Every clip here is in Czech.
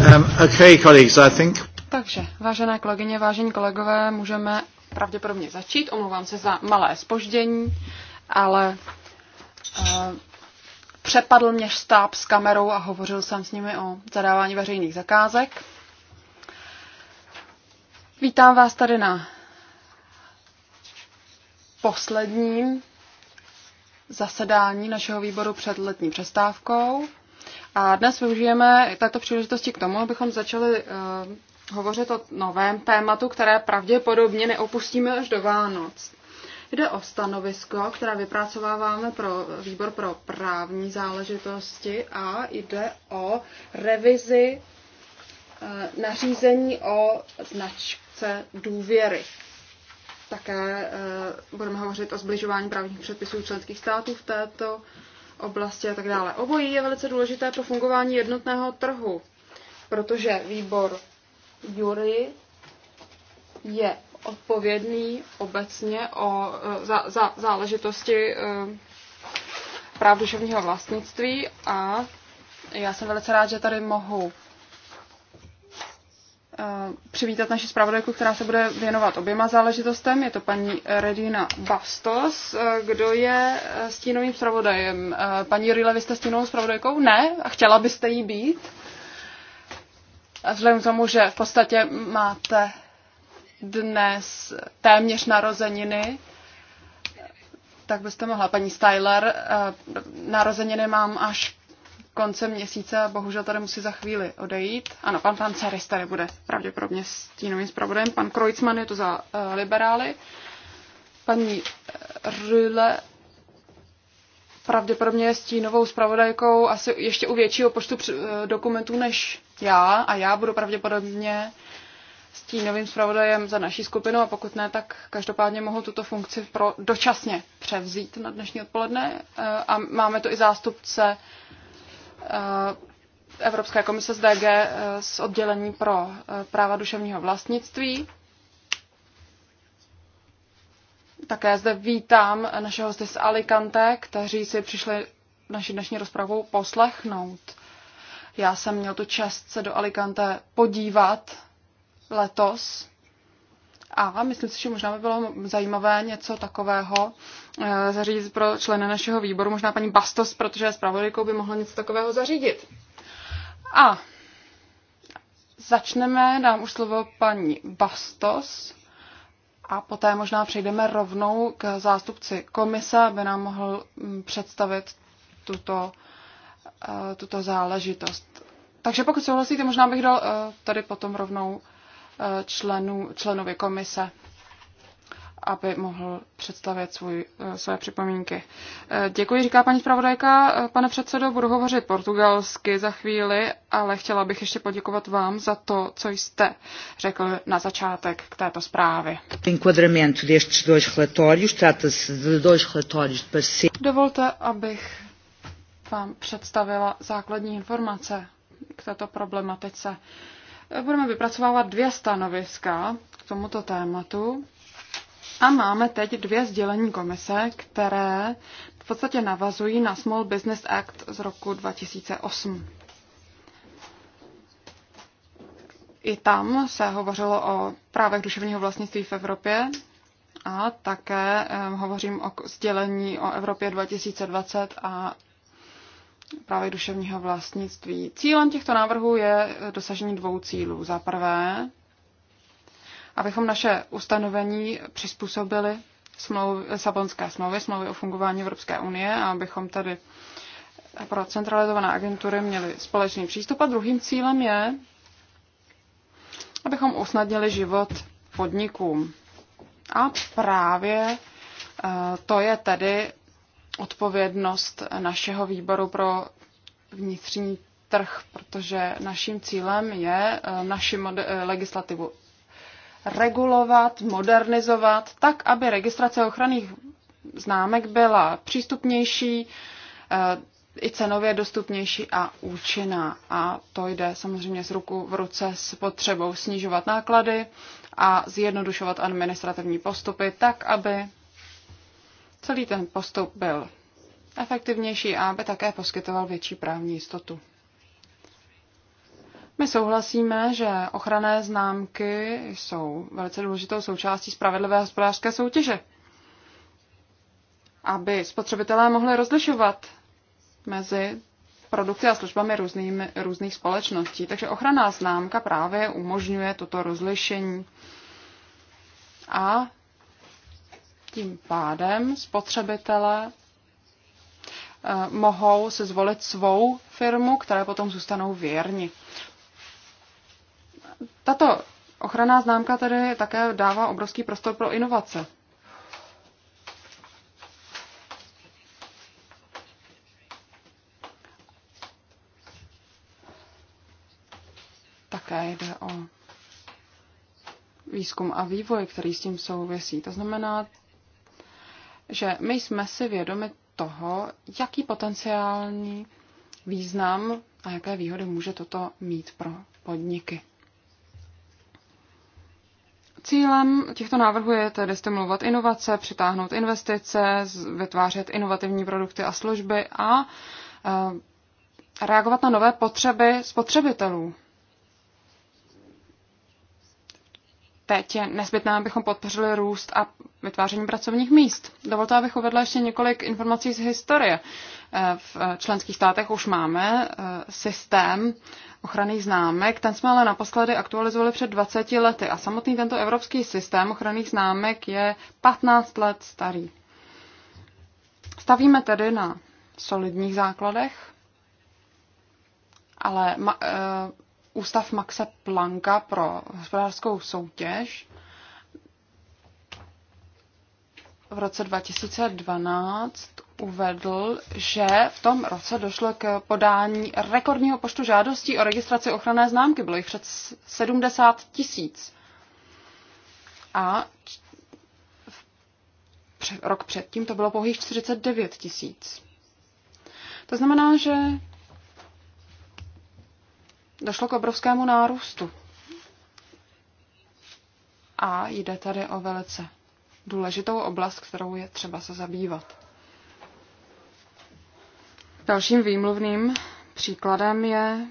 Um, okay, colleagues, I think. Takže, vážené kolegyně, vážení kolegové, můžeme pravděpodobně začít. Omlouvám se za malé spoždění, ale uh, přepadl mě štáb s kamerou a hovořil jsem s nimi o zadávání veřejných zakázek. Vítám vás tady na posledním zasedání našeho výboru před letní přestávkou. A dnes využijeme této příležitosti k tomu, abychom začali uh, hovořit o novém tématu, které pravděpodobně neopustíme až do Vánoc. Jde o stanovisko, které vypracováváme pro výbor pro právní záležitosti a jde o revizi uh, nařízení o značce důvěry. Také uh, budeme hovořit o zbližování právních předpisů členských států v této uh, oblasti a tak dále. Obojí je velice důležité pro fungování jednotného trhu, protože výbor jury je odpovědný obecně o, e, za, za záležitosti e, práv duševního vlastnictví a já jsem velice rád, že tady mohu Eh, přivítat naši zpravodajku, která se bude věnovat oběma záležitostem. Je to paní Redina Bastos. Eh, kdo je eh, stínovým zpravodajem? Paní Rile, vy jste stínovou zpravodajkou? Ne? A chtěla byste jí být? Vzhledem k tomu, že v podstatě máte dnes téměř narozeniny, tak byste mohla. Paní Styler, narozeniny mám až konce měsíce a bohužel tady musí za chvíli odejít. Ano, pan Panceris tady bude pravděpodobně s tím zpravodajem. Pan Krojcman je tu za uh, liberály. Paní eh, Rüle pravděpodobně je stínovou zpravodajkou asi ještě u většího počtu eh, dokumentů než já a já budu pravděpodobně stínovým zpravodajem za naší skupinu a pokud ne, tak každopádně mohu tuto funkci pro dočasně převzít na dnešní odpoledne a máme tu i zástupce Eh, Evropské komise z DG z eh, oddělení pro eh, práva duševního vlastnictví. Také zde vítám naše hosty z Alicante, kteří si přišli naši dnešní rozpravu poslechnout. Já jsem měl tu čest se do Alicante podívat letos a myslím si, že možná by bylo zajímavé něco takového eh, zařídit pro členy našeho výboru. Možná paní Bastos, protože je zpravodajkou, by mohla něco takového zařídit. A začneme, dám už slovo paní Bastos a poté možná přejdeme rovnou k zástupci komise, aby nám mohl mm, představit tuto, eh, tuto záležitost. Takže pokud souhlasíte, možná bych dal eh, tady potom rovnou členů, členovi komise aby mohl představit svůj, eh, své připomínky. Eh, děkuji, říká paní zpravodajka. Eh, pane předsedo, budu hovořit portugalsky za chvíli, ale chtěla bych ještě poděkovat vám za to, co jste řekl na začátek k této zprávě. Dovolte, abych vám představila základní informace k této problematice budeme vypracovávat dvě stanoviska k tomuto tématu. A máme teď dvě sdělení komise, které v podstatě navazují na Small Business Act z roku 2008. I tam se hovořilo o právech duševního vlastnictví v Evropě a také um, hovořím o sdělení o Evropě 2020 a právě duševního vlastnictví. Cílem těchto návrhů je dosažení dvou cílů. Za prvé, abychom naše ustanovení přizpůsobili Sabonské smlouvy, smlouvy o fungování Evropské unie a abychom tady pro centralizované agentury měli společný přístup. A druhým cílem je, abychom usnadnili život podnikům. A právě eh, to je tedy odpovědnost našeho výboru pro vnitřní trh, protože naším cílem je eh, naši eh, legislativu regulovat, modernizovat, tak, aby registrace ochranných známek byla přístupnější, eh, i cenově dostupnější a účinná. A to jde samozřejmě z ruku v ruce s potřebou snižovat náklady a zjednodušovat administrativní postupy tak, aby Celý ten postup byl efektivnější a aby také poskytoval větší právní jistotu. My souhlasíme, že ochranné známky jsou velice důležitou součástí spravedlivé hospodářské soutěže. Aby spotřebitelé mohli rozlišovat mezi produkty a službami různými, různých společností. Takže ochranná známka právě umožňuje toto rozlišení. A tím pádem spotřebitelé eh, mohou se zvolit svou firmu, které potom zůstanou věrni. Tato ochranná známka tedy také dává obrovský prostor pro inovace. Také jde o výzkum a vývoj, který s tím souvisí. To znamená, že my jsme si vědomi toho, jaký potenciální význam a jaké výhody může toto mít pro podniky. Cílem těchto návrhů je tedy stimulovat inovace, přitáhnout investice, vytvářet inovativní produkty a služby a eh, reagovat na nové potřeby spotřebitelů. teď je nezbytné, abychom podpořili růst a vytváření pracovních míst. Dovolte, abych uvedla ještě několik informací z historie. Eh, v eh, členských státech už máme eh, systém ochranných známek, ten jsme ale naposledy aktualizovali před 20 lety a samotný tento evropský systém ochranných známek je 15 let starý. Stavíme tedy na solidních základech, ale ústav Maxe Planka pro hospodářskou soutěž v roce 2012 uvedl, že v tom roce došlo k podání rekordního počtu žádostí o registraci ochranné známky. Bylo jich před 70 tisíc. A rok předtím to bylo pouhých 49 tisíc. To znamená, že došlo k obrovskému nárůstu. A jde tady o velice důležitou oblast, kterou je třeba se zabývat. Dalším výmluvným příkladem je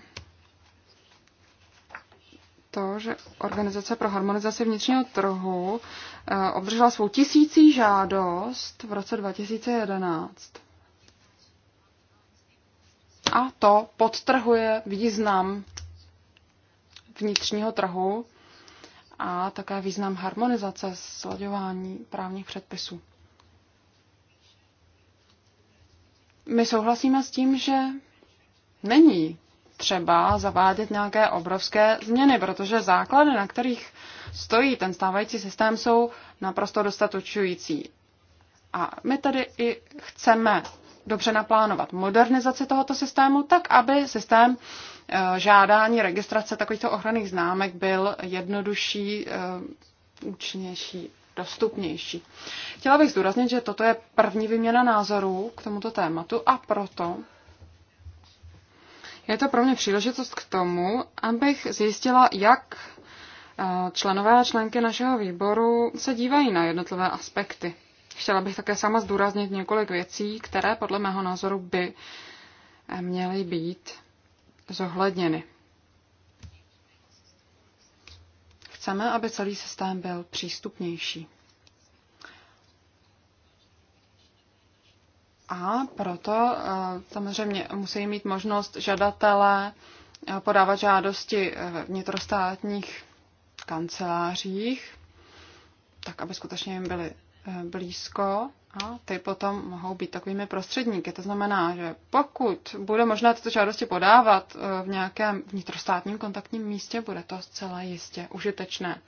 to, že Organizace pro harmonizaci vnitřního trhu eh, obdržela svou tisící žádost v roce 2011. A to podtrhuje význam vnitřního trhu a také význam harmonizace slaďování právních předpisů. My souhlasíme s tím, že není třeba zavádět nějaké obrovské změny, protože základy, na kterých stojí ten stávající systém, jsou naprosto dostatočující. A my tady i chceme dobře naplánovat modernizaci tohoto systému, tak aby systém Eh, žádání registrace takovýchto ochranných známek byl jednodušší, eh, účinnější, dostupnější. Chtěla bych zdůraznit, že toto je první výměna názorů k tomuto tématu a proto je to pro mě příležitost k tomu, abych zjistila, jak eh, členové a členky našeho výboru se dívají na jednotlivé aspekty. Chtěla bych také sama zdůraznit několik věcí, které podle mého názoru by měly být zohledněny. Chceme, aby celý systém byl přístupnější. A proto eh, samozřejmě musí mít možnost žadatelé eh, podávat žádosti eh, ve vnitrostátních kancelářích, tak aby skutečně jim byly blízko a ty potom mohou být takovými prostředníky. To znamená, že pokud bude možné tyto žádosti podávat eh, v nějakém vnitrostátním kontaktním místě, bude to zcela jistě užitečné.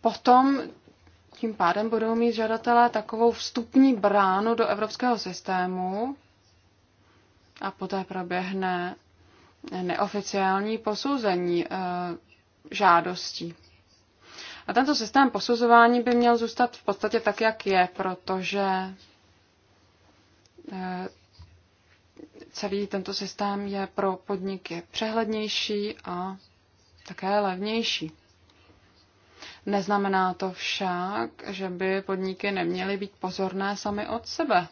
Potom tím pádem budou mít žadatelé takovou vstupní bránu do evropského systému a poté proběhne neoficiální posouzení eh, žádostí. A tento systém posuzování by měl zůstat v podstatě tak, jak je, protože eh, celý tento systém je pro podniky přehlednější a také levnější. Neznamená to však, že by podniky neměly být pozorné sami od sebe.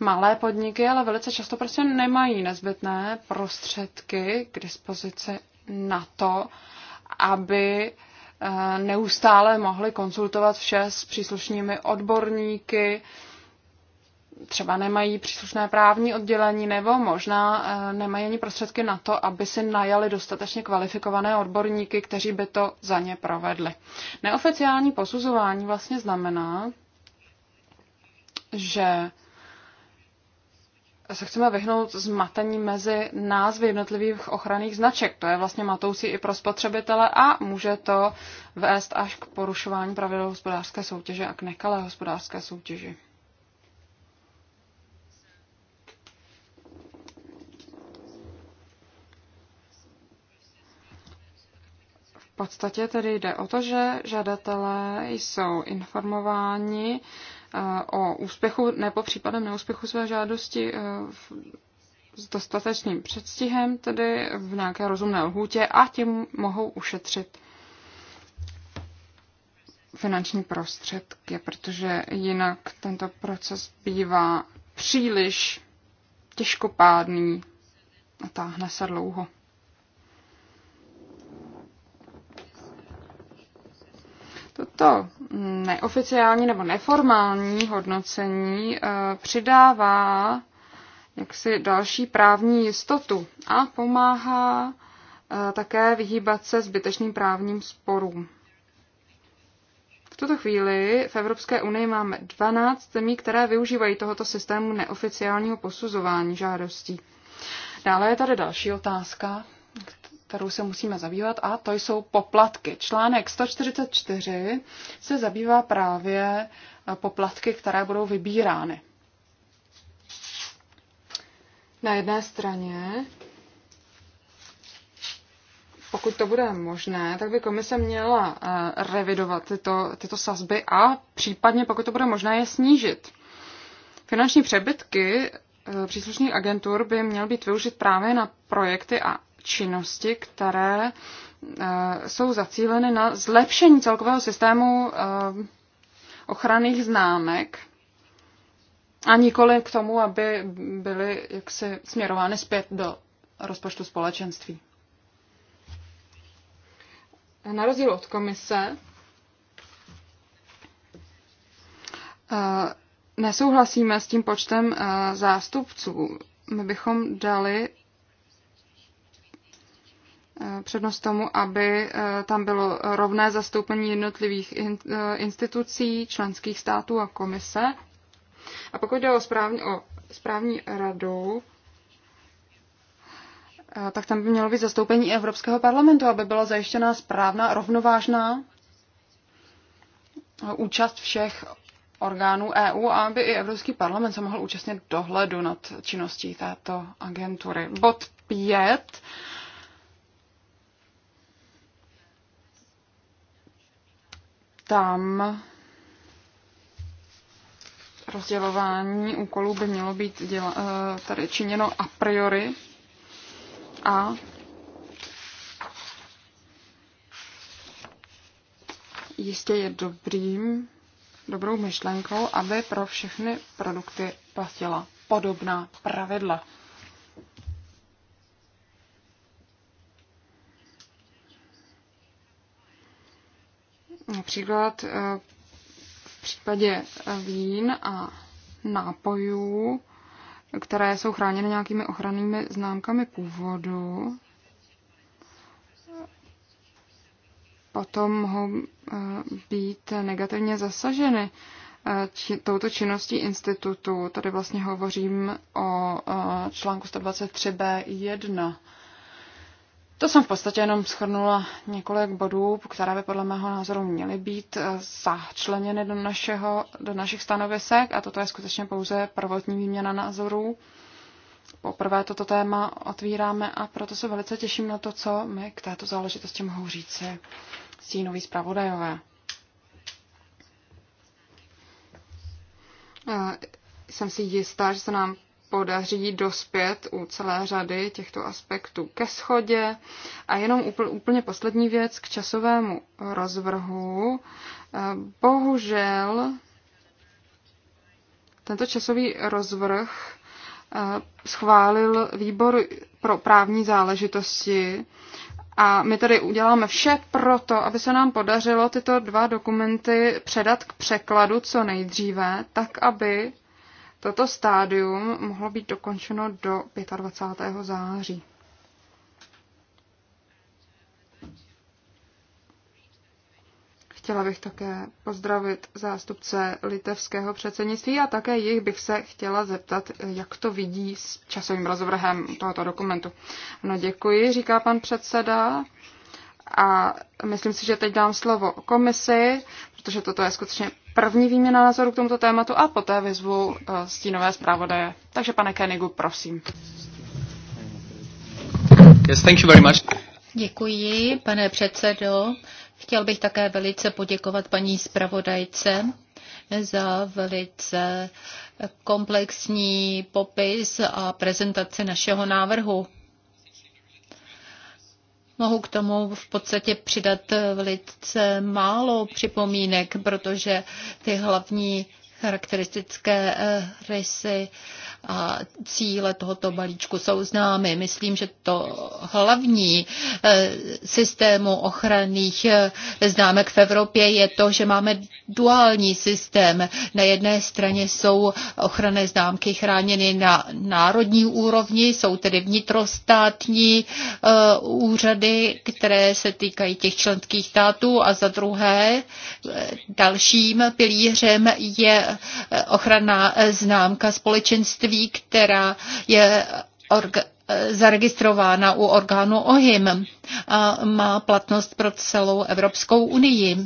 Malé podniky ale velice často prostě nemají nezbytné prostředky k dispozici na to, aby eh, neustále mohli konzultovat vše s příslušnými odborníky, třeba nemají příslušné právní oddělení nebo možná eh, nemají ani prostředky na to, aby si najali dostatečně kvalifikované odborníky, kteří by to za ně provedli. Neoficiální posuzování vlastně znamená, že se chceme vyhnout zmatení mezi názvy jednotlivých ochranných značek. To je vlastně matoucí i pro spotřebitele a může to vést až k porušování pravidel hospodářské soutěže a k nekalé hospodářské soutěži. V podstatě tedy jde o to, že žadatelé jsou informováni Eh, o úspěchu nebo případem neúspěchu své žádosti eh, s dostatečným předstihem, tedy v nějaké rozumné lhůtě a tím mohou ušetřit finanční prostředky, protože jinak tento proces bývá příliš těžkopádný a táhne se dlouho. Toto neoficiální nebo neformální hodnocení eh, přidává jaksi další právní jistotu a pomáhá eh, také vyhýbat se zbytečným právním sporům. V tuto chvíli v Evropské unii máme 12 zemí, které využívají tohoto systému neoficiálního posuzování žádostí. Dále je tady další otázka, kterou se musíme zabývat, a to jsou poplatky. Článek 144 se zabývá právě eh, poplatky, které budou vybírány. Na jedné straně, pokud to bude možné, tak by komise měla eh, revidovat tyto, tyto sazby a případně, pokud to bude možné, je snížit. Finanční přebytky eh, příslušných agentur by měl být využit právě na projekty a činnosti, které eh, jsou zacíleny na zlepšení celkového systému eh, ochranných známek a nikoli k tomu, aby byly jaksi směrovány zpět do rozpočtu společenství. Na rozdíl od komise eh, nesouhlasíme s tím počtem zástupců. My bychom dali Eh, přednost tomu, aby eh, tam bylo rovné zastoupení jednotlivých eh, institucí, členských států a komise. A pokud jde o správní, o správní radu, tak tam by mělo být zastoupení Evropského parlamentu, aby byla zajištěna správná, rovnovážná účast všech orgánů EU a aby i Evropský parlament se mohl účastnit dohledu nad činností této agentury. Bod 5 tam rozdělování úkolů by mělo být děla, eh, tady činěno a priori a jistě je dobrým, dobrou myšlenkou, aby pro všechny produkty platila podobná pravidla. Například eh, v případě eh, vín a nápojů, které jsou chráněny nějakými ochrannými známkami původu, potom mohou eh, být negativně zasaženy či, touto činností institutu. Tady vlastně hovořím o článku 123b1 to jsem v podstatě jenom schrnula několik bodů, které by podle mého názoru měly být eh, začleněny do, našeho, do našich stanovisek a toto je skutečně pouze prvotní výměna názorů. Poprvé toto téma otvíráme a proto se velice těším na to, co my k této záležitosti mohou říci stínoví zpravodajové. Eh, jsem si jistá, že se nám podaří dospět u celé řady těchto aspektů ke schodě. A jenom úplně poslední věc k časovému rozvrhu. Eh, bohužel tento časový rozvrh eh, schválil výbor pro právní záležitosti a my tady uděláme vše pro to, aby se nám podařilo tyto dva dokumenty předat k překladu co nejdříve, tak aby Toto stádium mohlo být dokončeno do 25. září. Chtěla bych také pozdravit zástupce litevského předsednictví a také jich bych se chtěla zeptat, jak to vidí s časovým rozvrhem tohoto dokumentu. No děkuji, říká pan předseda. A myslím si, že teď dám slovo komisi, protože toto je skutečně první výměna názoru k tomuto tématu a poté vyzvu eh, stínové zpravodaje. Takže pane Kenigu, prosím. Yes, thank you very much. Děkuji, pane předsedo. Chtěl bych také velice poděkovat paní zpravodajce za velice komplexní popis a prezentaci našeho návrhu mohu k tomu v podstatě přidat eh, velice málo připomínek, protože ty hlavní charakteristické eh, rysy a cíle tohoto balíčku jsou známy. Myslím, že to hlavní eh, systému ochranných eh, známek v Evropě je to, že máme duální systém. Na jedné straně jsou ochranné známky chráněny na národní úrovni, jsou tedy vnitrostátní eh, úřady, které se týkají těch členských států a za druhé dalším pilířem je ochranná známka společenství církví, která je zaregistrována u orgánu OHIM a má platnost pro celou Evropskou unii.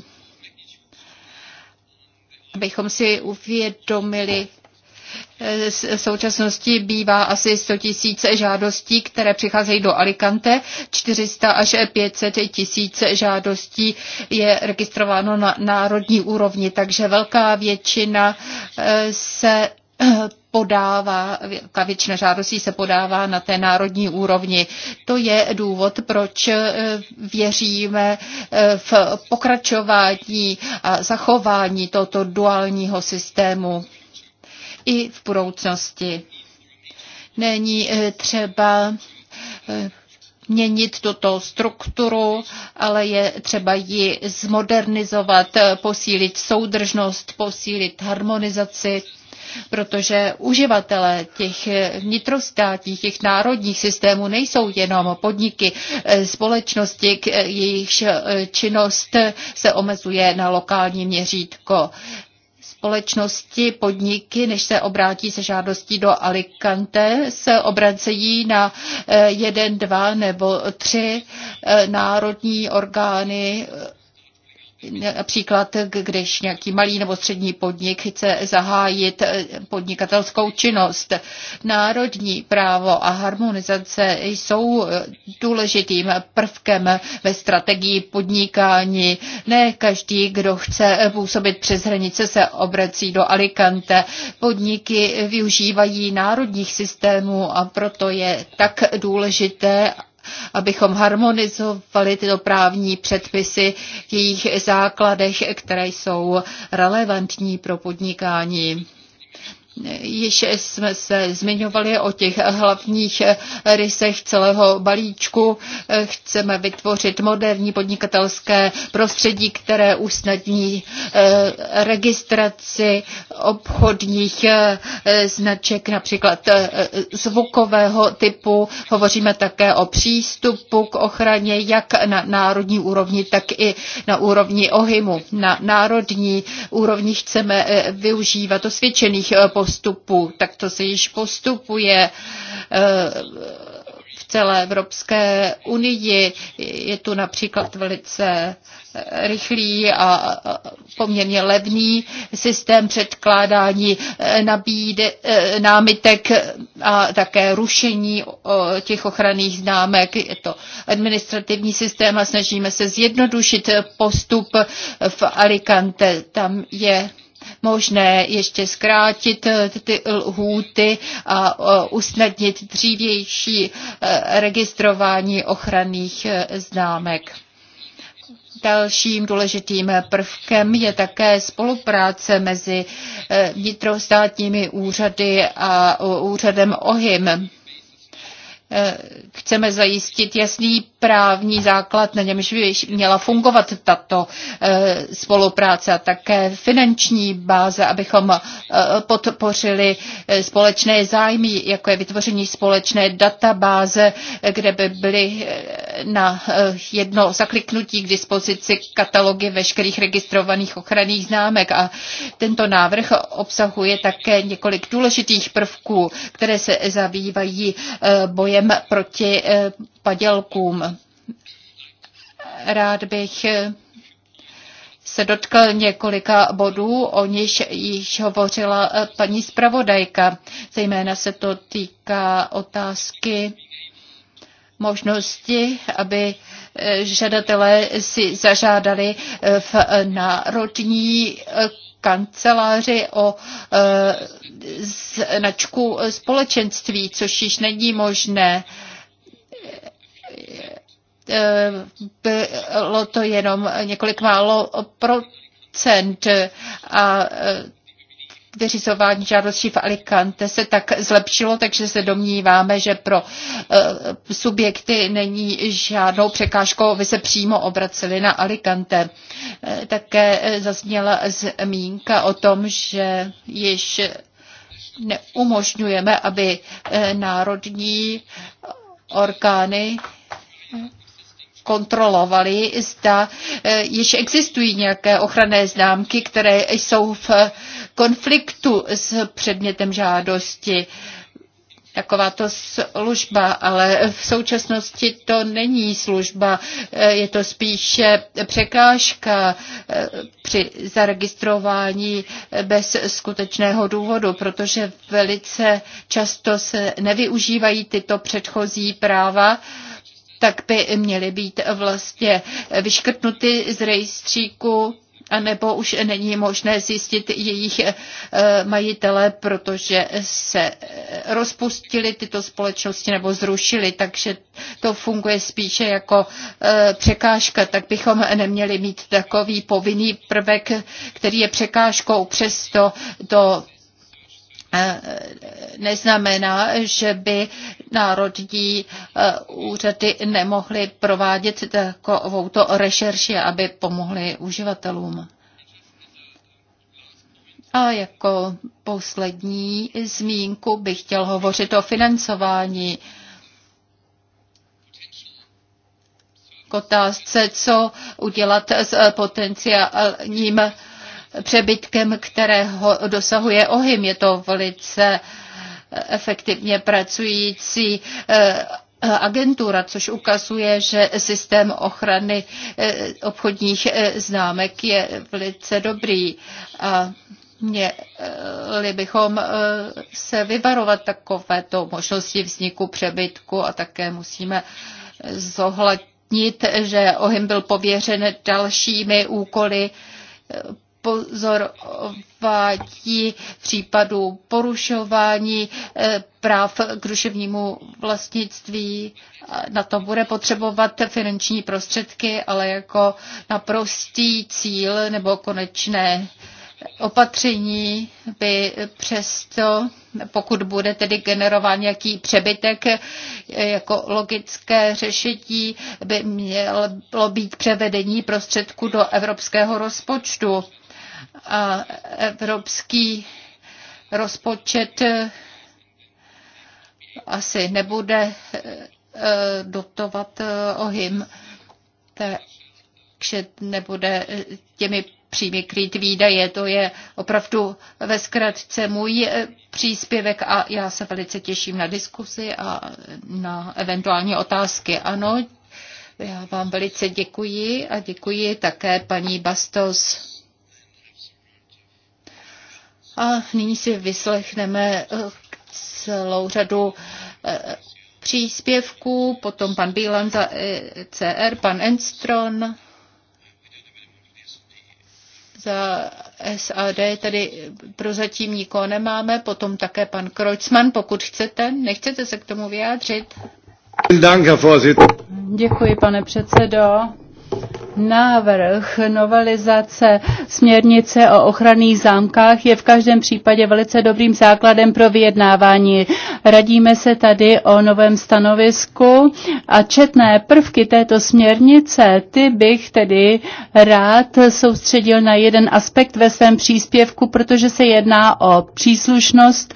Abychom si uvědomili, v současnosti bývá asi 100 tisíc žádostí, které přicházejí do Alicante. 400 až 500 tisíc žádostí je registrováno na národní úrovni, takže velká většina eh, se eh, podává, většina žádostí se podává na té národní úrovni. To je důvod, proč eh, věříme eh, v pokračování a zachování tohoto duálního systému i v budoucnosti. Není eh, třeba měnit tuto strukturu, ale je třeba ji zmodernizovat, posílit soudržnost, posílit harmonizaci protože uživatelé těch vnitrostátních, těch národních systémů nejsou jenom podniky, eh, společnosti, eh, jejichž eh, činnost se omezuje na lokální měřítko společnosti, podniky, než se obrátí se žádostí do Alicante, se obracejí na jeden, dva nebo tři národní orgány Například, když nějaký malý nebo střední podnik chce zahájit eh, podnikatelskou činnost. Národní právo a harmonizace jsou eh, důležitým prvkem ve strategii podnikání. Ne každý, kdo chce eh, působit přes hranice, se obrací do Alicante. Podniky využívají národních systémů a proto je tak důležité, abychom harmonizovali tyto právní předpisy v jejich základech, které jsou relevantní pro podnikání. Již jsme se zmiňovali o těch hlavních rysech celého balíčku. Chceme vytvořit moderní podnikatelské prostředí, které usnadní eh, registraci obchodních eh, značek, například eh, zvukového typu. Hovoříme také o přístupu k ochraně jak na národní úrovni, tak i na úrovni ohymu. Na národní úrovni chceme využívat osvědčených postupů postupu. Tak to se již postupuje eh, v celé Evropské unii. Je tu například velice rychlý a poměrně levný systém předkládání eh, nabíde, eh, námitek a také rušení těch ochranných známek. Je to administrativní systém a snažíme se zjednodušit postup v Alicante. Tam je možné ještě zkrátit eh, ty lhůty a eh, usnadnit dřívější eh, registrování ochranných známek. Dalším důležitým prvkem je také spolupráce mezi vnitrostátními úřady a úřadem OHIM Eh, chceme zajistit jasný právní základ, na němž by měla fungovat tato eh, spolupráce a také finanční báze, abychom eh, podpořili společné zájmy, jako je vytvoření společné databáze, kde by byly na jedno zakliknutí k dispozici katalogy veškerých registrovaných ochranných známek. A tento návrh obsahuje také několik důležitých prvků, které se zabývají bojem bojem proti eh, padělkům. Rád bych eh, se dotkl několika bodů, o nich již hovořila eh, paní zpravodajka. Zejména se to týká otázky možnosti, aby žadatelé si zažádali v národní kanceláři o značku společenství, což již není možné. Bylo to jenom několik málo procent a e, vyřizování žádostí v Alicante se tak zlepšilo, takže se domníváme, že pro e, subjekty není žádnou překážkou, aby se přímo obraceli na Alicante. E, také zazněla zmínka o tom, že již neumožňujeme, aby eh, národní orgány kontrolovali, zda eh, již existují nějaké ochranné známky, které jsou v konfliktu s předmětem žádosti takováto služba, ale v současnosti to není služba, eh, je to spíše překážka eh, při zaregistrování eh, bez skutečného důvodu, protože velice často se nevyužívají tyto předchozí práva tak by měly být vlastně vyškrtnuty z rejstříku anebo už není možné zjistit jejich eh, majitele, protože se eh, rozpustili tyto společnosti nebo zrušili, takže to funguje spíše jako eh, překážka, tak bychom neměli mít takový povinný prvek, který je překážkou, přesto to Eh, neznamená, že by národní eh, úřady nemohly provádět takovouto rešerši, aby pomohly uživatelům. A jako poslední zmínku bych chtěl hovořit o financování. K otázce, co udělat s eh, potenciálním přebytkem, kterého dosahuje ohym. Je to velice eh, efektivně pracující eh, agentura, což ukazuje, že systém ochrany eh, obchodních známek je velice dobrý. A měli bychom se vyvarovat takovéto možnosti vzniku přebytku a také musíme zohlednit, že OHIM byl pověřen dalšími úkoly pozorování případů porušování eh, práv k duševnímu vlastnictví. Na to bude potřebovat finanční prostředky, ale jako naprostý cíl nebo konečné opatření by přesto, pokud bude tedy generován nějaký přebytek, eh, jako logické řešení by mělo být převedení prostředku do evropského rozpočtu evropský rozpočet eh, asi nebude eh, dotovat eh, ohym, takže nebude těmi příjmy krýt výdaje. To je opravdu ve zkratce můj příspěvek a já se velice těším na diskusi a na eventuální otázky. Ano, já vám velice děkuji a děkuji také paní Bastos. A nyní si vyslechneme eh, celou řadu eh, příspěvků, potom pan Bílan za e CR, pan Enstron za SAD, tady prozatím nikoho nemáme, potom také pan Kreutzmann, pokud chcete, nechcete se k tomu vyjádřit? Děkuji, pane předsedo. Návrh novelizace směrnice o ochranných zámkách je v každém případě velice dobrým základem pro vyjednávání. Radíme se tady o novém stanovisku a četné prvky této směrnice, ty bych tedy rád soustředil na jeden aspekt ve svém příspěvku, protože se jedná o příslušnost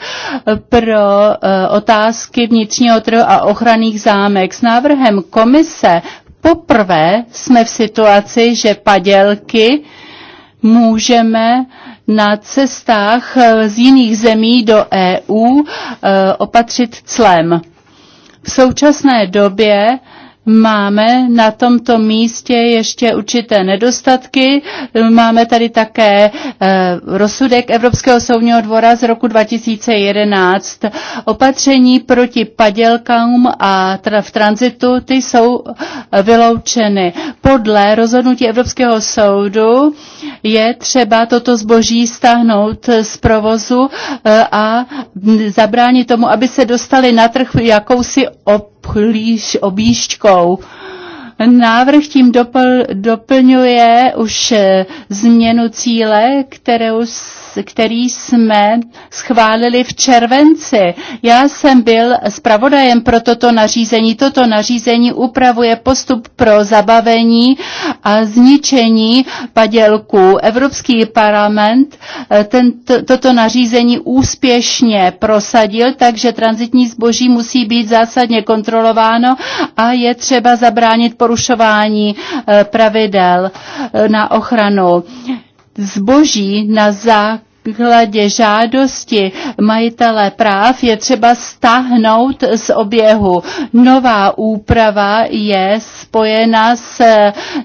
pro eh, otázky vnitřního trhu a ochranných zámek. S návrhem komise poprvé jsme v situaci, že padělky můžeme na cestách eh, z jiných zemí do EU eh, opatřit clem. V současné době Máme na tomto místě ještě určité nedostatky. Máme tady také eh, rozsudek Evropského soudního dvora z roku 2011. Opatření proti padělkám a tra- v tranzitu ty jsou vyloučeny. Podle rozhodnutí Evropského soudu je třeba toto zboží stáhnout z provozu eh, a zabránit tomu, aby se dostali na trh jakousi op obhlíž, objížďkou. Návrh tím dopl, doplňuje už eh, změnu cíle, kterou, který jsme schválili v červenci. Já jsem byl zpravodajem pro toto nařízení. Toto nařízení upravuje postup pro zabavení a zničení padělků. Evropský parlament eh, tento, toto nařízení úspěšně prosadil, takže transitní zboží musí být zásadně kontrolováno a je třeba zabránit porušování eh, pravidel eh, na ochranu zboží na základě základě žádosti majitele práv je třeba stáhnout z oběhu. Nová úprava je spojena s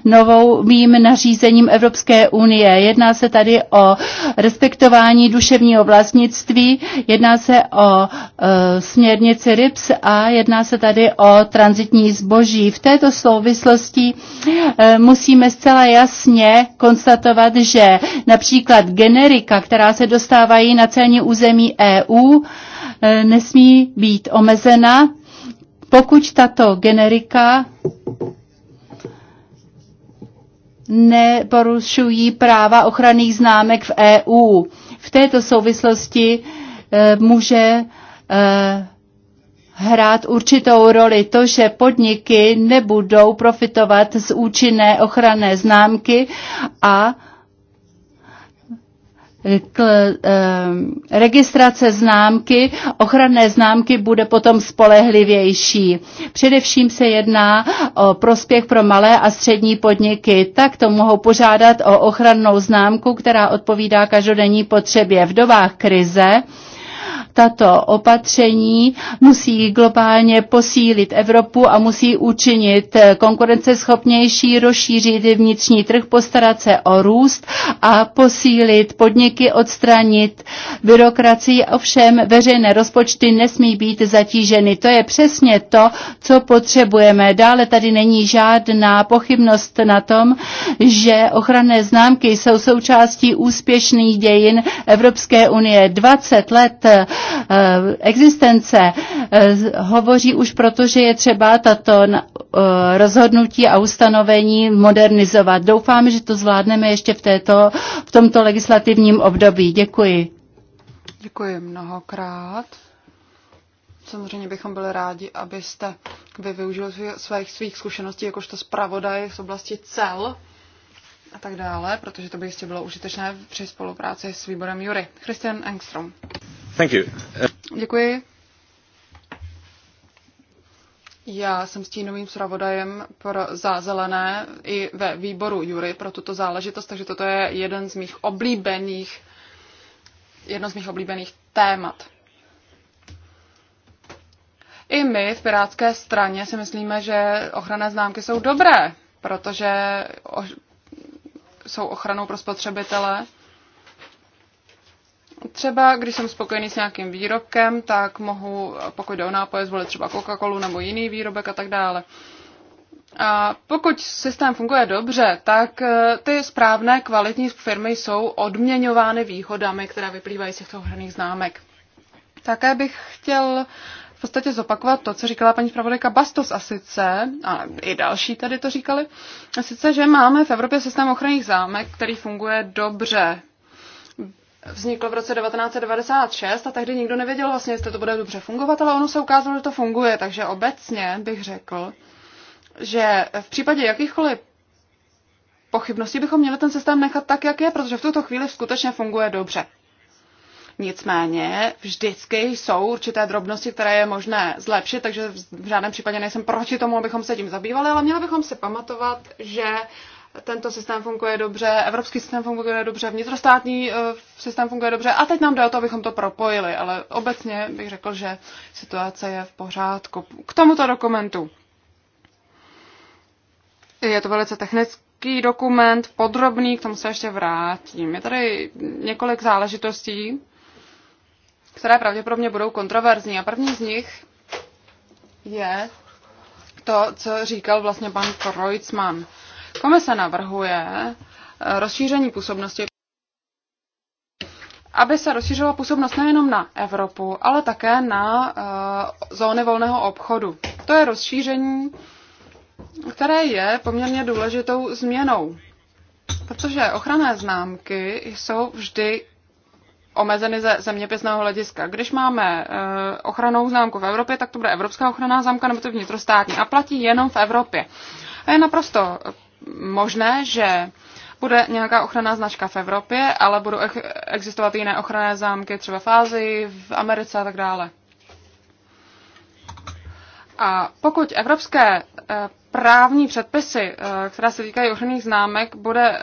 novým nařízením Evropské unie. Jedná se tady o respektování duševního vlastnictví, jedná se o e, směrnici RIPS a jedná se tady o transitní zboží. V této souvislosti e, musíme zcela jasně konstatovat, že například generika, která se dostávají na celní území EU, e, nesmí být omezena, pokud tato generika neporušují práva ochranných známek v EU. V této souvislosti e, může e, hrát určitou roli to, že podniky nebudou profitovat z účinné ochranné známky a k, e, registrace známky, ochranné známky bude potom spolehlivější. Především se jedná o prospěch pro malé a střední podniky. Tak to mohou požádat o ochrannou známku, která odpovídá každodenní potřebě v dobách krize tato opatření musí globálně posílit Evropu a musí učinit eh, konkurenceschopnější, rozšířit vnitřní trh, postarat se o růst a posílit podniky, odstranit byrokracii. Ovšem veřejné rozpočty nesmí být zatíženy. To je přesně to, co potřebujeme. Dále tady není žádná pochybnost na tom, že ochranné známky jsou součástí úspěšných dějin Evropské unie. 20 let eh, Eh, existence eh, hovoří už proto, že je třeba tato eh, rozhodnutí a ustanovení modernizovat. Doufám, že to zvládneme ještě v, této, v tomto legislativním období. Děkuji. Děkuji mnohokrát. Samozřejmě bychom byli rádi, abyste vy využili svých, svých zkušeností jakožto zpravodaj z oblasti cel a tak dále, protože to by jistě bylo užitečné při spolupráci s výborem Jury. Christian Engström. Děkuji. Já jsem stínovým zpravodajem za zelené i ve výboru Jury pro tuto záležitost, takže toto je jeden z mých oblíbených, jedno z mých oblíbených témat. I my v Pirátské straně si myslíme, že ochranné známky jsou dobré, protože jsou ochranou pro spotřebitele Třeba když jsem spokojený s nějakým výrobkem, tak mohu, pokud jde o nápoje, zvolit třeba Coca-Colu nebo jiný výrobek a tak dále. A pokud systém funguje dobře, tak eh, ty správné kvalitní firmy jsou odměňovány výhodami, které vyplývají z těchto ohraných známek. Také bych chtěl v podstatě zopakovat to, co říkala paní zpravodajka Bastos a sice, a i další tady to říkali, a sice, že máme v Evropě systém ochranných zámek, který funguje dobře vzniklo v roce 1996 a tehdy nikdo nevěděl vlastně, jestli to bude dobře fungovat, ale ono se ukázalo, že to funguje, takže obecně bych řekl, že v případě jakýchkoliv pochybností bychom měli ten systém nechat tak, jak je, protože v tuto chvíli skutečně funguje dobře. Nicméně vždycky jsou určité drobnosti, které je možné zlepšit, takže v žádném případě nejsem proti tomu, abychom se tím zabývali, ale měli bychom si pamatovat, že tento systém funguje dobře, evropský systém funguje dobře, vnitrostátní eh, systém funguje dobře a teď nám jde o to, abychom to propojili, ale obecně bych řekl, že situace je v pořádku. K tomuto dokumentu. Je to velice technický dokument, podrobný, k tomu se ještě vrátím. Je tady několik záležitostí, které pravděpodobně budou kontroverzní. A první z nich je to, co říkal vlastně pan Kreutzmann Komise navrhuje eh, rozšíření působnosti aby se rozšířila působnost nejenom na Evropu, ale také na uh, zóny volného obchodu. To je rozšíření, které je poměrně důležitou změnou, protože ochranné známky jsou vždy omezeny ze zeměpisného hlediska. Když máme uh, eh, ochranou známku v Evropě, tak to bude evropská ochranná známka nebo to vnitrostátní a platí jenom v Evropě. A je naprosto možné, že bude nějaká ochranná značka v Evropě, ale budou existovat jiné ochranné zámky třeba v Ázii, v Americe a tak dále. A pokud evropské eh, právní předpisy, eh, které se týkají ochranných známek, bude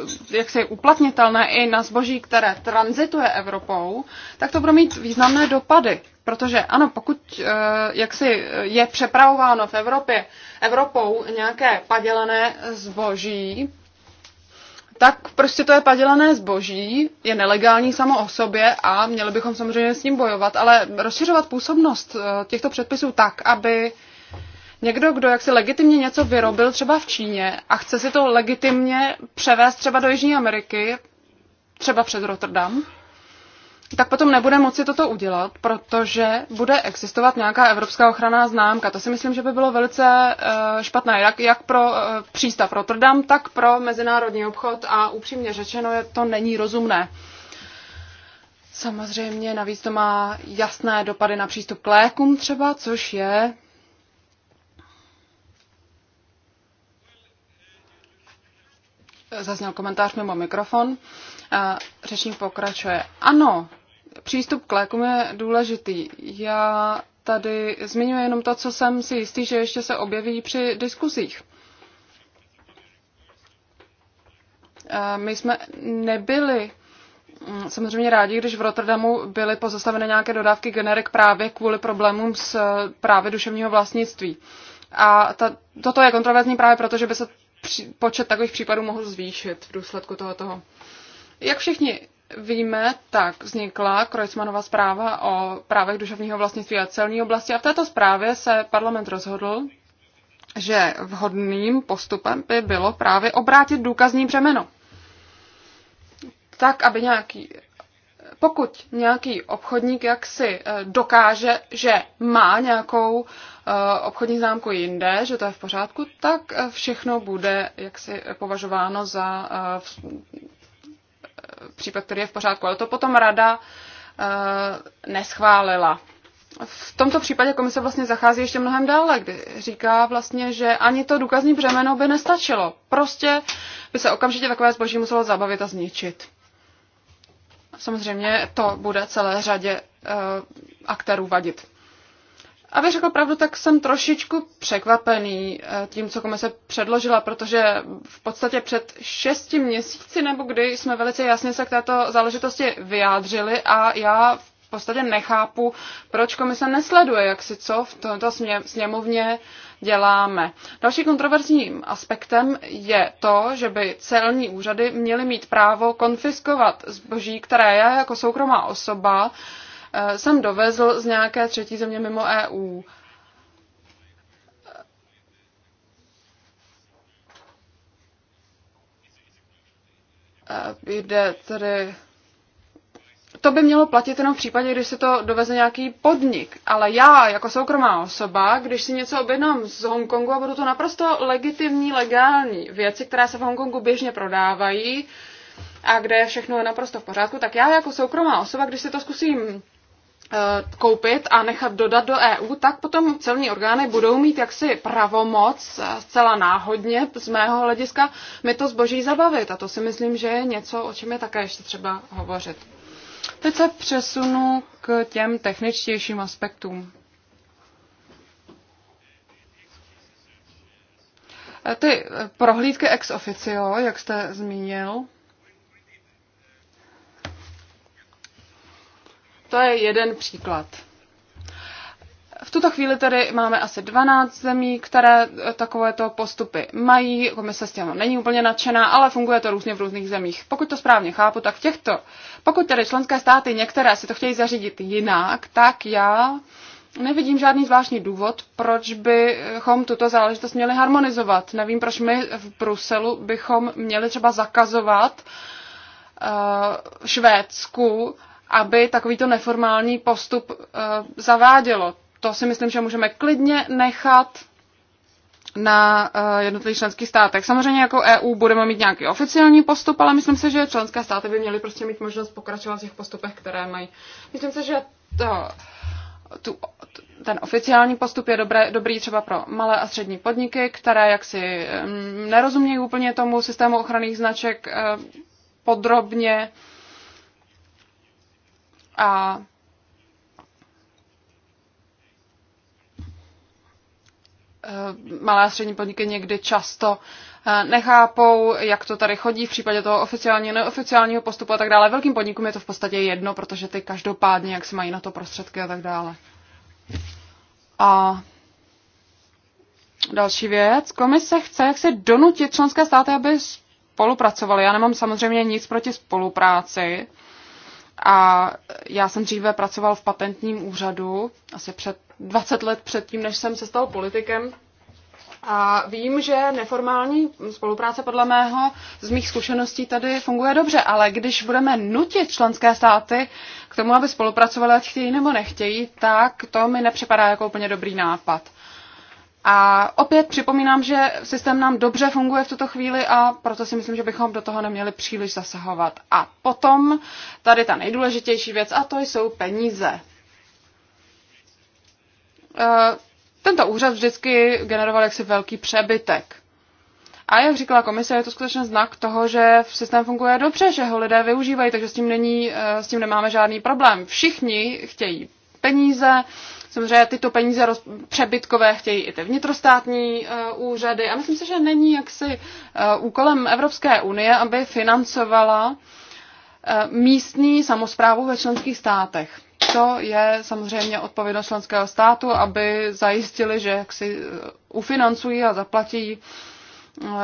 eh, jaksi uplatnitelné i na zboží, které transituje Evropou, tak to bude mít významné dopady Protože ano, pokud eh, jaksi je přepravováno v Evropě Evropou nějaké padělané zboží, tak prostě to je padělané zboží, je nelegální samo o sobě a měli bychom samozřejmě s ním bojovat, ale rozšiřovat působnost eh, těchto předpisů tak, aby někdo, kdo jaksi legitimně něco vyrobil třeba v Číně a chce si to legitimně převést třeba do Jižní Ameriky, třeba přes Rotterdam, tak potom nebude moci toto udělat, protože bude existovat nějaká evropská ochranná známka. To si myslím, že by bylo velice eh, špatné, jak, jak pro eh, přístav Rotterdam, tak pro mezinárodní obchod a upřímně řečeno, je to není rozumné. Samozřejmě navíc to má jasné dopady na přístup k lékům třeba, což je zazněl komentář mimo mikrofon. Eh, řečník pokračuje. Ano, přístup k lékům je důležitý. Já tady zmiňuji jenom to, co jsem si jistý, že ještě se objeví při diskuzích. Eh, my jsme nebyli hm, samozřejmě rádi, když v Rotterdamu byly pozastaveny nějaké dodávky generik právě kvůli problémům s eh, právě duševního vlastnictví. A ta, toto je kontroverzní právě proto, že by se při, počet takových případů mohl zvýšit v důsledku toho. Jak všichni víme, tak vznikla Krojcmanova zpráva o právech duševního vlastnictví a celní oblasti a v této zprávě se parlament rozhodl, že vhodným postupem by bylo právě obrátit důkazní břemeno. Tak, aby nějaký, pokud nějaký obchodník jaksi eh, dokáže, že má nějakou eh, obchodní známku jinde, že to je v pořádku, tak eh, všechno bude jaksi považováno za případ, který je v pořádku, ale to potom rada eh, neschválila. V tomto případě komise vlastně zachází ještě mnohem dále, kdy říká vlastně, že ani to důkazní břemeno by nestačilo. Prostě by se okamžitě takové zboží muselo zabavit a zničit. Samozřejmě to bude celé řadě uh, aktérů vadit. Aby řekl pravdu, tak jsem trošičku překvapený eh, tím, co komise předložila, protože v podstatě před šesti měsíci nebo kdy jsme velice jasně se k této záležitosti vyjádřili a já v podstatě nechápu, proč komise nesleduje, jak si co v tomto sněmovně děláme. Další kontroverzním aspektem je to, že by celní úřady měly mít právo konfiskovat zboží, které já jako soukromá osoba uh, Eh, sem dovezl z nějaké třetí země mimo EU. Eh, jde tedy to by mělo platit jenom v případě, když se to doveze nějaký podnik. Ale já, jako soukromá osoba, když si něco objednám z Hongkongu a budou to naprosto legitimní, legální věci, které se v Hongkongu běžně prodávají a kde všechno je naprosto v pořádku, tak já jako soukromá osoba, když si to zkusím Eh, koupit a nechat dodat do EU, tak potom celní orgány budou mít jaksi pravomoc eh, zcela náhodně z mého hlediska mi to zboží zabavit. A to si myslím, že je něco, o čem je také ještě třeba hovořit. Teď se přesunu k těm techničtějším aspektům. Eh, ty prohlídky ex officio, jak jste zmínil, To je jeden příklad. V tuto chvíli tady máme asi 12 zemí, které eh, takovéto postupy mají. Komise s těmi není úplně nadšená, ale funguje to různě v různých zemích. Pokud to správně chápu, tak v těchto, pokud tedy členské státy některé si to chtějí zařídit jinak, tak já nevidím žádný zvláštní důvod, proč bychom tuto záležitost měli harmonizovat. Nevím, proč my v Bruselu bychom měli třeba zakazovat uh, Švédsku aby takovýto neformální postup eh, zavádělo. To si myslím, že můžeme klidně nechat na eh, jednotlivých členských státech. Samozřejmě jako EU budeme mít nějaký oficiální postup, ale myslím si, že členské státy by měly prostě mít možnost pokračovat v těch postupech, které mají. Myslím si, že to, tu, ten oficiální postup je dobré, dobrý třeba pro malé a střední podniky, které jaksi mm, nerozumějí úplně tomu systému ochranných značek eh, podrobně. A eh, malé a střední podniky někdy často eh, nechápou, jak to tady chodí v případě toho oficiálního, neoficiálního postupu a tak dále. Velkým podnikům je to v podstatě jedno, protože ty každopádně, jak si mají na to prostředky a tak dále. A další věc. Komise chce jak se donutit členské státy, aby spolupracovali. Já nemám samozřejmě nic proti spolupráci, a já jsem dříve pracoval v patentním úřadu, asi před 20 let předtím, než jsem se stal politikem. A vím, že neformální spolupráce podle mého z mých zkušeností tady funguje dobře, ale když budeme nutit členské státy k tomu, aby spolupracovali, ať chtějí nebo nechtějí, tak to mi nepřipadá jako úplně dobrý nápad. A opět připomínám, že systém nám dobře funguje v tuto chvíli a proto si myslím, že bychom do toho neměli příliš zasahovat. A potom tady ta nejdůležitější věc a to jsou peníze. E, tento úřad vždycky generoval jaksi velký přebytek. A jak říkala komise, je to skutečně znak toho, že systém funguje dobře, že ho lidé využívají, takže s tím, není, e, s tím nemáme žádný problém. Všichni chtějí peníze, Samozřejmě tyto peníze roz, přebytkové chtějí i ty vnitrostátní uh, úřady a myslím si, že není jaksi uh, úkolem Evropské unie, aby financovala uh, místní samozprávu ve členských státech. To je samozřejmě odpovědnost členského státu, aby zajistili, že jaksi ufinancují a zaplatí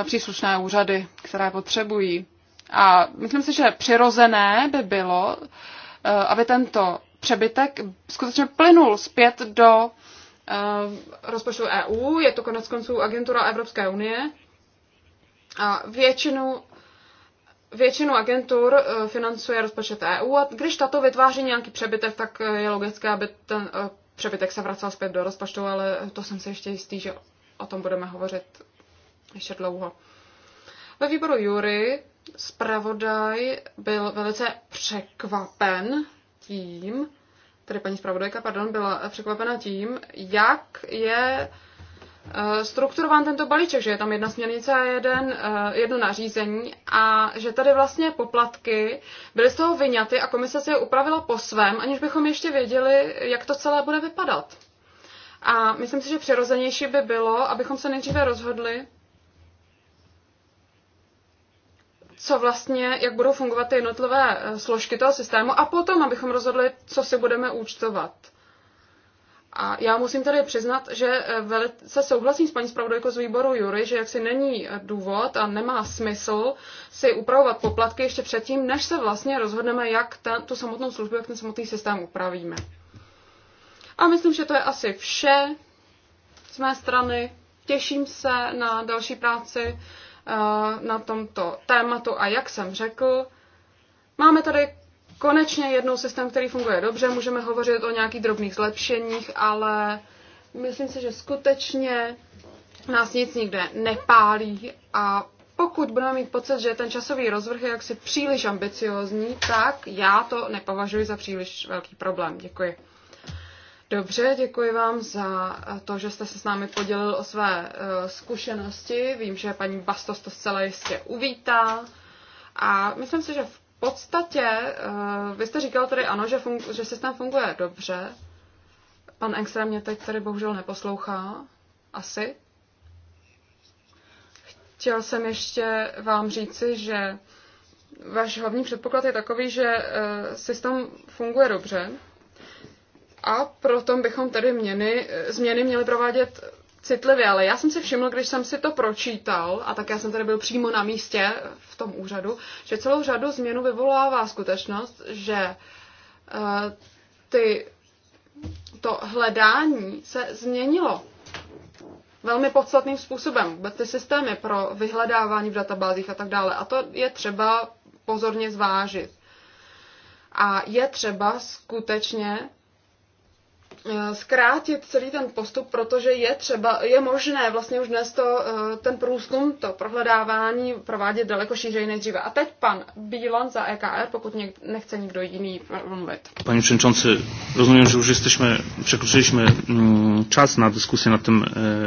příslušné úřady, které potřebují. A myslím si, že přirozené by bylo, aby tento přebytek skutečně plynul zpět do eh, rozpočtu EU, je to konec konců agentura Evropské unie a většinu většinu agentur eh, financuje rozpočet EU a když tato vytváří nějaký přebytek, tak eh, je logické, aby ten přebytek se vracel zpět do rozpočtu, ale to jsem si ještě jistý, že o tom budeme hovořit ještě dlouho. Ve výboru Jury zpravodaj byl velice překvapen tím, tedy paní zpravodajka, pardon, byla překvapena tím, jak je eh, strukturován tento balíček, že je tam jedna směrnice a jeden, eh, jedno nařízení a že tady vlastně poplatky byly z toho vyňaty a komise si je upravila po svém, aniž bychom ještě věděli, jak to celé bude vypadat. A myslím si, že přirozenější by bylo, abychom se nejdříve rozhodli, co vlastně, jak budou fungovat ty jednotlivé eh, složky toho systému a potom, abychom rozhodli, co si budeme účtovat. A já musím tady přiznat, že eh, velice souhlasím s paní zpravodajkou z výboru Jury, že jaksi není eh, důvod a nemá smysl si upravovat poplatky ještě předtím, než se vlastně rozhodneme, jak ta, tu samotnou službu, jak ten samotný systém upravíme. A myslím, že to je asi vše z mé strany. Těším se na další práci na tomto tématu a jak jsem řekl, máme tady konečně jednou systém, který funguje dobře, můžeme hovořit o nějakých drobných zlepšeních, ale myslím si, že skutečně nás nic nikde nepálí a pokud budeme mít pocit, že ten časový rozvrh je jaksi příliš ambiciozní, tak já to nepovažuji za příliš velký problém. Děkuji. Dobře, děkuji vám za eh, to, že jste se s námi podělil o své eh, zkušenosti. Vím, že paní Bastos to zcela jistě uvítá. A myslím si, že v podstatě, eh, vy jste říkal tady ano, že, fungu, že systém funguje dobře. Pan Engström mě teď tady bohužel neposlouchá. Asi. Chtěl jsem ještě vám říci, že váš hlavní předpoklad je takový, že systém funguje dobře a proto bychom tedy měny, změny měli provádět citlivě, ale já jsem si všiml, když jsem si to pročítal, a tak já jsem tady byl přímo na místě v tom úřadu, že celou řadu změnu vyvolává skutečnost, že eh, ty, to hledání se změnilo velmi podstatným způsobem. ty systémy pro vyhledávání v databázích a tak dále. A to je třeba pozorně zvážit. A je třeba skutečně Eh, zkrátit celý ten postup, protože je třeba, je možné vlastně už dnes to, eh, ten průzkum, to prohledávání provádět daleko šířeji nejdříve. A teď pan Bílon za EKR, pokud něk, nechce nikdo jiný mluvit. Pani przewodniczący, rozumím, že už překročili jsme mm, čas na diskusi na tom.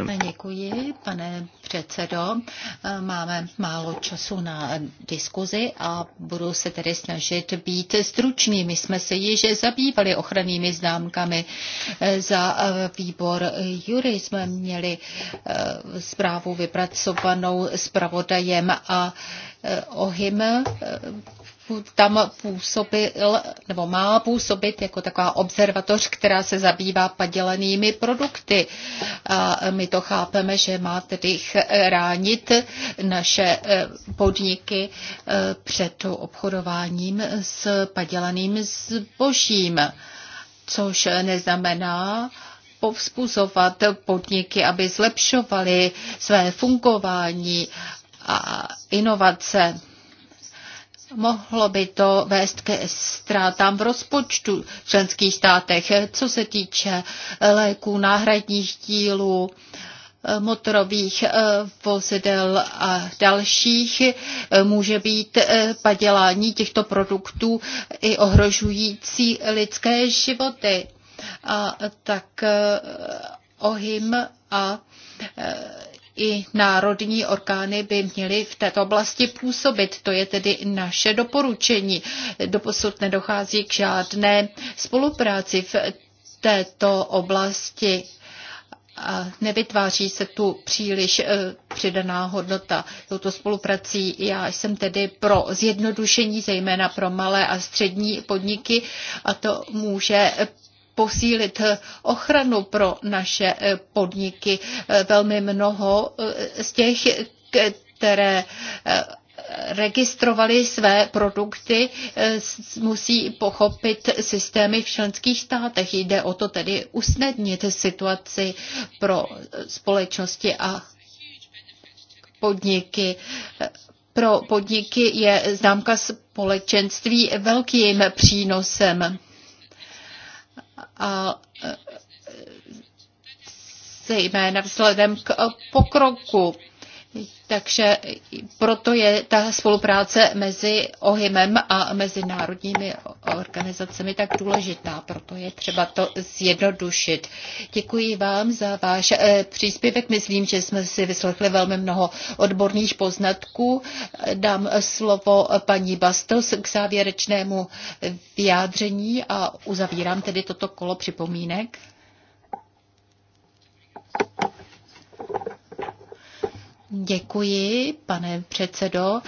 E... Eh, Děkuji, pane předsedo. Máme málo času na diskuzi a budu se tedy snažit být stručný. My jsme se již zabývali ochrannými známkami Eh, za eh, výbor Jury jsme měli eh, zprávu vypracovanou zpravodajem a Ohym tam působil, nebo má působit jako taková observatoř, která se zabývá padělenými produkty. A my to chápeme, že má tedy ránit naše podniky před obchodováním s padělaným zbožím což neznamená povzbuzovat podniky, aby zlepšovaly své fungování a inovace. Mohlo by to vést ke ztrátám v rozpočtu v členských státech, co se týče léků, náhradních dílů, motorových eh, vozidel a dalších eh, může být eh, padělání těchto produktů i ohrožující lidské životy. A tak ohym a i národní orgány by měly v této oblasti působit. To je tedy naše doporučení. Doposud nedochází k žádné spolupráci v této oblasti a nevytváří se tu příliš e, přidaná hodnota touto spoluprací. Já jsem tedy pro zjednodušení, zejména pro malé a střední podniky a to může posílit ochranu pro naše e, podniky. E, velmi mnoho z těch, které registrovali své produkty, eh, musí pochopit systémy v členských státech. Jde o to tedy usnadnit situaci pro eh, společnosti a podniky. Eh, pro podniky je známka společenství velkým přínosem. A zejména vzhledem k pokroku takže proto je ta spolupráce mezi OHIMem a mezinárodními organizacemi tak důležitá. Proto je třeba to zjednodušit. Děkuji vám za váš eh, příspěvek. Myslím, že jsme si vyslechli velmi mnoho odborných poznatků. Dám slovo paní Bastos k závěrečnému vyjádření a uzavírám tedy toto kolo připomínek. Děkuji, pane předsedo.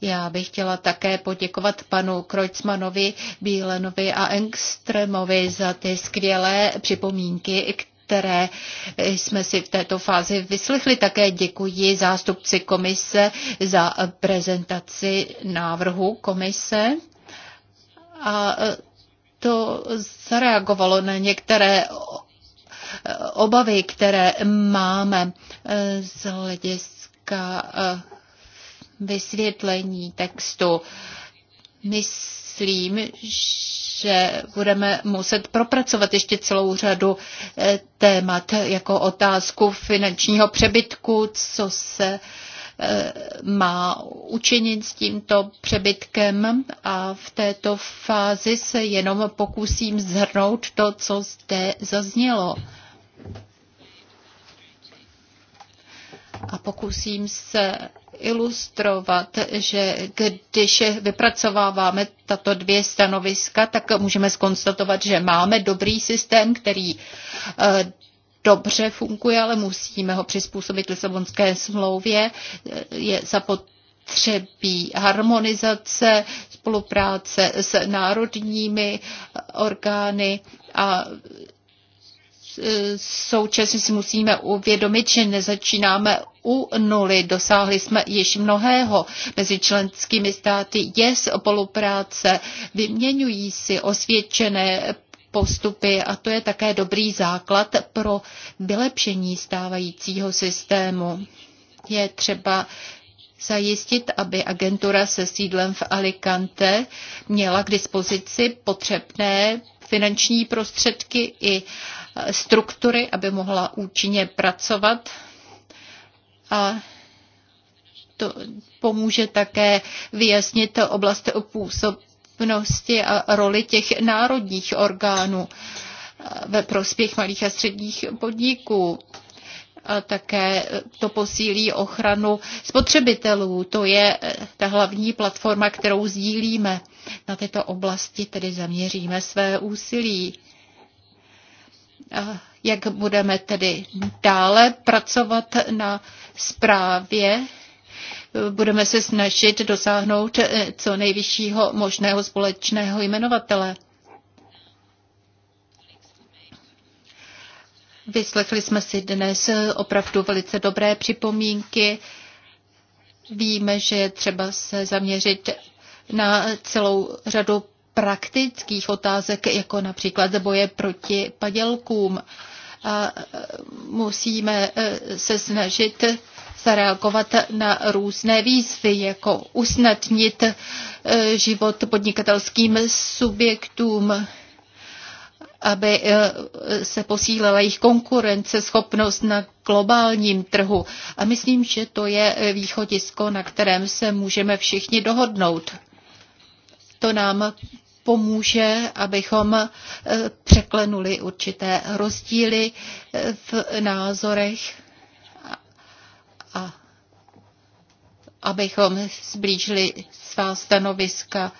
Já bych chtěla také poděkovat panu Kreutzmanovi, Bílenovi a Engstremovi za ty skvělé připomínky, které jsme si v této fázi vyslechli. Také děkuji zástupci komise za prezentaci návrhu komise. A to zareagovalo na některé obavy, které máme z hlediska k eh, vysvětlení textu. Myslím, že budeme muset propracovat ještě celou řadu eh, témat, jako otázku finančního přebytku, co se eh, má učinit s tímto přebytkem a v této fázi se jenom pokusím zhrnout to, co zde zaznělo a pokusím se ilustrovat, že když vypracováváme tato dvě stanoviska, tak můžeme skonstatovat, že máme dobrý systém, který eh, dobře funguje, ale musíme ho přizpůsobit Lisabonské smlouvě. Eh, je zapotřebí harmonizace, spolupráce s národními orgány a současně si musíme uvědomit, že nezačínáme u nuly. Dosáhli jsme již mnohého. Mezi členskými státy je spolupráce, vyměňují si osvědčené postupy a to je také dobrý základ pro vylepšení stávajícího systému. Je třeba zajistit, aby agentura se sídlem v Alicante měla k dispozici potřebné finanční prostředky i e, struktury, aby mohla účinně pracovat. A to pomůže také vyjasnit oblast působnosti a roli těch národních orgánů e, ve prospěch malých a středních podniků. A také to posílí ochranu spotřebitelů. To je e, ta hlavní platforma, kterou sdílíme. Na tyto oblasti tedy zaměříme své úsilí. jak budeme tedy dále pracovat na zprávě budeme se snažit dosáhnout eh, co nejvyššího možného společného jmenovatele. Vyslechli jsme si dnes opravdu velice dobré připomínky. Víme, že je třeba se zaměřit na celou řadu praktických otázek, jako například boje proti padělkům. A e, musíme e, se snažit zareagovat na různé výzvy, jako usnadnit e, život podnikatelským subjektům, aby se posílila jejich konkurenceschopnost na globálním trhu. A myslím, že to je východisko, na kterém se můžeme všichni dohodnout. To nám pomůže, abychom e, překlenuli určité rozdíly e, v názorech a abychom zblížili svá stanoviska.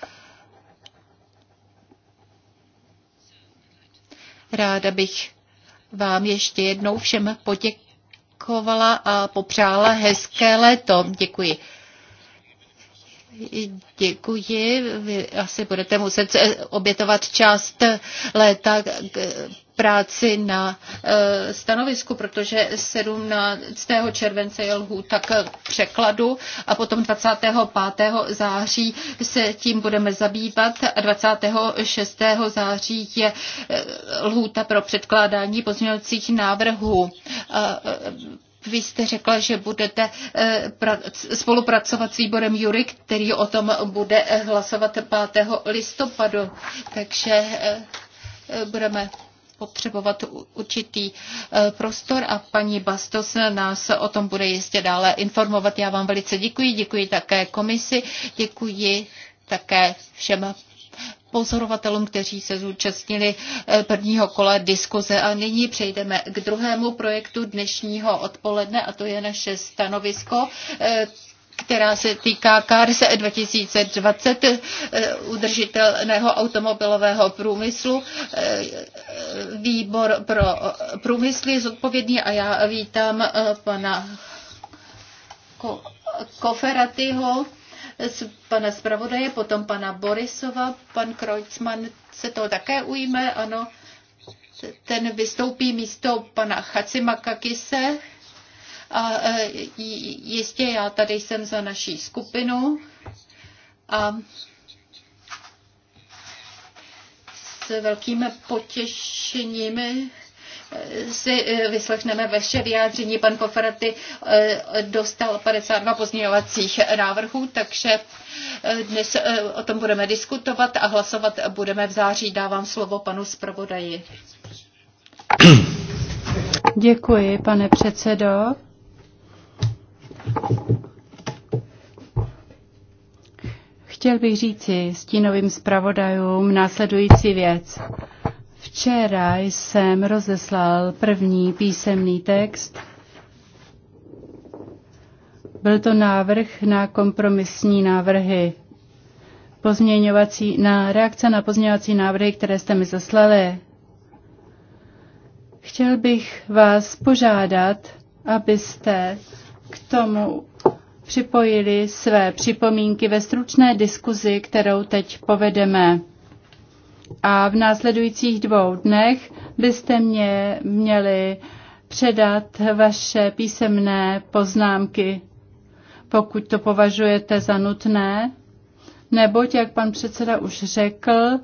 Ráda bych vám ještě jednou všem poděkovala a popřála hezké léto. Děkuji. Děkuji. Vy asi budete muset eh, obětovat část léta práci na eh, stanovisku, protože 17. července je lhů tak překladu a potom 25. září se tím budeme zabývat a 26. září je eh, lhůta pro předkládání pozměňovacích návrhů. Vy jste řekla, že budete eh, spolupracovat s výborem Jury, který o tom bude eh, hlasovat 5. listopadu. Takže eh, budeme potřebovat určitý prostor a paní Bastos nás o tom bude jistě dále informovat. Já vám velice děkuji, děkuji také komisi, děkuji také všem pozorovatelům, kteří se zúčastnili eh, prvního kola diskuze. A nyní přejdeme k druhému projektu dnešního odpoledne a to je naše stanovisko eh, která se týká CARS 2020 eh, udržitelného automobilového průmyslu. Výbor pro průmysl je zodpovědný a já vítám pana Koferatyho pana zpravodaje, potom pana Borisova, pan Kreutzmann se toho také ujme, ano, ten vystoupí místo pana Chacimakakise a e, jistě já tady jsem za naší skupinu a s velkým potěšením si eh, vyslechneme vaše vyjádření. Pan Koferaty eh, dostal 52 pozměňovacích návrhů, takže eh, dnes o tom budeme diskutovat a hlasovat budeme v září. Dávám slovo panu zpravodaji. Děkuji, pane předsedo. Chtěl bych říci stínovým zpravodajům následující věc. Včera jsem rozeslal první písemný text. Byl to návrh na kompromisní návrhy pozměňovací, na reakce na pozměňovací návrhy, které jste mi zaslali. Chtěl bych vás požádat, abyste k tomu připojili své připomínky ve stručné diskuzi, kterou teď povedeme a v následujících dvou dnech byste mě měli předat vaše písemné poznámky, pokud to považujete za nutné, neboť, jak pan předseda už řekl,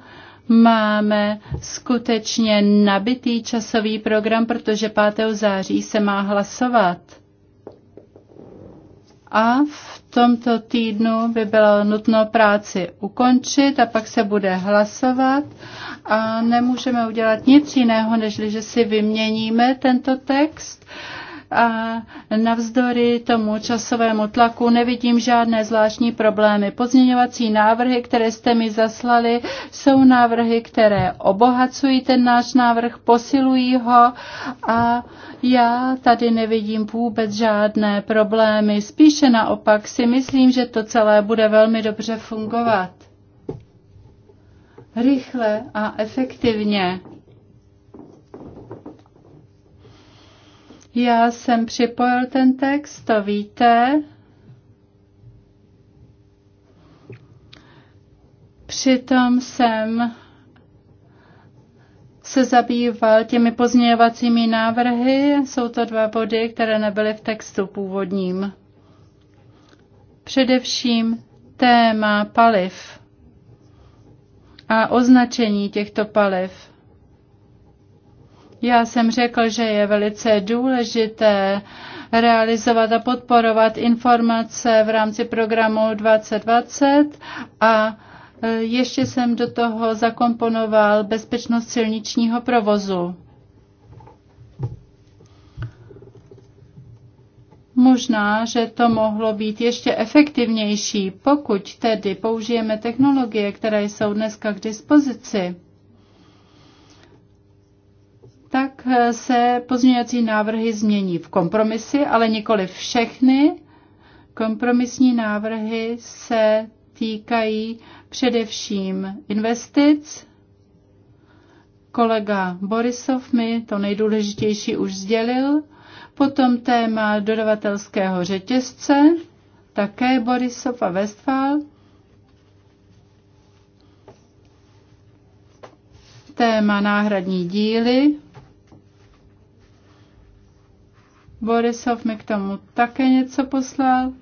máme skutečně nabitý časový program, protože 5. září se má hlasovat a v tomto týdnu by bylo nutno práci ukončit a pak se bude hlasovat a nemůžeme udělat nic jiného, než že si vyměníme tento text. Uh, a navzdory tomu časovému tlaku nevidím žádné zvláštní problémy. Pozměňovací návrhy, které jste mi zaslali, jsou návrhy, které obohacují ten náš návrh, posilují ho a já tady nevidím vůbec žádné problémy. Spíše naopak si myslím, že to celé bude velmi dobře fungovat. Rychle a efektivně. Já jsem připojil ten text, to víte. Přitom jsem se zabýval těmi pozměňovacími návrhy. Jsou to dva body, které nebyly v textu původním. Především téma paliv a označení těchto paliv. Já jsem řekl, že je velice důležité realizovat a podporovat informace v rámci programu 2020 a e, ještě jsem do toho zakomponoval bezpečnost silničního provozu. Možná, že to mohlo být ještě efektivnější, pokud tedy použijeme technologie, které jsou dneska k dispozici tak eh, se pozměňovací návrhy změní v kompromisy, ale nikoli všechny. Kompromisní návrhy se týkají především investic. Kolega Borisov mi to nejdůležitější už sdělil. Potom téma dodavatelského řetězce, také Borisov a Westphal. Téma náhradní díly, Borisov mi k tomu také něco poslal.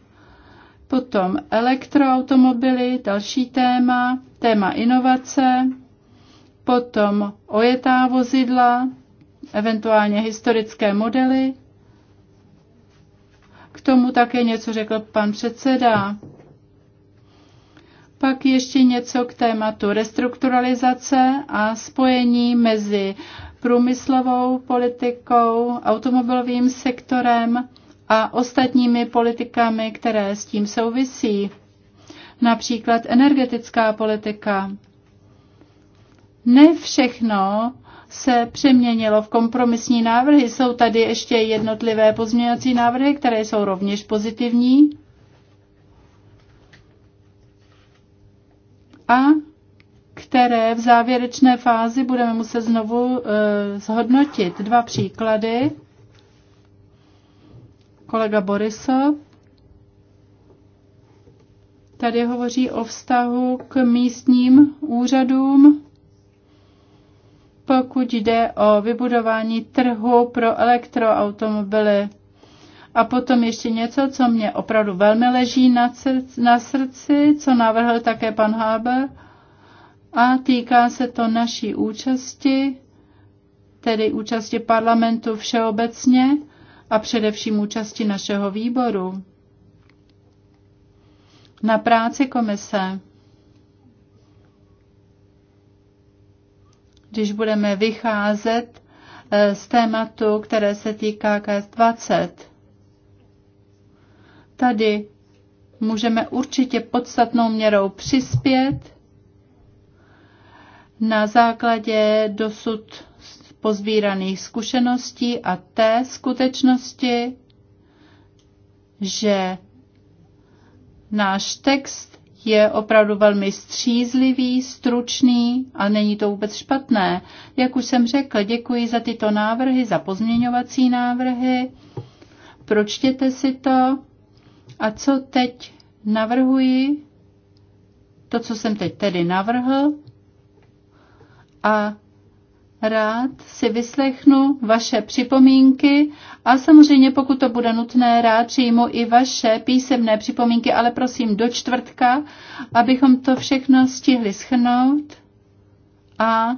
Potom elektroautomobily, další téma, téma inovace, potom ojetá vozidla, eventuálně historické modely. K tomu také něco řekl pan předseda. Pak ještě něco k tématu restrukturalizace a spojení mezi průmyslovou politikou, automobilovým sektorem a ostatními politikami, které s tím souvisí, například energetická politika. Ne všechno se přeměnilo v kompromisní návrhy. Jsou tady ještě jednotlivé pozměňovací návrhy, které jsou rovněž pozitivní. A které v závěrečné fázi budeme muset znovu e, zhodnotit. Dva příklady. Kolega Boriso tady hovoří o vztahu k místním úřadům, pokud jde o vybudování trhu pro elektroautomobily. A potom ještě něco, co mě opravdu velmi leží na, srdci, na srdci co navrhl také pan Haber – a týká se to naší účasti, tedy účasti parlamentu všeobecně a především účasti našeho výboru na práci komise. Když budeme vycházet eh, z tématu, které se týká KS20. Tady můžeme určitě podstatnou měrou přispět na základě dosud pozbíraných zkušeností a té skutečnosti, že náš text je opravdu velmi střízlivý, stručný a není to vůbec špatné. Jak už jsem řekl, děkuji za tyto návrhy, za pozměňovací návrhy. Pročtěte si to. A co teď navrhuji? To, co jsem teď tedy navrhl, a rád si vyslechnu vaše připomínky a samozřejmě, pokud to bude nutné, rád přijmu i vaše písemné připomínky, ale prosím do čtvrtka, abychom to všechno stihli schrnout a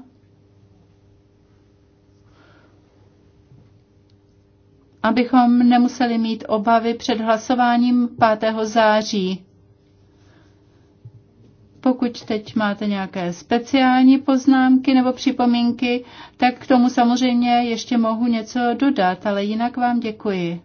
abychom nemuseli mít obavy před hlasováním 5. září. Pokud teď máte nějaké speciální poznámky nebo připomínky, tak k tomu samozřejmě ještě mohu něco dodat, ale jinak vám děkuji.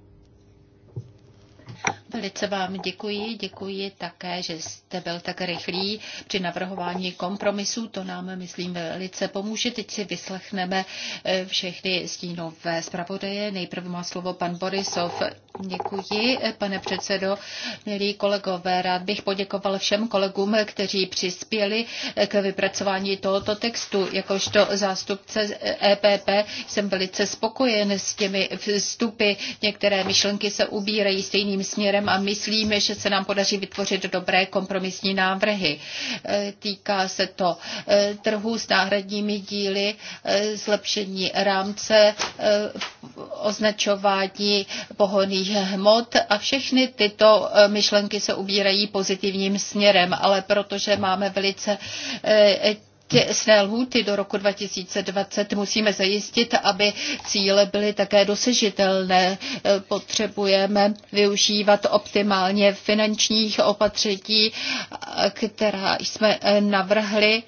Velice vám děkuji, děkuji také, že jste byl tak rychlý při navrhování kompromisů, to nám, myslím, velice pomůže. Teď si vyslechneme eh, všechny stínové zpravodaje. Nejprve má slovo pan Borisov. Děkuji, eh, pane předsedo, milí kolegové. Rád bych poděkoval všem kolegům, kteří přispěli eh, k vypracování tohoto textu. Jakožto zástupce EPP jsem velice spokojen s těmi vstupy. Některé myšlenky se ubírají stejným směrem směrem a myslíme, že se nám podaří vytvořit dobré kompromisní návrhy. E, týká se to e, trhu s náhradními díly, e, zlepšení rámce, označování pohoných hmot a všechny tyto myšlenky se ubírají pozitivním směrem, ale protože máme velice těsné lhůty do roku 2020 musíme zajistit, aby cíle byly také dosežitelné. E, potřebujeme využívat optimálně finančních opatření, e, která jsme e, navrhli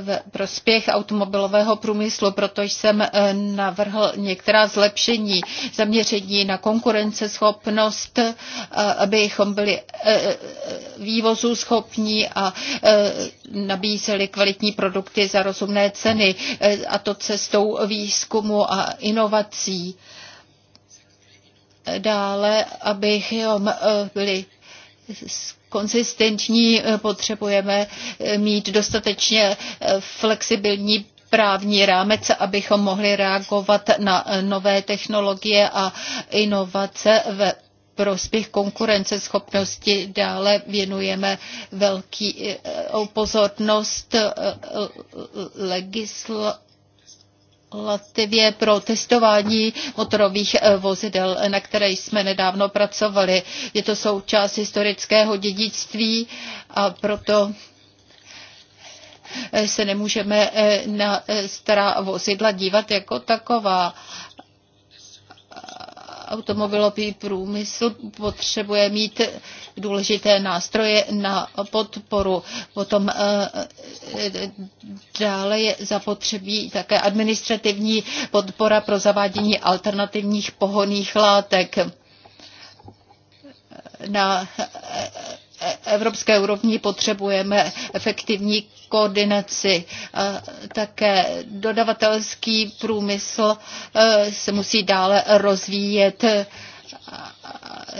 v prospěch automobilového průmyslu, Protože jsem navrhl některá zlepšení, zaměření na konkurenceschopnost, abychom byli vývozu schopní a nabízeli kvalitní produkty produkty za rozumné ceny eh, a to cestou výzkumu a inovací. Dále, abychom eh, byli konzistentní, eh, potřebujeme mít dostatečně flexibilní právní rámec, abychom mohli reagovat na nové technologie a inovace ve prospěch konkurenceschopnosti. Dále věnujeme velký e, e, pozornost e, legislativě pro testování motorových vozidel, na které jsme nedávno pracovali. Je to součást historického dědictví a proto se nemůžeme na stará vozidla dívat jako taková automobilový průmysl potřebuje mít důležité nástroje na podporu. Potom eh, eh, dále je zapotřebí také administrativní podpora pro zavádění alternativních pohoných látek na eh, evropské úrovni potřebujeme efektivní koordinaci. Také dodavatelský průmysl e, se musí dále rozvíjet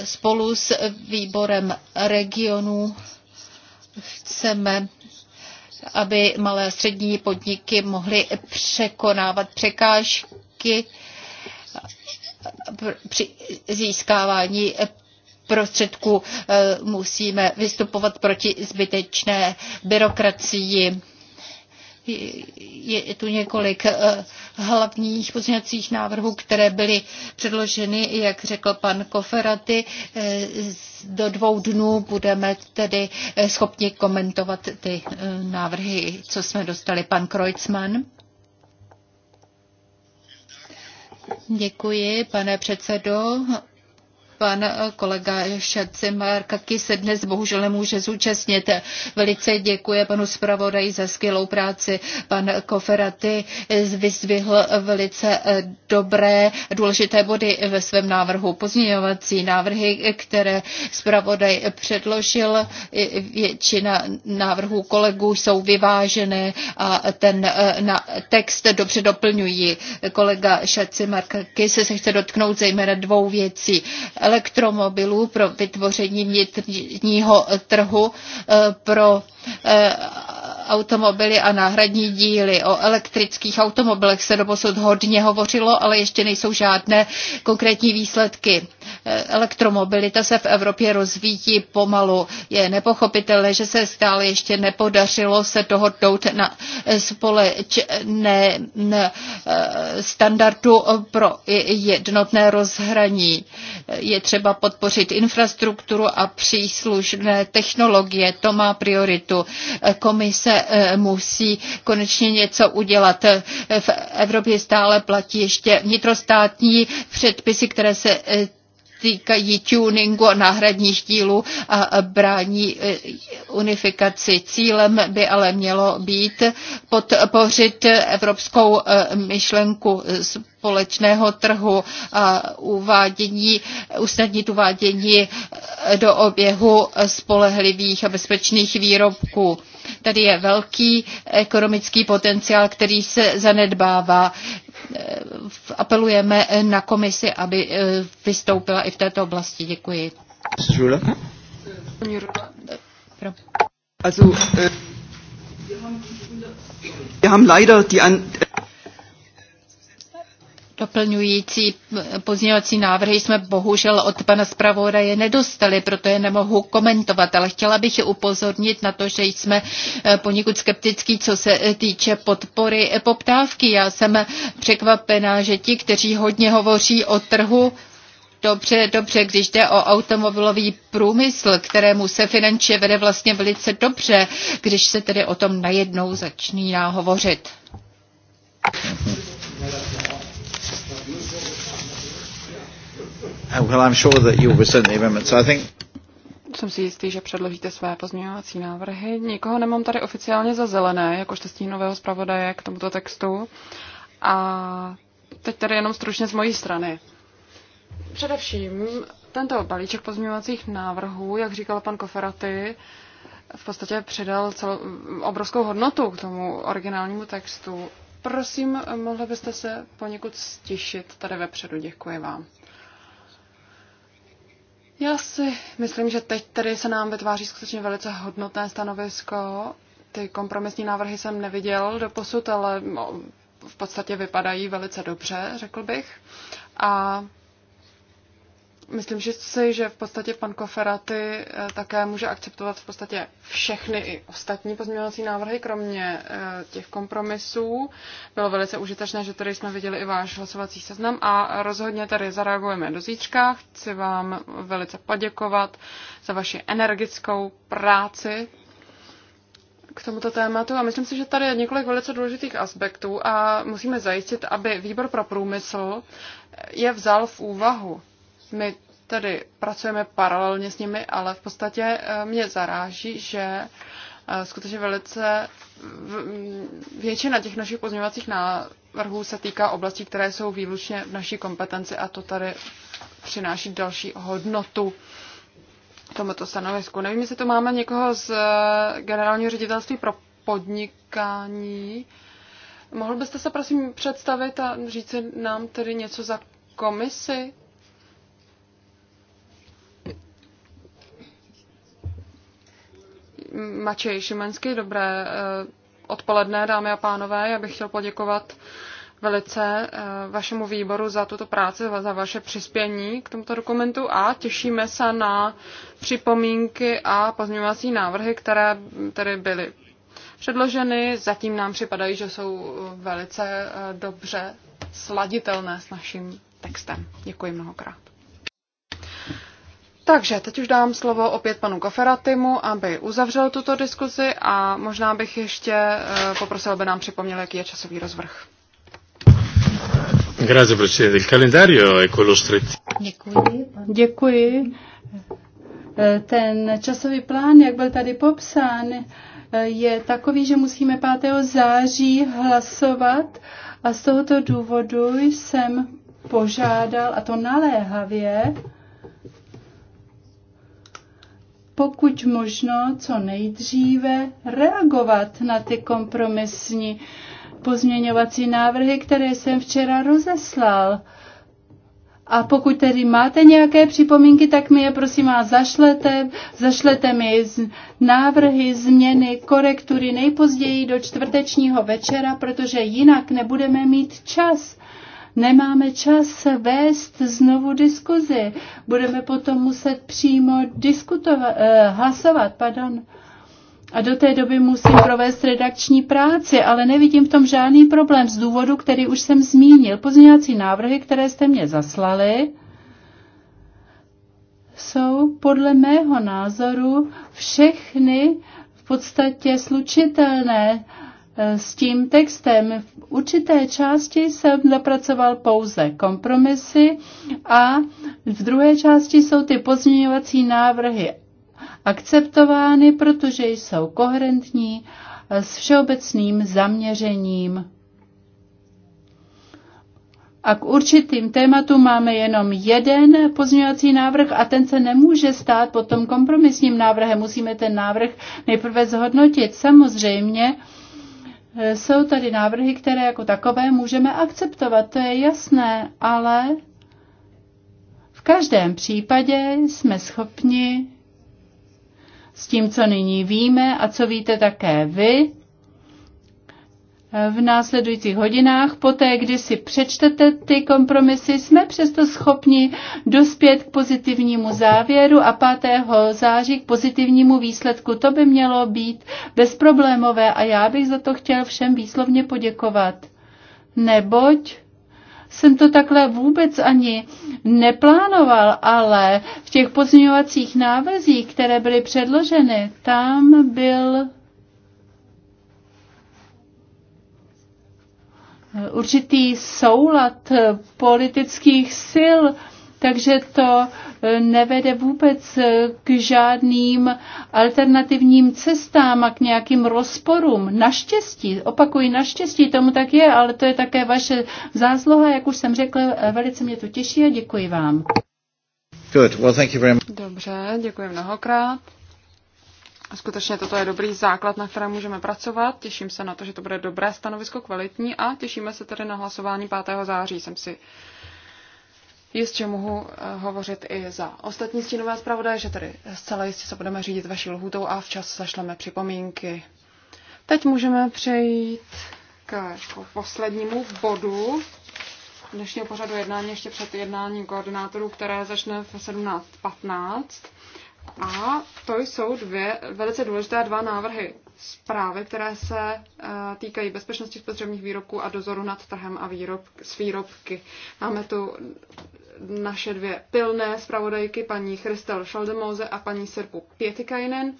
spolu s výborem regionů. Chceme aby malé a střední podniky mohly překonávat překážky při získávání prostředků eh, musíme vystupovat proti zbytečné byrokracii. Je tu několik eh, hlavních pozměňovacích návrhů, které byly předloženy, jak řekl pan Koferaty. Eh, do dvou dnů budeme tedy schopni komentovat ty návrhy, co jsme dostali. Pan Kreutzmann. Děkuji, pane předsedo. Pan kolega Šacimar Kaky se dnes bohužel nemůže zúčastnit. Velice děkuje panu zpravodaji za skvělou práci. Pan Koferaty vyzdvihl velice eh, dobré důležité body ve svém návrhu. Pozměňovací návrhy, které zpravodaj předložil, eh, většina návrhů kolegů jsou vyvážené a ten eh, na text dobře doplňují. Kolega Šacimar Kaky se chce dotknout zejména dvou věcí elektromobilů pro vytvoření vnitřního trhu eh, pro eh, automobily a náhradní díly. O elektrických automobilech se doposud hodně hovořilo, ale ještě nejsou žádné konkrétní výsledky. E, elektromobilita se v Evropě rozvíjí pomalu. Je nepochopitelné, že se stále ještě nepodařilo se dohodnout na společné e, standardu pro jednotné rozhraní. Je třeba podpořit infrastrukturu a příslušné technologie. To má prioritu. Komise se eh, musí konečně něco udělat. Eh, v Evropě stále platí ještě vnitrostátní předpisy, které se eh, týkají tuningu a náhradních dílů a brání unifikaci. Cílem by ale mělo být podpořit evropskou myšlenku společného trhu a uvádění, usnadnit uvádění do oběhu spolehlivých a bezpečných výrobků. Tady je velký ekonomický potenciál, který se zanedbává. Eh, apelujeme na komisi, aby eh, vystoupila i v této oblasti. Děkuji. Also, eh, wir haben leider die Doplňující pozměňovací návrhy jsme bohužel od pana zpravodaje nedostali, proto je nemohu komentovat, ale chtěla bych je upozornit na to, že jsme eh, poněkud skeptický, co se eh, týče podpory eh, poptávky. Já jsem překvapená, že ti, kteří hodně hovoří o trhu, Dobře, dobře, když jde o automobilový průmysl, kterému se finančně vede vlastně velice dobře, když se tedy o tom najednou začíná hovořit. Mhm. Uh, jsem si jistý, že předložíte své pozměňovací návrhy. Nikoho nemám tady oficiálně za zelené, jakožto stínového zpravodaje k tomuto textu. A teď tady jenom stručně z mojí strany. Především tento balíček pozměňovacích návrhů, jak říkal pan Koferaty, v podstatě přidal celou, obrovskou hodnotu k tomu originálnímu textu. Prosím, mohli byste se poněkud stišit tady vepředu. Děkuji vám. Já si myslím, že teď tady se nám vytváří skutečně velice hodnotné stanovisko. Ty kompromisní návrhy jsem neviděl do posud, ale v podstatě vypadají velice dobře, řekl bych. A Myslím že si, že v podstatě pan Koferaty eh, také může akceptovat v podstatě všechny i ostatní pozměňovací návrhy, kromě eh, těch kompromisů. Bylo velice užitečné, že tady jsme viděli i váš hlasovací seznam a rozhodně tady zareagujeme do zítřka. Chci vám velice poděkovat za vaši energickou práci k tomuto tématu a myslím si, že tady je několik velice důležitých aspektů a musíme zajistit, aby výbor pro průmysl je vzal v úvahu my tady pracujeme paralelně s nimi, ale v podstatě eh, mě zaráží, že eh, skutečně velice mm, většina těch našich pozměňovacích návrhů se týká oblastí, které jsou výlučně v naší kompetenci a to tady přináší další hodnotu tomuto stanovisku. Nevím, jestli to máme někoho z eh, generálního ředitelství pro podnikání. Mohl byste se prosím představit a říct nám tedy něco za komisi? Mačej Šimanský. Dobré eh, odpoledne, dámy a pánové. Já bych chtěl poděkovat velice eh, vašemu výboru za tuto práci, za vaše přispění k tomuto dokumentu a těšíme se na připomínky a pozměňovací návrhy, které tedy byly předloženy. Zatím nám připadají, že jsou eh, velice dobře sladitelné s naším textem. Děkuji mnohokrát. Takže teď už dám slovo opět panu Koferatimu, aby uzavřel tuto diskuzi a možná bych ještě eh, poprosil, aby nám připomněl, jaký je časový rozvrh. Děkuji. Děkuji. Eh, ten časový plán, jak byl tady popsán, eh, je takový, že musíme 5. září hlasovat a z tohoto důvodu jsem požádal, a to naléhavě, pokud možno co nejdříve reagovat na ty kompromisní pozměňovací návrhy, které jsem včera rozeslal. A pokud tedy máte nějaké připomínky, tak mi je prosím vás zašlete. Zašlete mi z návrhy, změny, korektury nejpozději do čtvrtečního večera, protože jinak nebudeme mít čas Nemáme čas vést znovu diskuzi. Budeme potom muset přímo diskutovat, eh, hlasovat. Pardon. A do té doby musím provést redakční práci, ale nevidím v tom žádný problém z důvodu, který už jsem zmínil. Pozměňovací návrhy, které jste mě zaslali, jsou podle mého názoru všechny v podstatě slučitelné Eh, s tím textem. V určité části jsem zapracoval pouze kompromisy a v druhé části jsou ty pozměňovací návrhy akceptovány, protože jsou koherentní eh, s všeobecným zaměřením. A k určitým tématům máme jenom jeden pozměňovací návrh a ten se nemůže stát potom kompromisním návrhem. Musíme ten návrh nejprve zhodnotit. Samozřejmě, jsou tady návrhy, které jako takové můžeme akceptovat, to je jasné, ale v každém případě jsme schopni s tím, co nyní víme a co víte také vy, v následujících hodinách. Poté, kdy si přečtete ty kompromisy, jsme přesto schopni dospět k pozitivnímu závěru a 5. září k pozitivnímu výsledku. To by mělo být bezproblémové a já bych za to chtěl všem výslovně poděkovat. Neboť jsem to takhle vůbec ani neplánoval, ale v těch pozměňovacích návrzích, které byly předloženy, tam byl určitý soulad politických sil, takže to eh, nevede vůbec eh, k žádným alternativním cestám a k nějakým rozporům. Naštěstí, opakuji, naštěstí tomu tak je, ale to je také vaše zásluha, jak už jsem řekl. Eh, velice mě to těší a děkuji vám. Good. Well, thank you very much. Dobře, děkuji mnohokrát. Skutečně toto je dobrý základ, na kterém můžeme pracovat. Těším se na to, že to bude dobré stanovisko, kvalitní a těšíme se tedy na hlasování 5. září. Jsem si jistě mohu eh, hovořit i za ostatní stínové zpravodaje, že tedy zcela jistě se budeme řídit vaší lhůtou a včas zašleme připomínky. Teď můžeme přejít k jako poslednímu bodu dnešního pořadu jednání ještě před jednáním koordinátorů, které začne v 17.15. A to jsou dvě velice důležité dva návrhy zprávy, které se eh, týkají bezpečnosti spotřebních výrobků a dozoru nad trhem a výrob, s výrobky. Máme tu naše dvě pilné zpravodajky, paní Christel Schaldemose a paní Sirpu Pietikainen.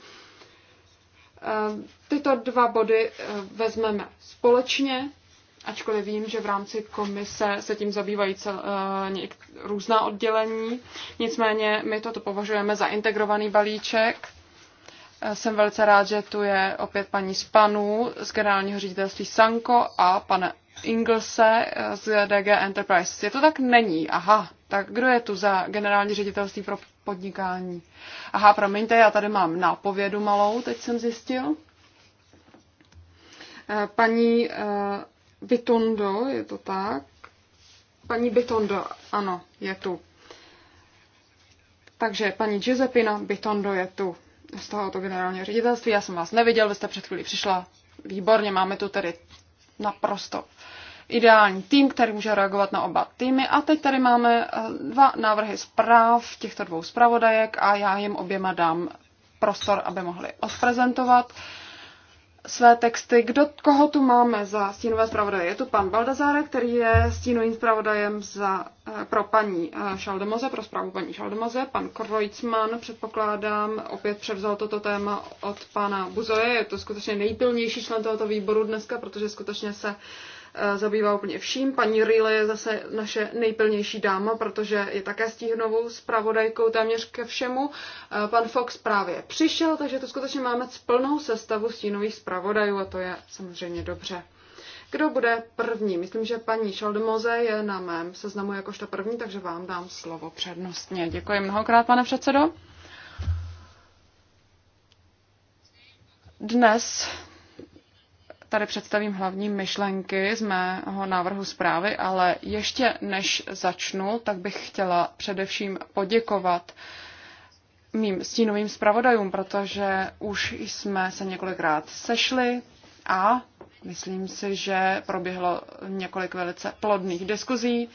Eh, tyto dva body eh, vezmeme společně ačkoliv vím, že v rámci komise se tím zabývají cel, uh, něk, různá oddělení. Nicméně my toto považujeme za integrovaný balíček. Eh, jsem velice rád, že tu je opět paní Spanu z generálního ředitelství Sanko a pane Inglese eh, z DG Enterprise. Je to tak? Není. Aha. Tak kdo je tu za generální ředitelství pro podnikání? Aha, promiňte, já tady mám nápovědu malou, teď jsem zjistil. Paní Bitondo, je to tak? Paní Bitondo, ano, je tu. Takže paní Giuseppina Bitondo je tu z tohoto generálního ředitelství. Já jsem vás neviděl, vy jste před chvílí přišla. Výborně, máme tu tedy naprosto ideální tým, který může reagovat na oba týmy. A teď tady máme eh, dva návrhy zpráv těchto dvou zpravodajek a já jim oběma dám prostor, aby mohli odprezentovat své texty. Kdo, koho tu máme za stínové zpravodaje? Je tu pan Baldazare, který je stínovým zpravodajem za, eh, pro paní eh, Šaldemoze, pro zprávu paní Šaldemoze. Pan Kreutzmann, předpokládám, opět převzal toto téma od pana Buzoje. Je to skutečně nejpilnější člen tohoto výboru dneska, protože skutečně se uh, Eh, zabývá úplně vším. Paní Rýle je zase naše nejpilnější dáma, protože je také stíhnovou zpravodajkou téměř ke všemu. Eh, pan Fox právě přišel, takže to skutečně máme plnou sestavu stínových zpravodajů a to je samozřejmě dobře. Kdo bude první? Myslím, že paní Šaldemoze je na mém seznamu jakožto první, takže vám dám slovo přednostně. Děkuji mnohokrát, pane předsedo. Dnes tady představím hlavní myšlenky z mého návrhu zprávy, ale ještě než začnu, tak bych chtěla především poděkovat mým stínovým zpravodajům, protože už jsme se několikrát sešli a myslím si, že proběhlo několik velice plodných diskuzí.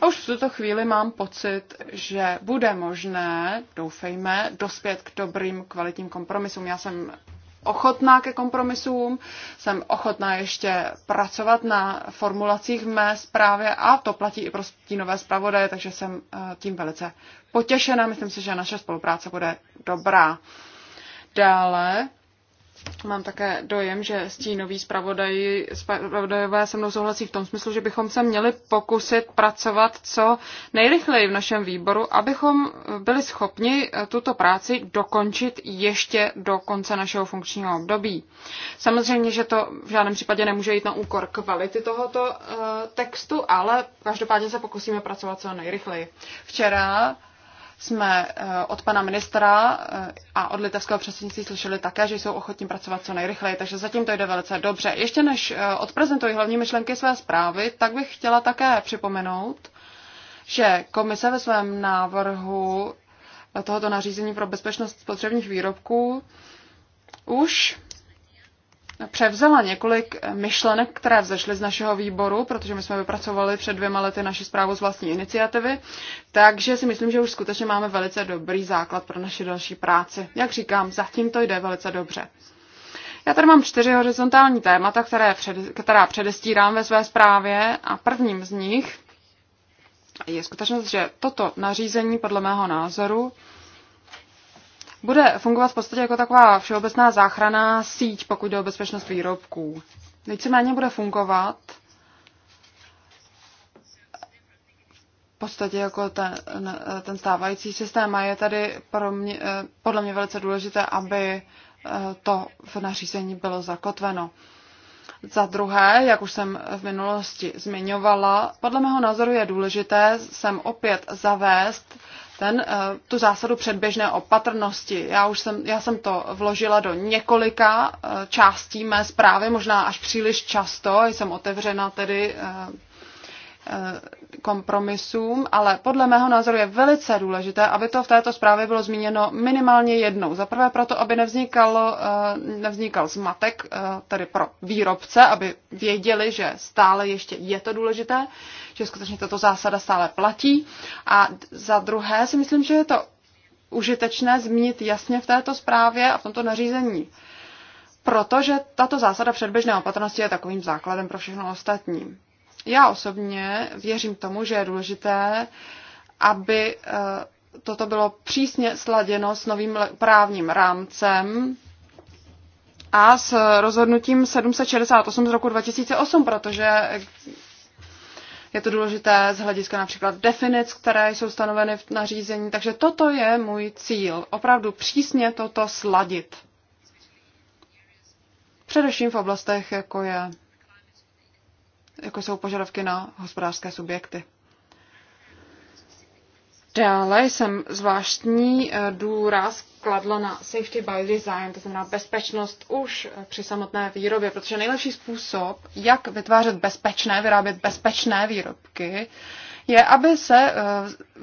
A už v tuto chvíli mám pocit, že bude možné, doufejme, dospět k dobrým kvalitním kompromisům. Já jsem ochotná ke kompromisům, jsem ochotná ještě pracovat na formulacích v mé zprávě a to platí i pro stínové zpravodaje, takže jsem eh, tím velice potěšená. Myslím si, že naše spolupráce bude dobrá. Dále Mám také dojem, že stínový zpravodaj, zpravodajové se mnou souhlasí v tom smyslu, že bychom se měli pokusit pracovat co nejrychleji v našem výboru, abychom byli schopni eh, tuto práci dokončit ještě do konce našeho funkčního období. Samozřejmě, že to v žádném případě nemůže jít na úkor kvality tohoto eh, textu, ale každopádně se pokusíme pracovat co nejrychleji. Včera jsme eh, od pana ministra eh, a od litevského předsednictví slyšeli také, že jsou ochotní pracovat co nejrychleji, takže zatím to jde velice dobře. Ještě než eh, odprezentuji hlavní myšlenky své zprávy, tak bych chtěla také připomenout, že komise ve svém návrhu tohoto nařízení pro bezpečnost spotřebních výrobků už převzala několik myšlenek, které vzešly z našeho výboru, protože my jsme vypracovali před dvěma lety naši zprávu z vlastní iniciativy, takže si myslím, že už skutečně máme velice dobrý základ pro naši další práci. Jak říkám, zatím to jde velice dobře. Já tady mám čtyři horizontální témata, které před, která předestírám ve své zprávě a prvním z nich je skutečnost, že toto nařízení podle mého názoru bude fungovat v podstatě jako taková všeobecná záchranná síť, pokud jde o bezpečnost výrobků. Víceméně bude fungovat v podstatě jako ten, ten stávající systém a je tady pro mě, eh, podle mě velice důležité, aby eh, to v nařízení bylo zakotveno. Za druhé, jak už jsem v minulosti zmiňovala, podle mého názoru je důležité sem opět zavést ten, eh, tu zásadu předběžné opatrnosti. Já už jsem, já jsem to vložila do několika eh, částí mé zprávy, možná až příliš často, jsem otevřena tedy eh, Eh, kompromisům, ale podle mého názoru je velice důležité, aby to v této zprávě bylo zmíněno minimálně jednou. Za prvé proto, aby nevznikal, eh, nevznikal zmatek, eh, tedy pro výrobce, aby věděli, že stále ještě je to důležité, že skutečně tato zásada stále platí. A za druhé si myslím, že je to užitečné zmínit jasně v této zprávě a v tomto nařízení protože tato zásada předběžné opatrnosti je takovým základem pro všechno ostatní. Já osobně věřím tomu, že je důležité, aby e, toto bylo přísně sladěno s novým právním rámcem a s rozhodnutím 768 z roku 2008, protože je to důležité z hlediska například definic, které jsou stanoveny v nařízení. Takže toto je můj cíl. Opravdu přísně toto sladit. Především v oblastech, jako je jako jsou požadavky na hospodářské subjekty. Dále jsem zvláštní eh, důraz kladla na safety by design, to znamená bezpečnost už eh, při samotné výrobě, protože nejlepší způsob, jak vytvářet bezpečné, vyrábět bezpečné výrobky, je, aby se eh,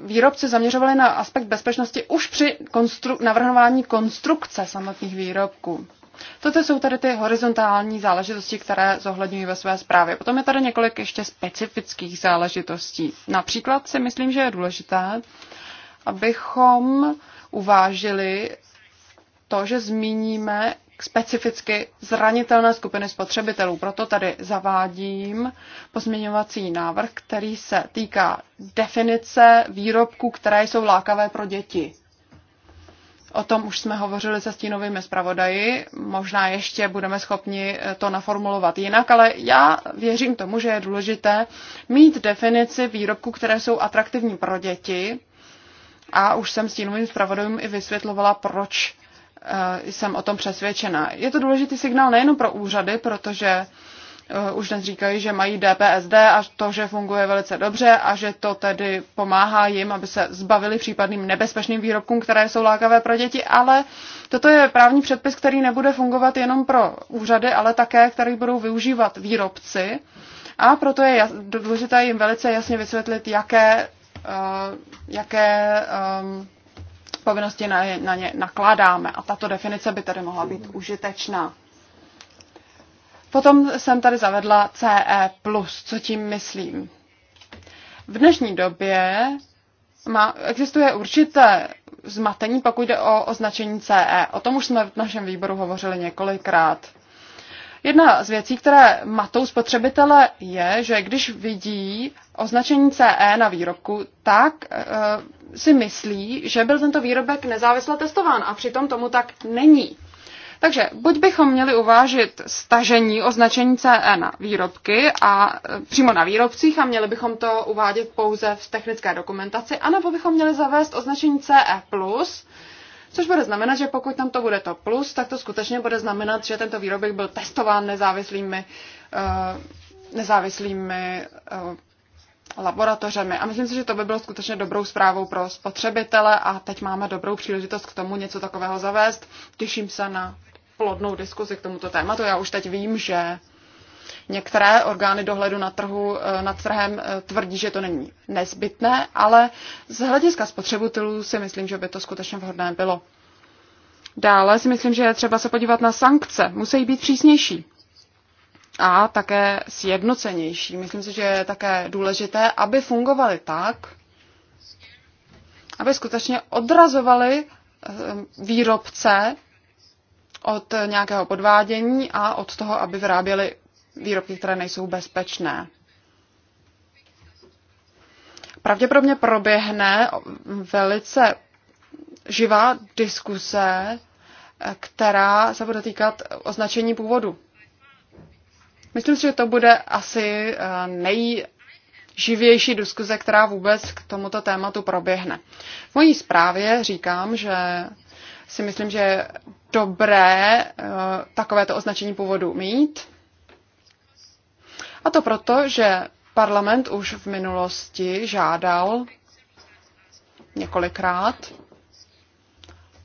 výrobci zaměřovali na aspekt bezpečnosti už při konstru- navrhování konstrukce samotných výrobků. Toto jsou tady ty horizontální záležitosti, které zohledňují ve své zprávě. Potom je tady několik ještě specifických záležitostí. Například si myslím, že je důležité, abychom uvážili to, že zmíníme specificky zranitelné skupiny spotřebitelů. Proto tady zavádím pozměňovací návrh, který se týká definice výrobků, které jsou lákavé pro děti. O tom už jsme hovořili se stínovými zpravodaji, možná ještě budeme schopni eh, to naformulovat jinak, ale já věřím tomu, že je důležité mít definici výrobků, které jsou atraktivní pro děti. A už jsem stínovým zpravodajům i vysvětlovala, proč eh, jsem o tom přesvědčena. Je to důležitý signál nejen pro úřady, protože Eh, už dnes říkají, že mají DPSD a to, že funguje velice dobře a že to tedy pomáhá jim, aby se zbavili případným nebezpečným výrobkům, které jsou lákavé pro děti, ale toto je právní předpis, který nebude fungovat jenom pro úřady, ale také, který budou využívat výrobci a proto je důležité jim velice jasně vysvětlit, jaké, eh, jaké um, povinnosti na, na ně nakládáme. A tato definice by tedy mohla být užitečná. Potom jsem tady zavedla CE+, co tím myslím. V dnešní době má, existuje určité zmatení, pokud jde o označení CE. O tom už jsme v našem výboru hovořili několikrát. Jedna z věcí, které matou spotřebitele, je, že když vidí označení CE na výrobku, tak e, si myslí, že byl tento výrobek nezávisle testován a přitom tomu tak není. Takže buď bychom měli uvážit stažení označení CE na výrobky a e, přímo na výrobcích a měli bychom to uvádět pouze v technické dokumentaci, anebo bychom měli zavést označení CE+, Což bude znamenat, že pokud tam to bude to plus, tak to skutečně bude znamenat, že tento výrobek byl testován nezávislými, e, nezávislými e, laboratořemi. A myslím si, že to by bylo skutečně dobrou zprávou pro spotřebitele a teď máme dobrou příležitost k tomu něco takového zavést. Těším se na plodnou diskuzi k tomuto tématu. Já už teď vím, že Některé orgány dohledu na trhu, eh, nad trhem eh, tvrdí, že to není nezbytné, ale z hlediska spotřebitelů si myslím, že by to skutečně vhodné bylo. Dále si myslím, že je třeba se podívat na sankce. Musí být přísnější a také sjednocenější. Myslím si, že je také důležité, aby fungovaly tak, aby skutečně odrazovaly eh, výrobce od nějakého podvádění a od toho, aby vyráběli výrobky, které nejsou bezpečné. Pravděpodobně proběhne velice živá diskuse, která se bude týkat označení původu. Myslím si, že to bude asi eh, nejživější diskuze, která vůbec k tomuto tématu proběhne. V mojí zprávě říkám, že si myslím, že dobré eh, takovéto označení původu mít. A to proto, že parlament už v minulosti žádal několikrát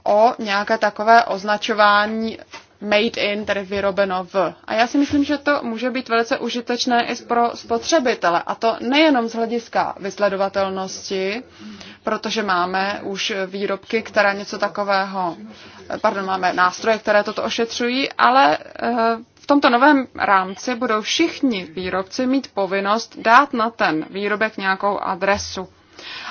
o nějaké takové označování made in, tedy vyrobeno v. A já si myslím, že to může být velice užitečné i pro spotřebitele. A to nejenom z hlediska vysledovatelnosti, protože máme už výrobky, které něco takového, pardon, máme nástroje, které toto ošetřují, ale eh, v tomto novém rámci budou všichni výrobci mít povinnost dát na ten výrobek nějakou adresu.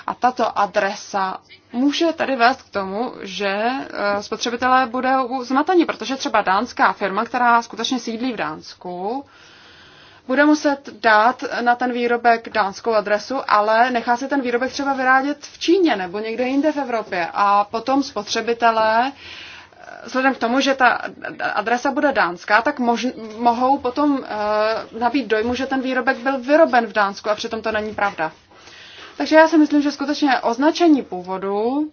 A tato adresa může tady vést k tomu, že eh, spotřebitelé budou zmateni, protože třeba dánská firma, která skutečně sídlí v Dánsku, bude muset dát na ten výrobek dánskou adresu, ale nechá si ten výrobek třeba vyrádět v Číně nebo někde jinde v Evropě. A potom spotřebitelé eh, vzhledem k tomu, že ta adresa bude dánská, tak mož, mohou potom uh, nabít dojmu, že ten výrobek byl vyroben v Dánsku a přitom to není pravda. Takže já si myslím, že skutečně označení původu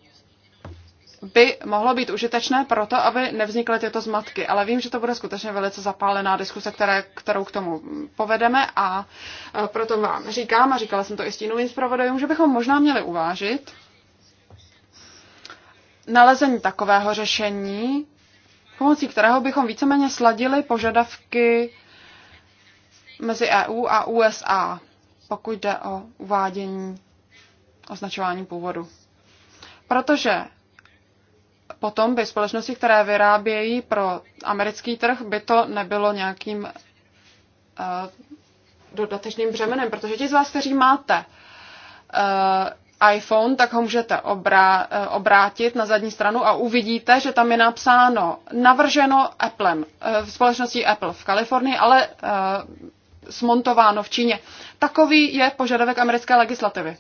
by mohlo být užitečné proto, aby nevznikly tyto zmatky. Ale vím, že to bude skutečně velice zapálená diskuse, které, kterou k tomu povedeme a e, proto vám říkám, a říkala jsem to i stínovým zpravodajům, že bychom možná měli uvážit nalezení takového řešení, pomocí kterého bychom víceméně sladili požadavky mezi EU a USA, pokud jde o uvádění označování původu. Protože potom by společnosti, které vyrábějí pro americký trh, by to nebylo nějakým uh, dodatečným břemenem, protože ti z vás, kteří máte uh, iPhone, tak ho můžete obrá, uh, eh, obrátit na zadní stranu a uvidíte, že tam je napsáno navrženo Applem, uh, společností Apple v Kalifornii, ale uh, smontováno v Číně. Takový je požadavek americké legislativy.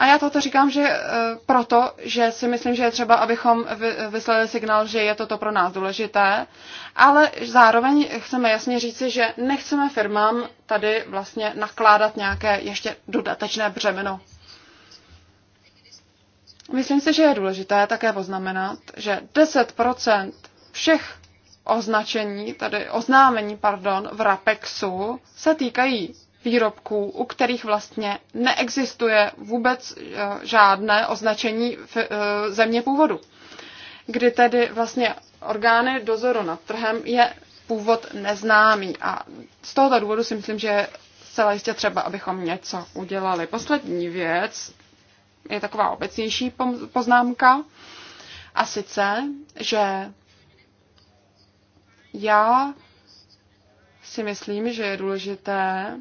A já toto říkám, že eh, proto, že si myslím, že je třeba, abychom vyslali signál, že je toto pro nás důležité, ale zároveň chceme jasně říci, že nechceme firmám tady vlastně nakládat nějaké ještě dodatečné břemeno. Myslím si, že je důležité také poznamenat, že 10% všech označení, tady oznámení, pardon, v RAPEXu se týkají výrobků, u kterých vlastně neexistuje vůbec eh, žádné označení eh, země původu. Kdy tedy vlastně orgány dozoru nad trhem je původ neznámý. A z tohoto důvodu si myslím, že zcela jistě třeba, abychom něco udělali. Poslední věc je taková obecnější poznámka. A sice, že já si myslím, že je důležité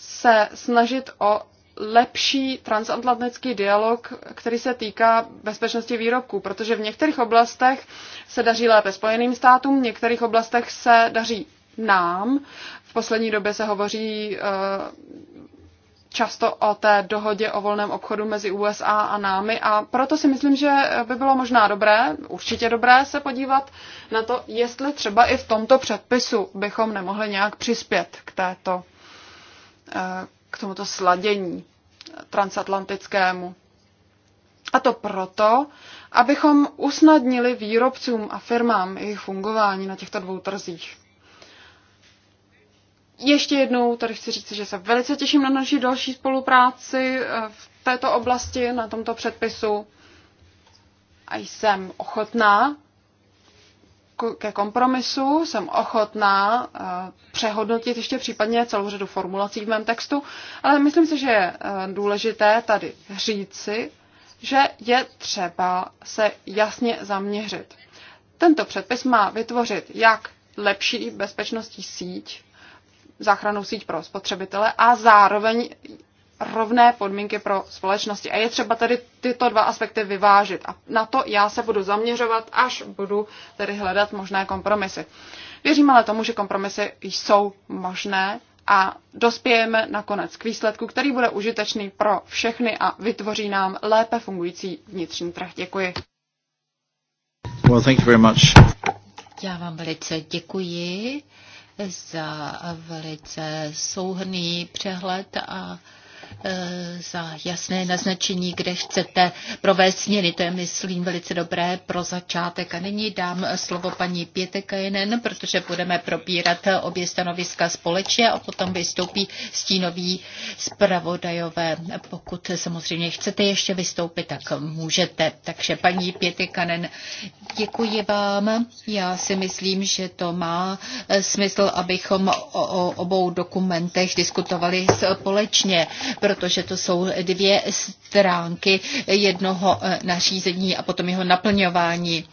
se snažit o lepší transatlantický dialog, který se týká bezpečnosti výrobků, protože v některých oblastech se daří lépe Spojeným státům, v některých oblastech se daří nám. V poslední době se hovoří eh, často o té dohodě o volném obchodu mezi USA a námi a proto si myslím, že by bylo možná dobré, určitě dobré se podívat na to, jestli třeba i v tomto předpisu bychom nemohli nějak přispět k této Eh, k tomuto sladění transatlantickému. A to proto, abychom usnadnili výrobcům a firmám jejich fungování na těchto dvou trzích. Ještě jednou tady chci říct, že se velice těším na naši další spolupráci eh, v této oblasti, na tomto předpisu. A jsem ochotná ke kompromisu jsem ochotná eh, přehodnotit ještě případně celou řadu formulací v mém textu, ale myslím si, že je eh, důležité tady říci, že je třeba se jasně zaměřit. Tento předpis má vytvořit jak lepší bezpečnostní síť, záchranou síť pro spotřebitele a zároveň rovné podmínky pro společnosti. A je třeba tady tyto dva aspekty vyvážit. A na to já se budu zaměřovat, až budu tedy hledat možné kompromisy. Věřím ale tomu, že kompromisy jsou možné a dospějeme nakonec k výsledku, který bude užitečný pro všechny a vytvoří nám lépe fungující vnitřní trh. Děkuji. Well, thank you very much. Já vám velice děkuji za velice souhrný přehled a Eh, za jasné naznačení, kde chcete provést změny. To je, myslím, velice dobré pro začátek. A nyní dám slovo paní Pětekajenen, protože budeme probírat obě stanoviska společně a potom vystoupí stínový zpravodajové. Pokud samozřejmě chcete ještě vystoupit, tak můžete. Takže paní Pětekajenen, děkuji vám. Já si myslím, že to má smysl, abychom o obou dokumentech diskutovali společně, protože to jsou dvě stránky jednoho eh, nařízení a potom jeho naplňování.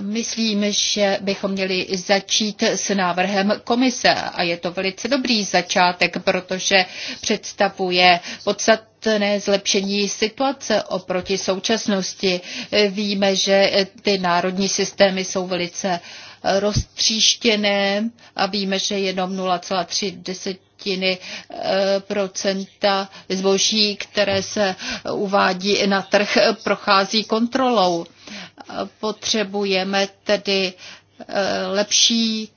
Myslím, že bychom měli začít s návrhem komise a je to velice dobrý začátek, protože představuje podstat podstatné zlepšení situace oproti současnosti. Víme, že ty národní systémy jsou velice roztříštěné a víme, že jenom 0,3 třetiny eh, procenta zboží, které se uvádí na trh, prochází kontrolou. Eh, potřebujeme tedy eh, lepší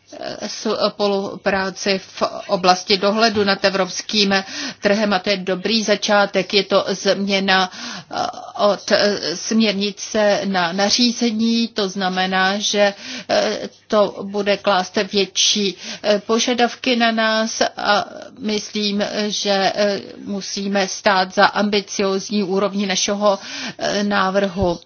spolupráci v oblasti dohledu nad evropským trhem a to je dobrý začátek. Je to změna eh, od eh, směrnice na nařízení, to znamená, že eh, to bude klást větší požadavky na nás a myslím, že musíme stát za ambiciozní úrovni našeho návrhu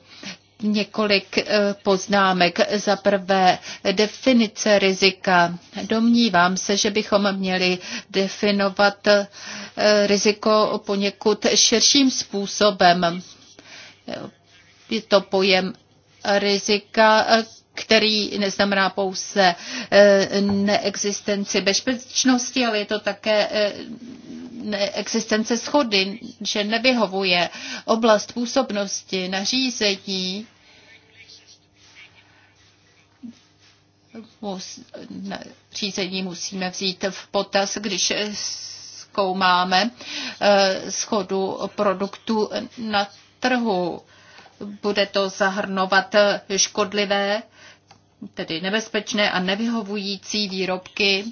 několik eh, poznámek. Za prvé, definice rizika. Domnívám se, že bychom měli definovat eh, riziko poněkud širším způsobem. Je to pojem rizika, který neznamená pouze eh, neexistenci bezpečnosti, ale je to také eh, neexistence schody, že nevyhovuje oblast působnosti, nařízení, řízení musíme vzít v potaz, když zkoumáme eh, schodu produktu na trhu. Bude to zahrnovat škodlivé tedy nebezpečné a nevyhovující výrobky,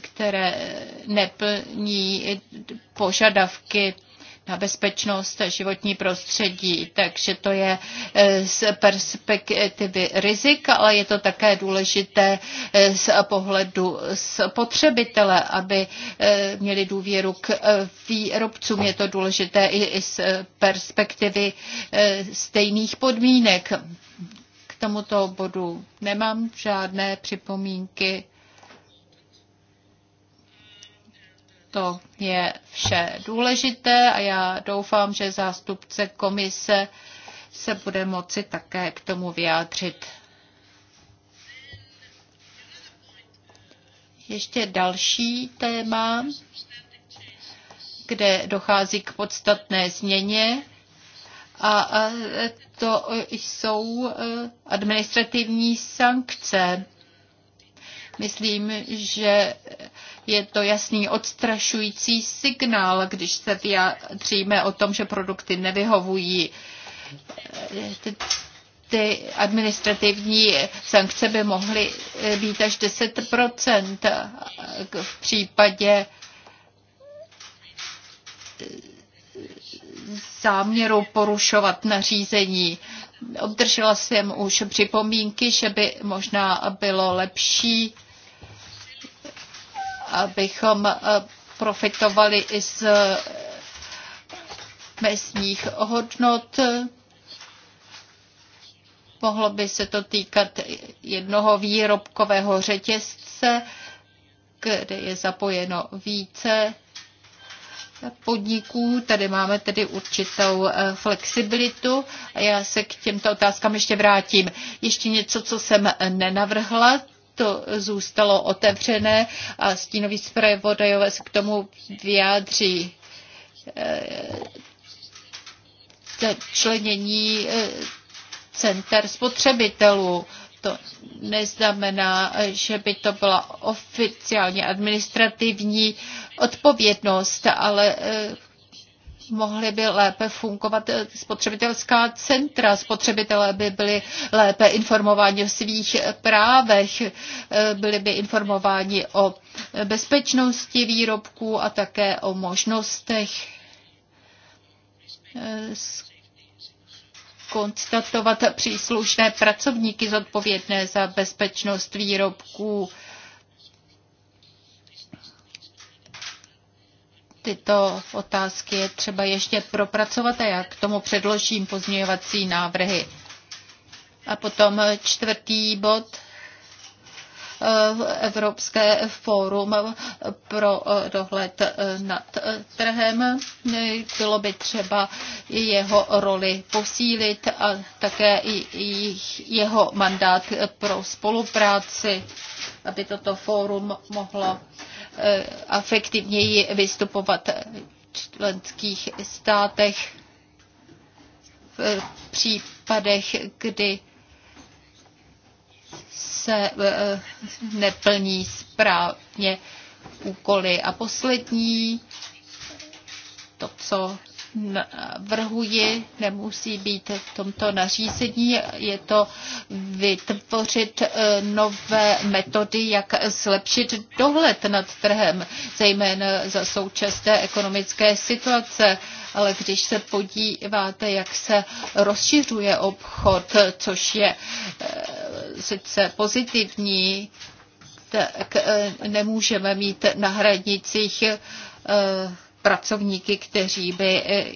které neplní požadavky na bezpečnost a životní prostředí. Takže to je eh, z perspektivy rizik, ale je to také důležité eh, z pohledu spotřebitele, aby eh, měli důvěru k výrobcům. Je to důležité i z perspektivy stejných podmínek. K tomuto bodu nemám žádné připomínky. To je vše důležité a já doufám, že zástupce komise se bude moci také k tomu vyjádřit. Ještě další téma, kde dochází k podstatné změně, a to jsou e, administrativní sankce. Myslím, že je to jasný odstrašující signál, když se vyjádříme o tom, že produkty nevyhovují. Ty administrativní sankce by mohly být až 10% v případě záměru porušovat nařízení. Obdržela jsem už připomínky, že by možná bylo lepší abychom eh, profitovali i z eh, mesních hodnot. Mohlo by se to týkat jednoho výrobkového řetězce, kde je zapojeno více podniků. Tady máme tedy určitou eh, flexibilitu. Já se k těmto otázkám ještě vrátím. Ještě něco, co jsem nenavrhla, to zůstalo otevřené a stínový zpravodajové se k tomu vyjádří eh, členění eh, center spotřebitelů. To neznamená, že by to byla oficiálně administrativní odpovědnost, ale eh, mohly by lépe fungovat eh, spotřebitelská centra, spotřebitelé by byli lépe informováni o svých právech, eh, byli by informováni o bezpečnosti výrobků a také o možnostech eh, konstatovat příslušné pracovníky zodpovědné za bezpečnost výrobků tyto otázky je třeba ještě propracovat a já k tomu předložím pozměňovací návrhy. A potom čtvrtý bod eh, Evropské fórum pro eh, dohled eh, nad trhem. Bylo by třeba jeho roli posílit a také jeho mandát pro spolupráci, aby toto fórum mohlo efektivněji eh, vystupovat v členských státech v případech, kdy se eh, neplní správně úkoly. A poslední, to, co navrhuji, nemusí být v tomto nařízení, je to vytvořit e, nové metody, jak zlepšit dohled nad trhem, zejména za současné ekonomické situace. Ale když se podíváte, jak se rozšiřuje obchod, což je e, sice pozitivní, tak e, nemůžeme mít na hranicích pracovníky, kteří by eh,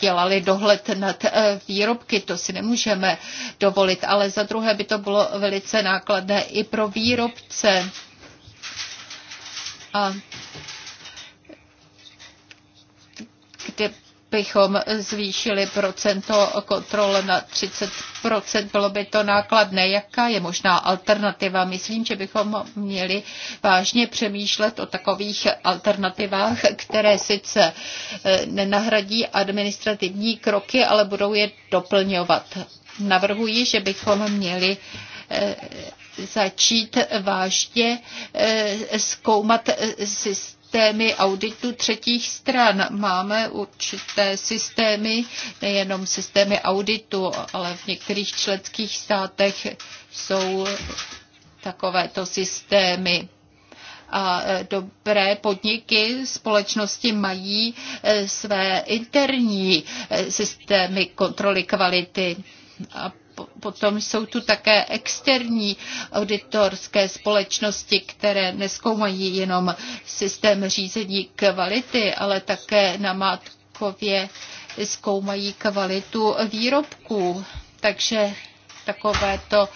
dělali dohled nad eh, výrobky. To si nemůžeme dovolit, ale za druhé by to bylo velice nákladné i pro výrobce. A kde bychom zvýšili procento kontrol na 30%, bylo by to nákladné. Jaká je možná alternativa? Myslím, že bychom měli vážně přemýšlet o takových alternativách, které sice eh, nenahradí administrativní kroky, ale budou je doplňovat. Navrhuji, že bychom měli eh, začít vážně eh, zkoumat systém systémy auditu třetích stran. Máme určité systémy, nejenom systémy auditu, ale v některých členských státech jsou takovéto systémy. A e, dobré podniky společnosti mají e, své interní e, systémy kontroly kvality. A Potom jsou tu také externí auditorské společnosti, které neskoumají jenom systém řízení kvality, ale také na Mátkově zkoumají kvalitu výrobků. Takže takovéto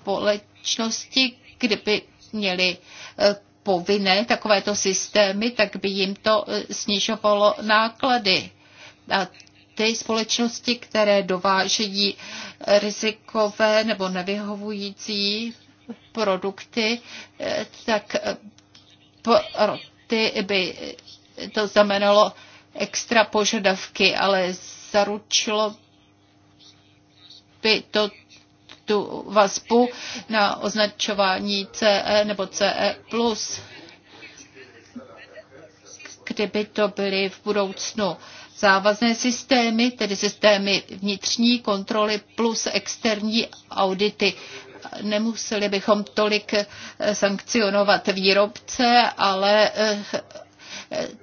společnosti, kdyby měly eh, povinné takovéto systémy, tak by jim to eh, snižovalo náklady. A ty společnosti, které dovážejí rizikové nebo nevyhovující produkty, tak pro ty by to znamenalo extra požadavky, ale zaručilo by to tu vazbu na označování CE nebo CE+, kdyby to byly v budoucnu závazné systémy, tedy systémy vnitřní kontroly plus externí audity. Nemuseli bychom tolik eh, sankcionovat výrobce, ale eh,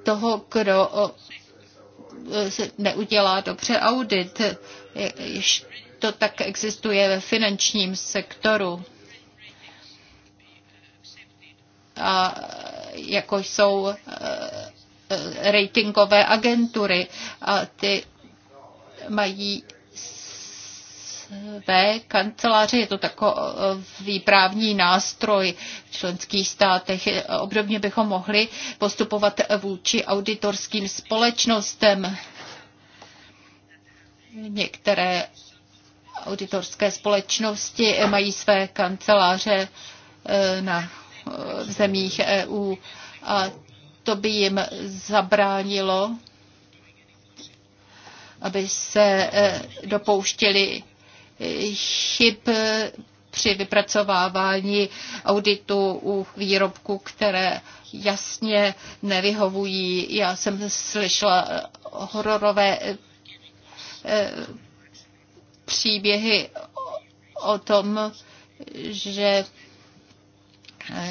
toho, kdo eh, neudělá dobře audit. To tak existuje ve finančním sektoru. A jako jsou Eh, ratingové agentury a ty mají své kanceláře. Je to takový eh, právní nástroj v členských státech. Obdobně bychom mohli postupovat vůči auditorským společnostem. Některé auditorské společnosti mají své kanceláře eh, na v zemích EU a to by jim zabránilo, aby se eh, dopouštěli eh, chyb při vypracovávání auditu u výrobků, které jasně nevyhovují. Já jsem slyšela eh, hororové příběhy o tom, že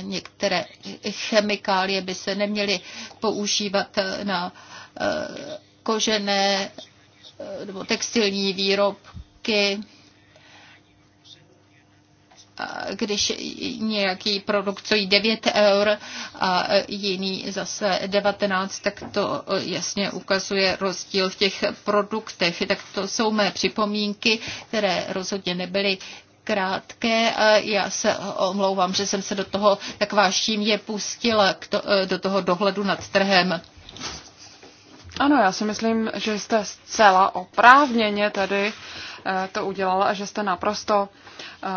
Některé chemikálie by se neměly používat na eh, kožené eh, nebo textilní výrobky, když nějaký produkt stojí 9 eur a jiný zase 19, tak to jasně ukazuje rozdíl v těch produktech. Tak to jsou mé připomínky, které rozhodně nebyly krátké já se omlouvám, že jsem se do toho tak je pustila, to, eh, do toho dohledu nad trhem. Ano, já si myslím, že jste zcela oprávněně tady eh, to udělala a že jste naprosto eh,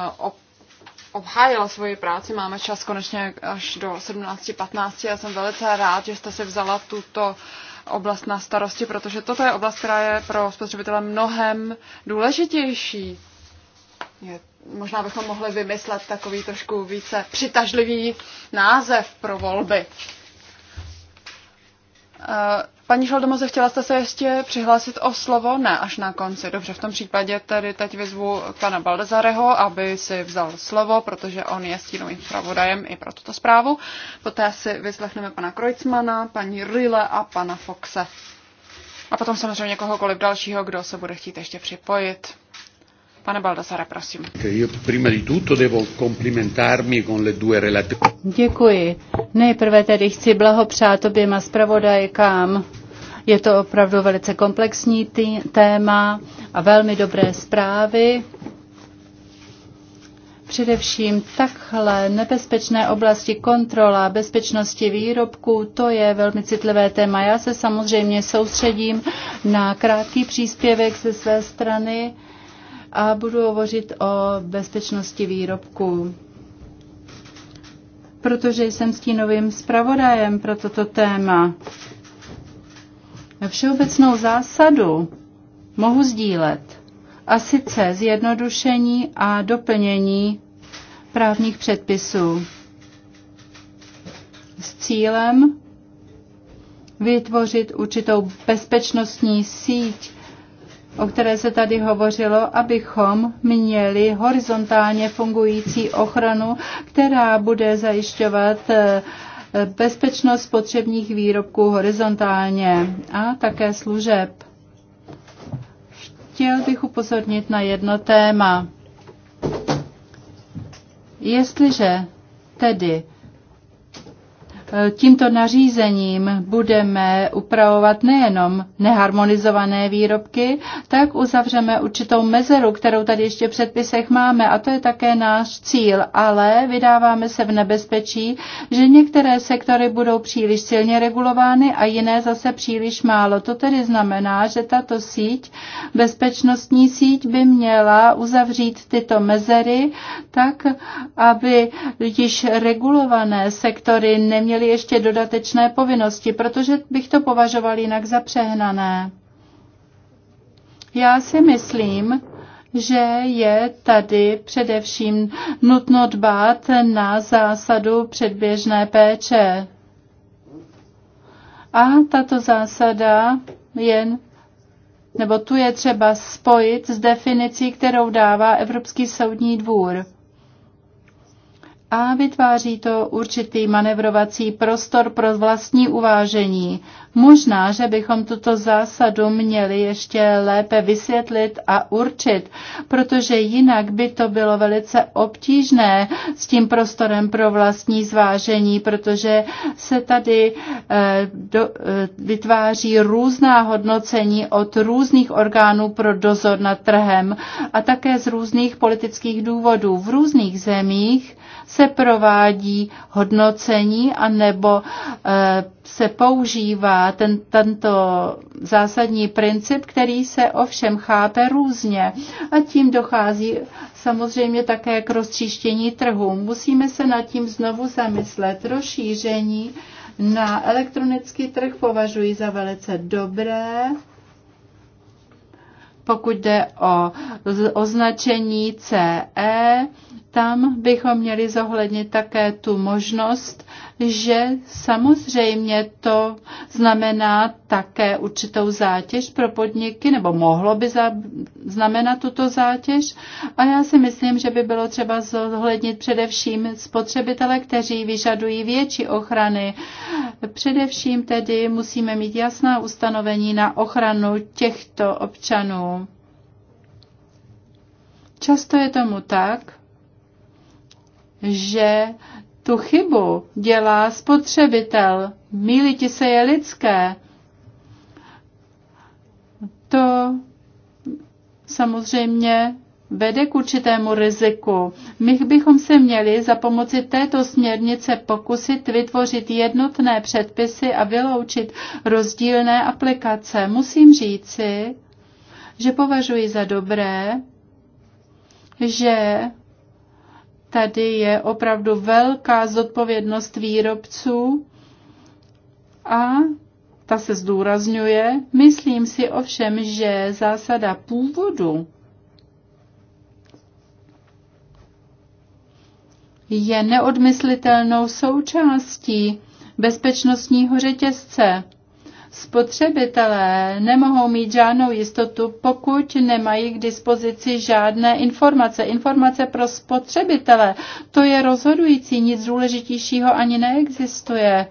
obhájila svoji práci. Máme čas konečně až do 17.15 Já jsem velice rád, že jste si vzala tuto oblast na starosti, protože toto je oblast, která je pro spotřebitele mnohem důležitější. Je, možná bychom mohli vymyslet takový trošku více přitažlivý název pro volby. Eh, paní Šaldomoze, chtěla jste se ještě přihlásit o slovo? Ne, až na konci. Dobře, v tom případě tedy teď vyzvu pana Baldezareho, aby si vzal slovo, protože on je stínovým zpravodajem i pro tuto zprávu. Poté si vyslechneme pana Krojcmana, paní Rille a pana Foxe. A potom samozřejmě kohokoliv dalšího, kdo se bude chtít ještě připojit Pane Baldasare, prosím. Děkuji. Nejprve tedy chci blahopřát oběma zpravodajkám. Je to opravdu velice komplexní tý, téma a velmi dobré zprávy. Především takhle nebezpečné oblasti kontrola bezpečnosti výrobků, to je velmi citlivé téma. Já se samozřejmě soustředím na krátký příspěvek ze své strany a budu hovořit o bezpečnosti výrobků. Protože jsem stínovým zpravodajem pro toto téma. Všeobecnou zásadu mohu sdílet. A sice zjednodušení a doplnění právních předpisů s cílem vytvořit určitou bezpečnostní síť o které se tady hovořilo, abychom měli horizontálně fungující ochranu, která bude zajišťovat eh, bezpečnost potřebních výrobků horizontálně a také služeb. Chtěl bych upozornit na jedno téma. Jestliže tedy Eh, tímto nařízením budeme upravovat nejenom neharmonizované výrobky, tak uzavřeme určitou mezeru, kterou tady ještě v předpisech máme a to je také náš cíl, ale vydáváme se v nebezpečí, že některé sektory budou příliš silně regulovány a jiné zase příliš málo. To tedy znamená, že tato síť, bezpečnostní síť by měla uzavřít tyto mezery tak, aby již regulované sektory neměly měli ještě dodatečné povinnosti, protože bych to považoval jinak za přehnané. Já si myslím, že je tady především nutno dbát na zásadu předběžné péče. A tato zásada jen nebo tu je třeba spojit s definicí, kterou dává Evropský soudní dvůr a vytváří to určitý manevrovací prostor pro vlastní uvážení. Možná, že bychom tuto zásadu měli ještě lépe vysvětlit a určit, protože jinak by to bylo velice obtížné s tím prostorem pro vlastní zvážení, protože se tady eh, do, eh, vytváří různá hodnocení od různých orgánů pro dozor nad trhem a také z různých politických důvodů. V různých zemích se provádí hodnocení a nebo eh, se používá ten, tento zásadní princip, který se ovšem chápe různě a tím dochází samozřejmě také k roztříštění trhu. Musíme se nad tím znovu zamyslet. Rozšíření na elektronický trh považuji za velice dobré pokud jde o označení CE, tam bychom měli zohlednit také tu možnost, že samozřejmě to znamená také určitou zátěž pro podniky, nebo mohlo by znamenat tuto zátěž. A já si myslím, že by bylo třeba zohlednit především spotřebitele, kteří vyžadují větší ochrany. Především tedy musíme mít jasná ustanovení na ochranu těchto občanů. Často je tomu tak, že tu chybu dělá spotřebitel. ti se je lidské. To samozřejmě vede k určitému riziku. My bychom se měli za pomoci této směrnice pokusit vytvořit jednotné předpisy a vyloučit rozdílné aplikace. Musím říci, že považuji za dobré, že Tady je opravdu velká zodpovědnost výrobců a ta se zdůrazňuje. Myslím si ovšem, že zásada původu je neodmyslitelnou součástí bezpečnostního řetězce. Spotřebitelé nemohou mít žádnou jistotu, pokud nemají k dispozici žádné informace. Informace pro spotřebitele, to je rozhodující, nic důležitějšího ani neexistuje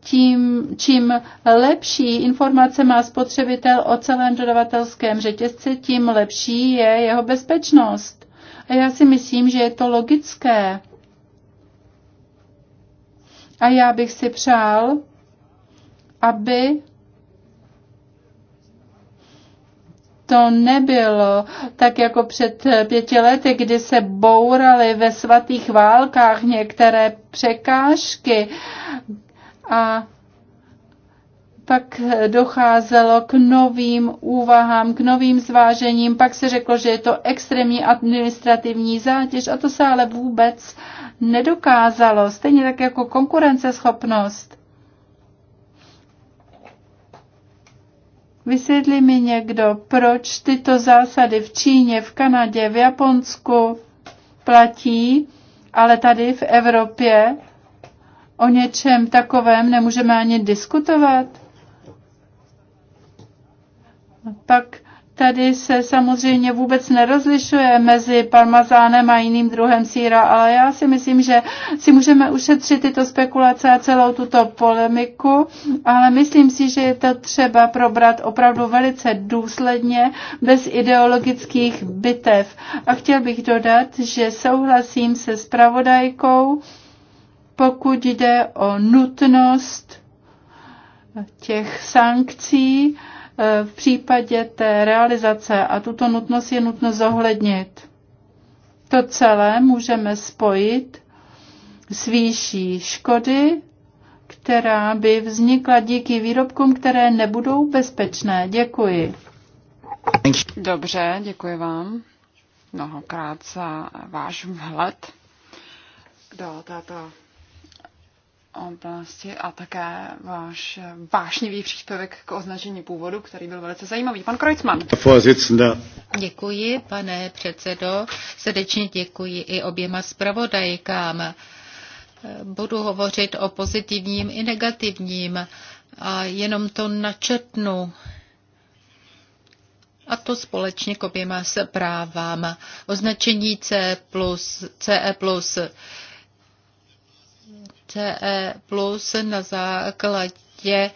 tím, čím lepší informace má spotřebitel o celém dodavatelském řetězci, tím lepší je jeho bezpečnost. A já si myslím, že je to logické. A já bych si přál, aby to nebylo tak jako před pěti lety, kdy se bouraly ve svatých válkách některé překážky a pak docházelo k novým úvahám, k novým zvážením, pak se řeklo, že je to extrémní administrativní zátěž a to se ale vůbec nedokázalo. Stejně tak jako konkurenceschopnost. Vysvětlí mi někdo, proč tyto zásady v Číně, v Kanadě, v Japonsku platí, ale tady v Evropě o něčem takovém nemůžeme ani diskutovat? Pak Tady se samozřejmě vůbec nerozlišuje mezi parmazánem a jiným druhem síra, ale já si myslím, že si můžeme ušetřit tyto spekulace a celou tuto polemiku, ale myslím si, že je to třeba probrat opravdu velice důsledně, bez ideologických bitev. A chtěl bych dodat, že souhlasím se spravodajkou, pokud jde o nutnost těch sankcí, v případě té realizace a tuto nutnost je nutno zohlednit. To celé můžeme spojit s výší škody, která by vznikla díky výrobkům, které nebudou bezpečné. Děkuji. Dobře, děkuji vám mnohokrát za váš vhled do této oblasti a také váš vášnivý příspěvek k označení původu, který byl velice zajímavý. Pan Kreutzmann. Děkuji, pane předsedo. Srdečně děkuji i oběma zpravodajkám. Budu hovořit o pozitivním i negativním a jenom to načetnu a to společně k oběma zprávám. Označení C+, plus CE+, CE plus na základě e,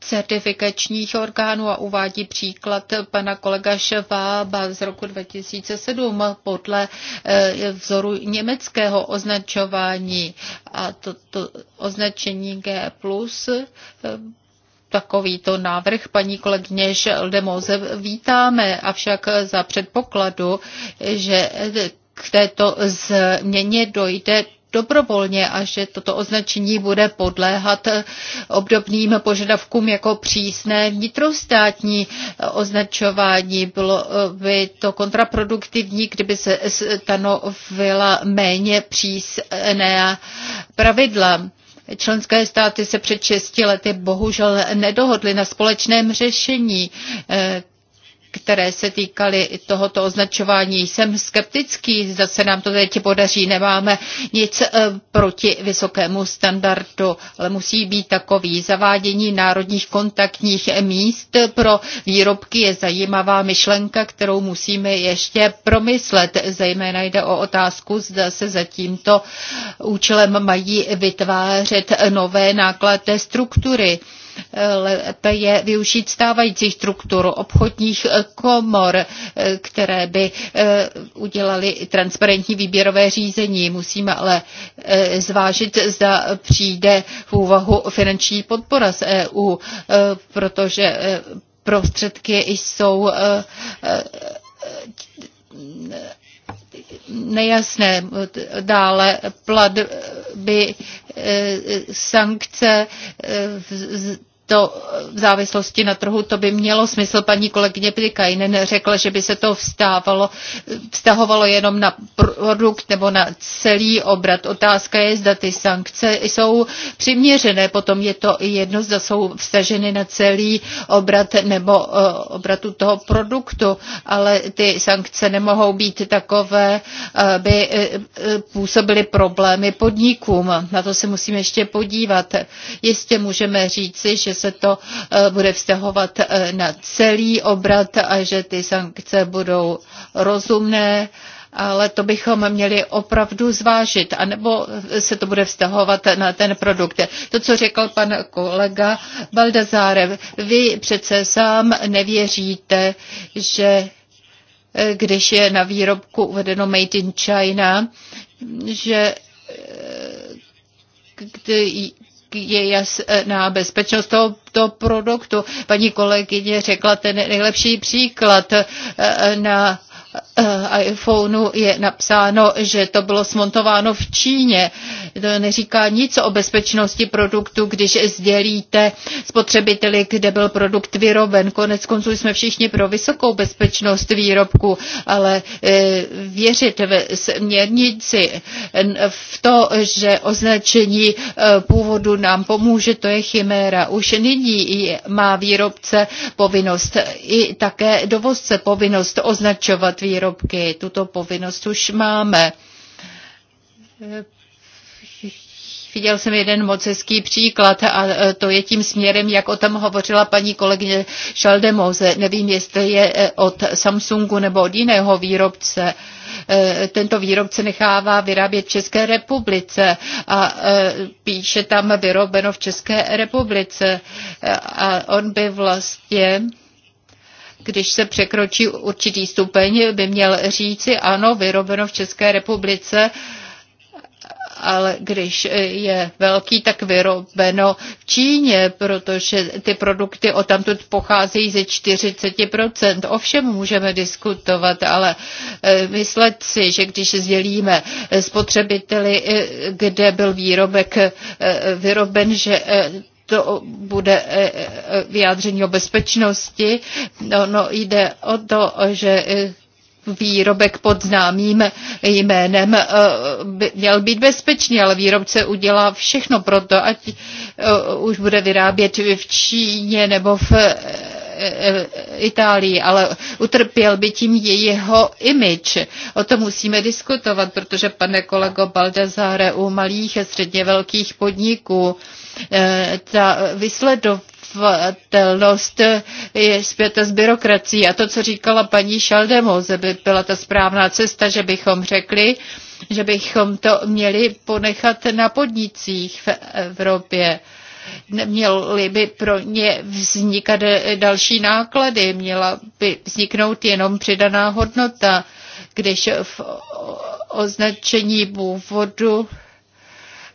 certifikačních orgánů a uvádí příklad pana kolega Švába z roku 2007 podle e, vzoru německého označování a to, to označení G+, e, Takovýto návrh paní kolegyně Šeldemoze vítáme, avšak za předpokladu, že k této změně dojde dobrovolně a že toto označení bude podléhat obdobným požadavkům jako přísné vnitrostátní označování. Bylo by to kontraproduktivní, kdyby se stanovila méně přísné pravidla. Členské státy se před šesti lety bohužel nedohodly na společném řešení které se týkaly tohoto označování. Jsem skeptický, zda se nám to teď podaří. Nemáme nic eh, proti vysokému standardu, ale musí být takový. Zavádění národních kontaktních míst pro výrobky je zajímavá myšlenka, kterou musíme ještě promyslet. Zejména jde o otázku, zda se za tímto účelem mají vytvářet nové nákladné struktury. Lépe je využít stávající strukturu obchodních eh, komor, eh, které by eh, udělali transparentní výběrové řízení. Musíme ale zvážit, zda přijde v úvahu finanční podpora z EU, protože prostředky jsou nejasné. Dále platby, eh, sankce, eh, to v závislosti na trhu, to by mělo smysl. Paní kolegyně Pilikainen řekla, že by se to vstávalo, vztahovalo jenom na produkt nebo na celý obrat. Otázka je, zda ty sankce jsou přiměřené. Potom je to i jedno, zda jsou vstaženy na celý obrat nebo eh, obratu toho produktu, ale ty sankce nemohou být takové, eh, aby eh, působily problémy podnikům. Na to se musíme ještě podívat. Jistě můžeme říci, že se to eh, bude vztahovat eh, na celý obrat a že ty sankce budou rozumné ale to bychom měli opravdu zvážit, anebo se to bude vztahovat na ten produkt. To, co řekl pan kolega Baldazáre, vy přece sám nevěříte, že eh, když je na výrobku uvedeno Made in China, že je jasná bezpečnost toho, toho produktu. Paní kolegyně řekla ten nejlepší příklad eh, na Eh, iPhoneu je napsáno, že to bylo smontováno v Číně. To neříká nic o bezpečnosti produktu, když sdělíte spotřebiteli, kde byl produkt vyroben. Konec konců jsme všichni pro vysokou bezpečnost výrobku, ale eh, věřit ve směrnici v to, že označení eh, původu nám pomůže, to je chiméra. Už nyní má výrobce povinnost i také dovozce povinnost označovat výrobky. Tuto povinnost už máme. Viděl jsem jeden moc hezký příklad a e, to je tím směrem, jak o tom hovořila paní kolegyně Šaldemoze. Nevím, jestli je e, od Samsungu nebo od jiného výrobce. E, tento výrobce nechává vyrábět v České republice a píše tam vyrobeno v České republice. A on by vlastně když se překročí určitý stupeň, by měl říci ano, vyrobeno v České republice, ale když je velký, tak vyrobeno v Číně, protože ty produkty odtamtud pocházejí ze 40%. Ovšem můžeme diskutovat, ale e, myslet si, že když sdělíme spotřebiteli, e, kde byl výrobek e, vyroben, že to bude e, e, vyjádření o bezpečnosti. No, no, jde o to, že e, výrobek pod známým jménem by měl být bezpečný, ale výrobce udělá všechno pro to, ať už bude vyrábět v Číně nebo v Itálii, ale utrpěl by tím jeho image. O tom musíme diskutovat, protože, pane kolego Baldazáre, u malých a středně velkých podniků Eh, ta vysledovatelnost je zpěta s byrokracií. A to, co říkala paní Šaldemoze, by byla ta správná cesta, že bychom řekli, že bychom to měli ponechat na podnicích v Evropě Měly by pro ně vznikat další náklady, měla by vzniknout jenom přidaná hodnota, když v označení původu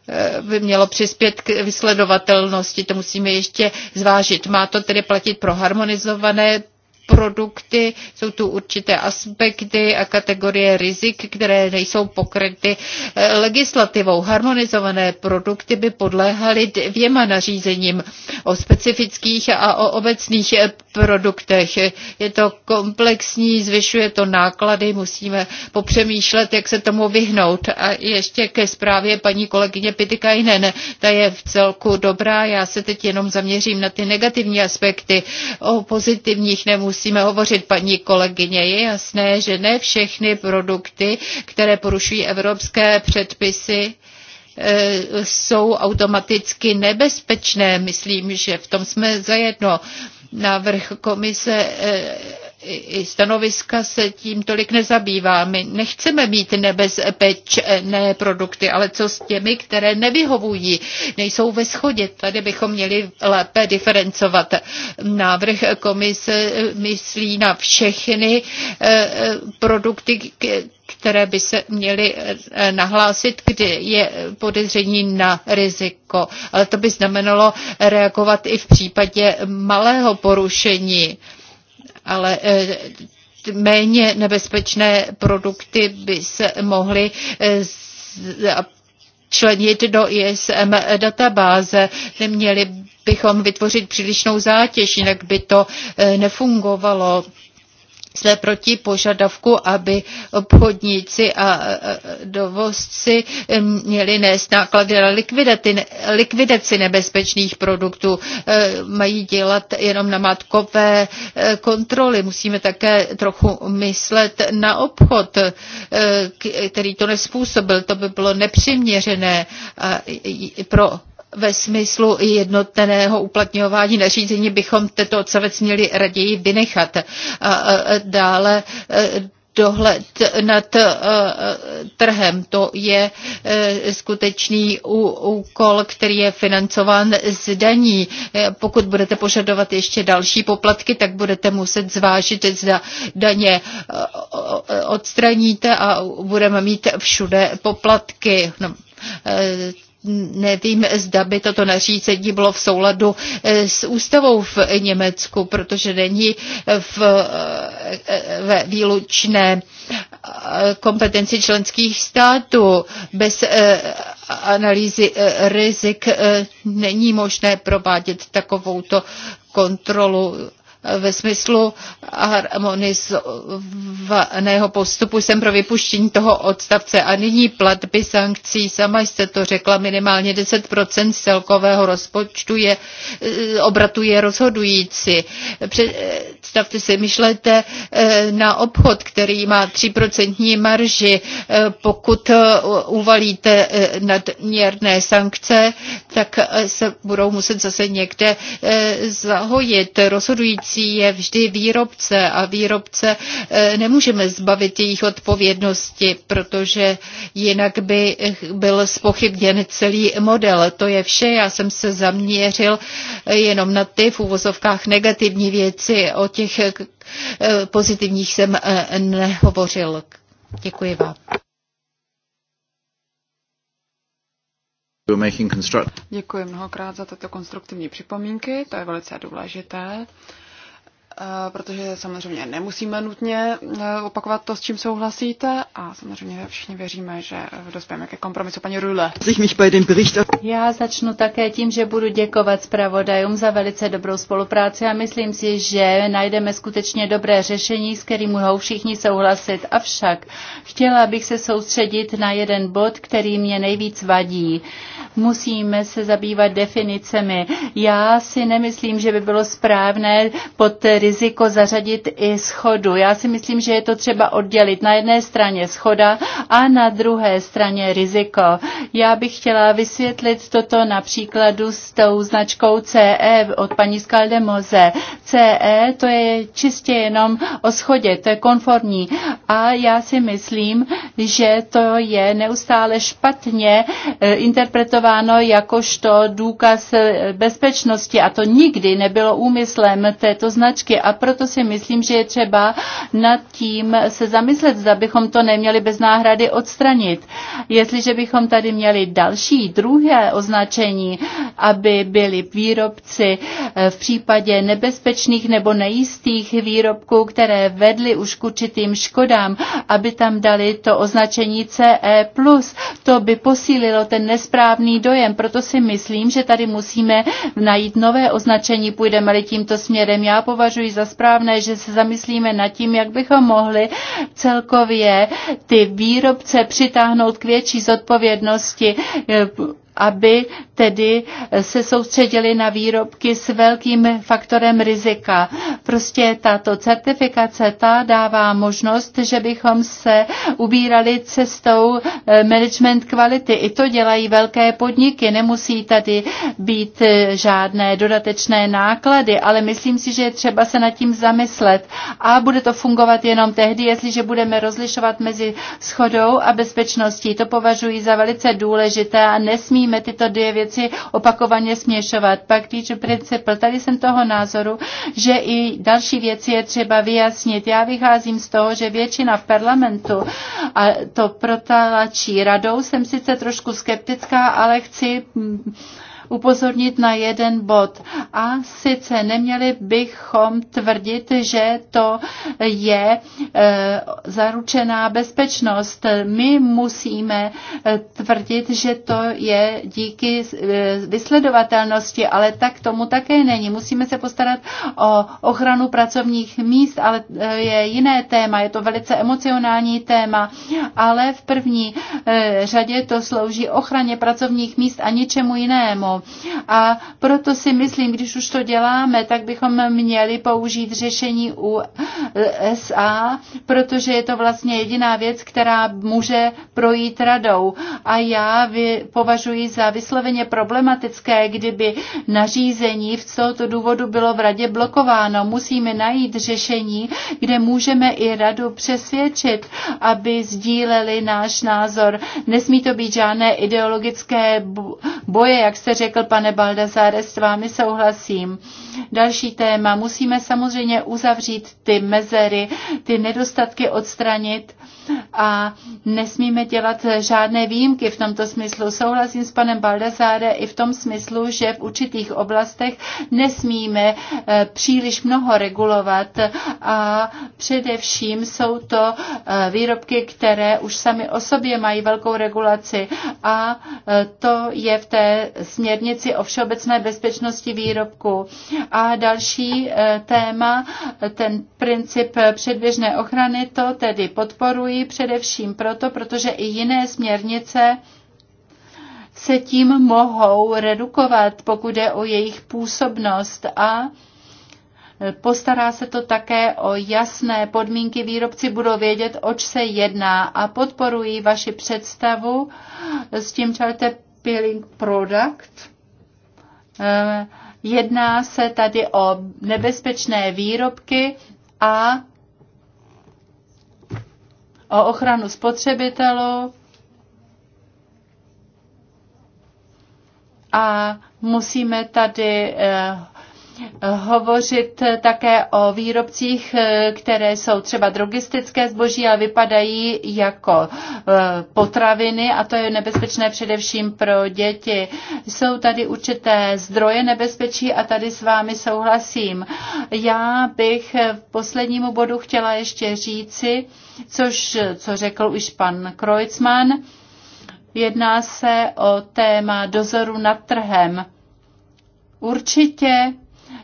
Eh, by mělo přispět k vysledovatelnosti. To musíme ještě zvážit. Má to tedy platit pro harmonizované produkty, jsou tu určité aspekty a kategorie rizik, které nejsou pokryty eh, legislativou. Harmonizované produkty by podléhaly dvěma nařízením o specifických a o obecných eh, produktech. Je to komplexní, zvyšuje to náklady, musíme popřemýšlet, jak se tomu vyhnout. A ještě ke zprávě paní kolegyně Pitikainen, ta je v celku dobrá, já se teď jenom zaměřím na ty negativní aspekty. O pozitivních nemusím musíme hovořit, paní kolegyně. Je jasné, že ne všechny produkty, které porušují evropské předpisy, eh, jsou automaticky nebezpečné. Myslím, že v tom jsme zajedno. Návrh komise eh, i stanoviska se tím tolik nezabývá. My nechceme mít nebezpečné produkty, ale co s těmi, které nevyhovují, nejsou ve schodě. Tady bychom měli lépe diferencovat. Návrh komise myslí na všechny eh, produkty, které by se měly eh, nahlásit, kdy je podezření na riziko. Ale to by znamenalo reagovat i v případě malého porušení ale eh, méně nebezpečné produkty by se mohly eh, členit do ISM databáze. Neměli bychom vytvořit přílišnou zátěž, jinak by to eh, nefungovalo jsme proti požadavku, aby obchodníci a dovozci měli nést náklady na likvidaci nebezpečných produktů. E, mají dělat jenom namátkové e, kontroly. Musíme také trochu myslet na obchod, e, který to nespůsobil. To by bylo nepřiměřené pro ve smyslu jednotného uplatňování nařízení bychom tento odstavec měli raději vynechat. A dále e, dohled nad e, trhem. To je e, skutečný úkol, který je financován z daní. Pokud budete požadovat ještě další poplatky, tak budete muset zvážit, zda daně odstraníte a budeme mít všude poplatky. No, nevím, zda by toto nařízení bylo v souladu eh, s ústavou v Německu, protože není v, eh, eh, ve výlučné kompetenci členských států. Bez analýzy rizik není možné provádět takovouto kontrolu ve smyslu harmonizovaného postupu jsem pro vypuštění toho odstavce a nyní platby sankcí. Sama jste to řekla, minimálně 10% z celkového rozpočtu je, eh, obratu je rozhodující. Představte si, myšlete eh, na obchod, který má 3% marži. Eh, pokud uvalíte nadměrné sankce, tak se budou muset zase někde zahojit. Rozhodující věcí je vždy výrobce a výrobce eh, nemůžeme zbavit jejich odpovědnosti, protože jinak by eh, byl spochybněn celý model. To je vše. Já jsem se zaměřil eh, jenom na ty v uvozovkách negativní věci. O těch pozitivních jsem nehovořil. Děkuji vám. Děkuji mnohokrát za tyto konstruktivní připomínky, to je velice důležité. Eh, protože samozřejmě nemusíme nutně eh, opakovat to, s čím souhlasíte a samozřejmě všichni věříme, že eh, dospějeme ke kompromisu. Paní Rule. Já začnu také tím, že budu děkovat zpravodajům za velice dobrou spolupráci a myslím si, že najdeme skutečně dobré řešení, s kterým mohou všichni souhlasit. Avšak chtěla bych se soustředit na jeden bod, který mě nejvíc vadí. Musíme se zabývat definicemi. Já si nemyslím, že by bylo správné pod riziko zařadit i schodu. Já si myslím, že je to třeba oddělit. Na jedné straně schoda a na druhé straně riziko. Já bych chtěla vysvětlit toto na příkladu s tou značkou CE od paní Skaldemoze. CE to je čistě jenom o schodě, to je konformní. A já si myslím, že to je neustále špatně e, interpretováno jakožto důkaz bezpečnosti a to nikdy nebylo úmyslem této značky oblasti. A proto si myslím, že je třeba nad tím se zamyslet, zda bychom to neměli bez náhrady odstranit. Jestliže bychom tady měli další druhé označení, aby byli výrobci eh, v případě nebezpečných nebo nejistých výrobků, které vedly už k určitým škodám, aby tam dali to označení CE+. To by posílilo ten nesprávný dojem. Proto si myslím, že tady musíme najít nové označení, půjdeme-li tímto směrem. Já považuji považuji za správné, že se zamyslíme nad tím, jak bychom mohli celkově ty výrobce přitáhnout k větší zodpovědnosti eh, aby tedy se soustředili na výrobky s velkým faktorem rizika. Prostě tato certifikace, ta dává možnost, že bychom se ubírali cestou eh, management kvality. I to dělají velké podniky, nemusí tady být eh, žádné dodatečné náklady, ale myslím si, že je třeba se nad tím zamyslet. A bude to fungovat jenom tehdy, jestliže budeme rozlišovat mezi schodou a bezpečností. To považuji za velice důležité a nesmí nesmíme tyto dvě věci opakovaně směšovat. Pak teacher principle, tady jsem toho názoru, že i další věci je třeba vyjasnit. Já vycházím z toho, že většina v parlamentu a to protalačí radou, jsem sice trošku skeptická, ale chci mm, upozornit na jeden bod. A sice neměli bychom tvrdit, že to je e, zaručená bezpečnost. My musíme e, tvrdit, že to je díky e, vysledovatelnosti, ale tak tomu také není. Musíme se postarat o ochranu pracovních míst, ale je jiné téma, je to velice emocionální téma, ale v první řadě to slouží ochraně pracovních míst a ničemu jinému. A proto si myslím, když už to děláme, tak bychom měli použít řešení USA, protože je to vlastně jediná věc, která může projít radou. A já považuji za vysloveně problematické, kdyby nařízení v tohoto důvodu bylo v radě blokováno. Musíme najít řešení, kde můžeme i radu přesvědčit, aby sdíleli náš názor. Nesmí to být žádné ideologické boje, jak se řekl řekl, pane Baldazáre, s vámi souhlasím. Další téma. Musíme samozřejmě uzavřít ty mezery, ty nedostatky odstranit a nesmíme dělat žádné výjimky v tomto smyslu. Souhlasím s panem Baldazáre i v tom smyslu, že v určitých oblastech nesmíme eh, příliš mnoho regulovat a především jsou to eh, výrobky, které už sami o sobě mají velkou regulaci a eh, to je v té směrnici o všeobecné bezpečnosti výrobku. A další téma, ten princip předběžné ochrany, to tedy podporuji zmiňuji především proto, protože i jiné směrnice se tím mohou redukovat, pokud je o jejich působnost a Postará se to také o jasné podmínky. Výrobci budou vědět, oč se jedná a podporují vaši představu s tím čelte peeling product. Eh, jedná se tady o nebezpečné výrobky a o ochranu spotřebitelů a musíme tady eh, hovořit také o výrobcích, eh, které jsou třeba drogistické zboží, a vypadají jako eh, potraviny a to je nebezpečné především pro děti. Jsou tady určité zdroje nebezpečí a tady s vámi souhlasím. Já bych v poslednímu bodu chtěla ještě říci, což, co řekl už pan Kreuzmann, jedná se o téma dozoru nad trhem. Určitě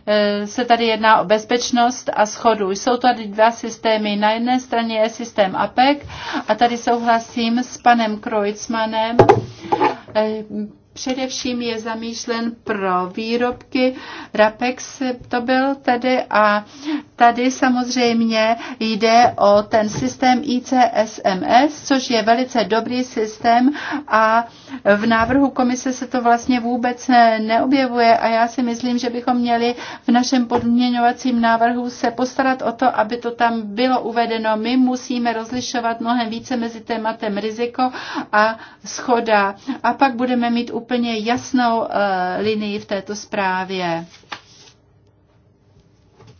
e, se tady jedná o bezpečnost a schodu. Jsou tady dva systémy. Na jedné straně je systém APEC a tady souhlasím s panem Kreuzmannem. E, především je zamýšlen pro výrobky. Rapex to byl tady a tady samozřejmě jde o ten systém ICSMS, což je velice dobrý systém a v návrhu komise se to vlastně vůbec neobjevuje a já si myslím, že bychom měli v našem podměňovacím návrhu se postarat o to, aby to tam bylo uvedeno. My musíme rozlišovat mnohem více mezi tématem riziko a schoda a pak budeme mít úplně jasnou eh, linii v této zprávě.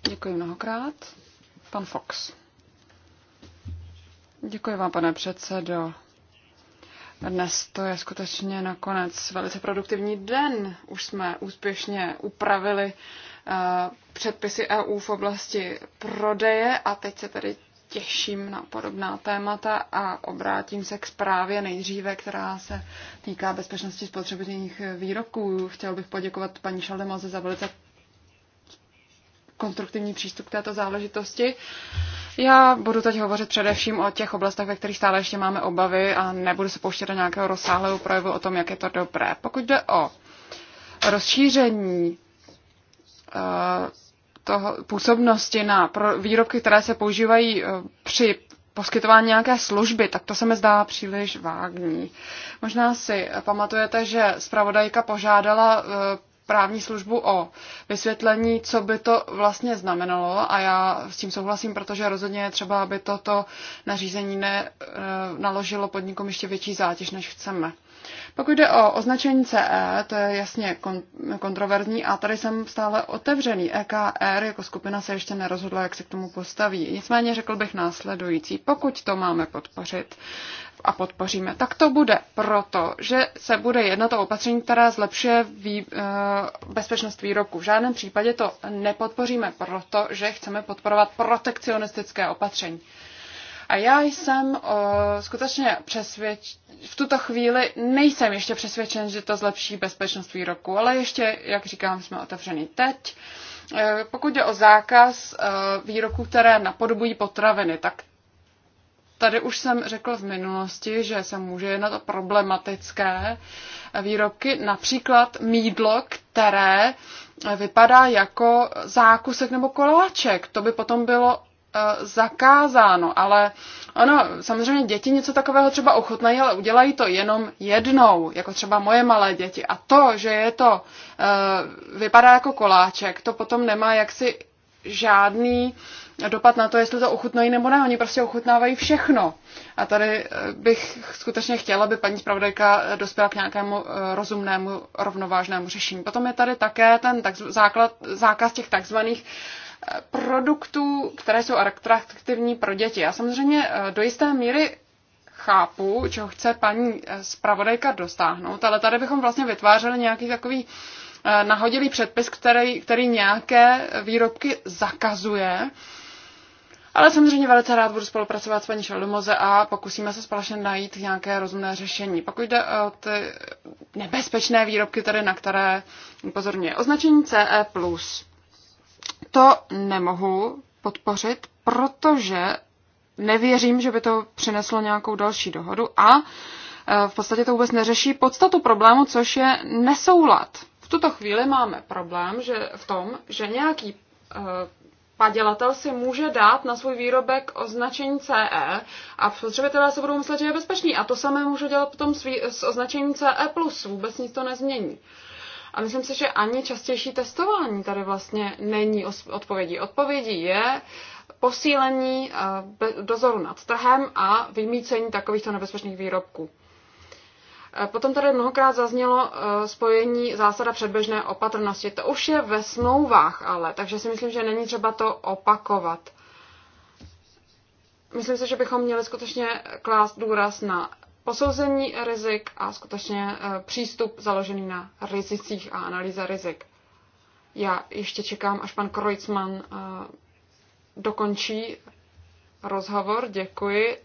Děkuji mnohokrát. Pan Fox. Děkuji vám, pane předsedo. Dnes to je skutečně nakonec velice produktivní den. Už jsme úspěšně upravili eh, předpisy EU v oblasti prodeje a teď se tedy těším na podobná témata a obrátím se k zprávě nejdříve, která se týká bezpečnosti spotřebitelných výrobků. Chtěl bych poděkovat paní Šaldemoze za velice konstruktivní přístup k této záležitosti. Já budu teď hovořit především o těch oblastech, ve kterých stále ještě máme obavy a nebudu se pouštět do nějakého rozsáhlého projevu o tom, jak je to dobré. Pokud jde o rozšíření eh, toho působnosti na pro výrobky, které se používají eh, při poskytování nějaké služby, tak to se mi zdá příliš vágní. Možná si pamatujete, že zpravodajka požádala eh, právní službu o vysvětlení, co by to vlastně znamenalo a já s tím souhlasím, protože rozhodně je třeba, aby toto nařízení ne, eh, naložilo podnikům ještě větší zátěž, než chceme. Pokud jde o označení CE, to je jasně kontroverzní a tady jsem stále otevřený. EKR jako skupina se ještě nerozhodla, jak se k tomu postaví. Nicméně řekl bych následující, pokud to máme podpořit a podpoříme, tak to bude proto, že se bude jednat o opatření, která zlepšuje vý, e, bezpečnost výroku. V žádném případě to nepodpoříme proto, že chceme podporovat protekcionistické opatření. A já jsem o, skutečně přesvědč, v tuto chvíli nejsem ještě přesvědčen, že to zlepší bezpečnost výroku, ale ještě, jak říkám, jsme otevřeni teď. E, pokud jde o zákaz e, výroků, které napodobují potraviny, tak tady už jsem řekl v minulosti, že se může jednat o problematické výrobky, například mídlo, které vypadá jako zákusek nebo koláček. To by potom bylo Eh, zakázáno, ale ono, samozřejmě děti něco takového třeba ochutnají, ale udělají to jenom jednou, jako třeba moje malé děti. A to, že je to, eh, vypadá jako koláček, to potom nemá jaksi žádný dopad na to, jestli to ochutnají nebo ne. Oni prostě ochutnávají všechno. A tady eh, bych skutečně chtěla, aby paní zpravodajka dospěla k nějakému rozumnému, rovnovážnému řešení. Potom je tady také ten tak, základ, zákaz těch takzvaných produktů, které jsou atraktivní pro děti. Já samozřejmě eh, do jisté míry chápu, čeho chce paní eh, zpravodajka dostáhnout, ale tady bychom vlastně vytvářeli nějaký takový eh, nahodilý předpis, který, který nějaké výrobky zakazuje. Ale samozřejmě velice rád budu spolupracovat s paní Šeldomoze a pokusíme se společně najít nějaké rozumné řešení. Pokud jde o ty nebezpečné výrobky, tady na které upozorňuje označení CE+, to nemohu podpořit, protože nevěřím, že by to přineslo nějakou další dohodu a e, v podstatě to vůbec neřeší podstatu problému, což je nesoulad. V tuto chvíli máme problém že v tom, že nějaký e, padělatel si může dát na svůj výrobek označení CE a spotřebitelé se budou myslet, že je bezpečný. A to samé může dělat potom s označením CE+, vůbec nic to nezmění. A myslím si, že ani častější testování tady vlastně není odpovědí. Odpovědí je posílení eh, dozoru nad trhem a vymícení takovýchto nebezpečných výrobků. Eh, potom tady mnohokrát zaznělo eh, spojení zásada předběžné opatrnosti. To už je ve smlouvách ale, takže si myslím, že není třeba to opakovat. Myslím si, že bychom měli skutečně klást důraz na posouzení rizik a skutečně eh, přístup založený na rizicích a analýza rizik. Já ještě čekám, až pan Kreuzmann eh, dokončí rozhovor. Děkuji.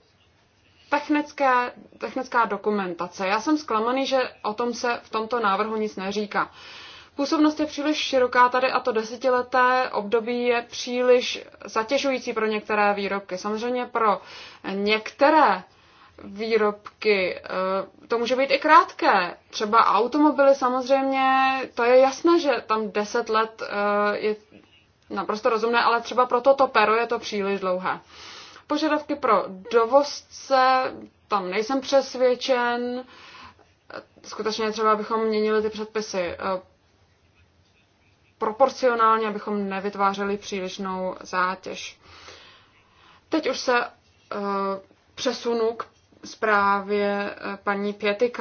Technické, technická dokumentace. Já jsem zklamaný, že o tom se v tomto návrhu nic neříká. Působnost je příliš široká tady a to desetileté období je příliš zatěžující pro některé výrobky. Samozřejmě pro některé výrobky. Eh, to může být i krátké. Třeba automobily samozřejmě, to je jasné, že tam 10 let eh, je naprosto rozumné, ale třeba pro toto pero je to příliš dlouhé. Požadavky pro dovozce, tam nejsem přesvědčen. Eh, skutečně třeba bychom měnili ty předpisy proporcionálně, abychom nevytvářeli přílišnou zátěž. Teď už se přesunu k zprávě eh, paní Pěty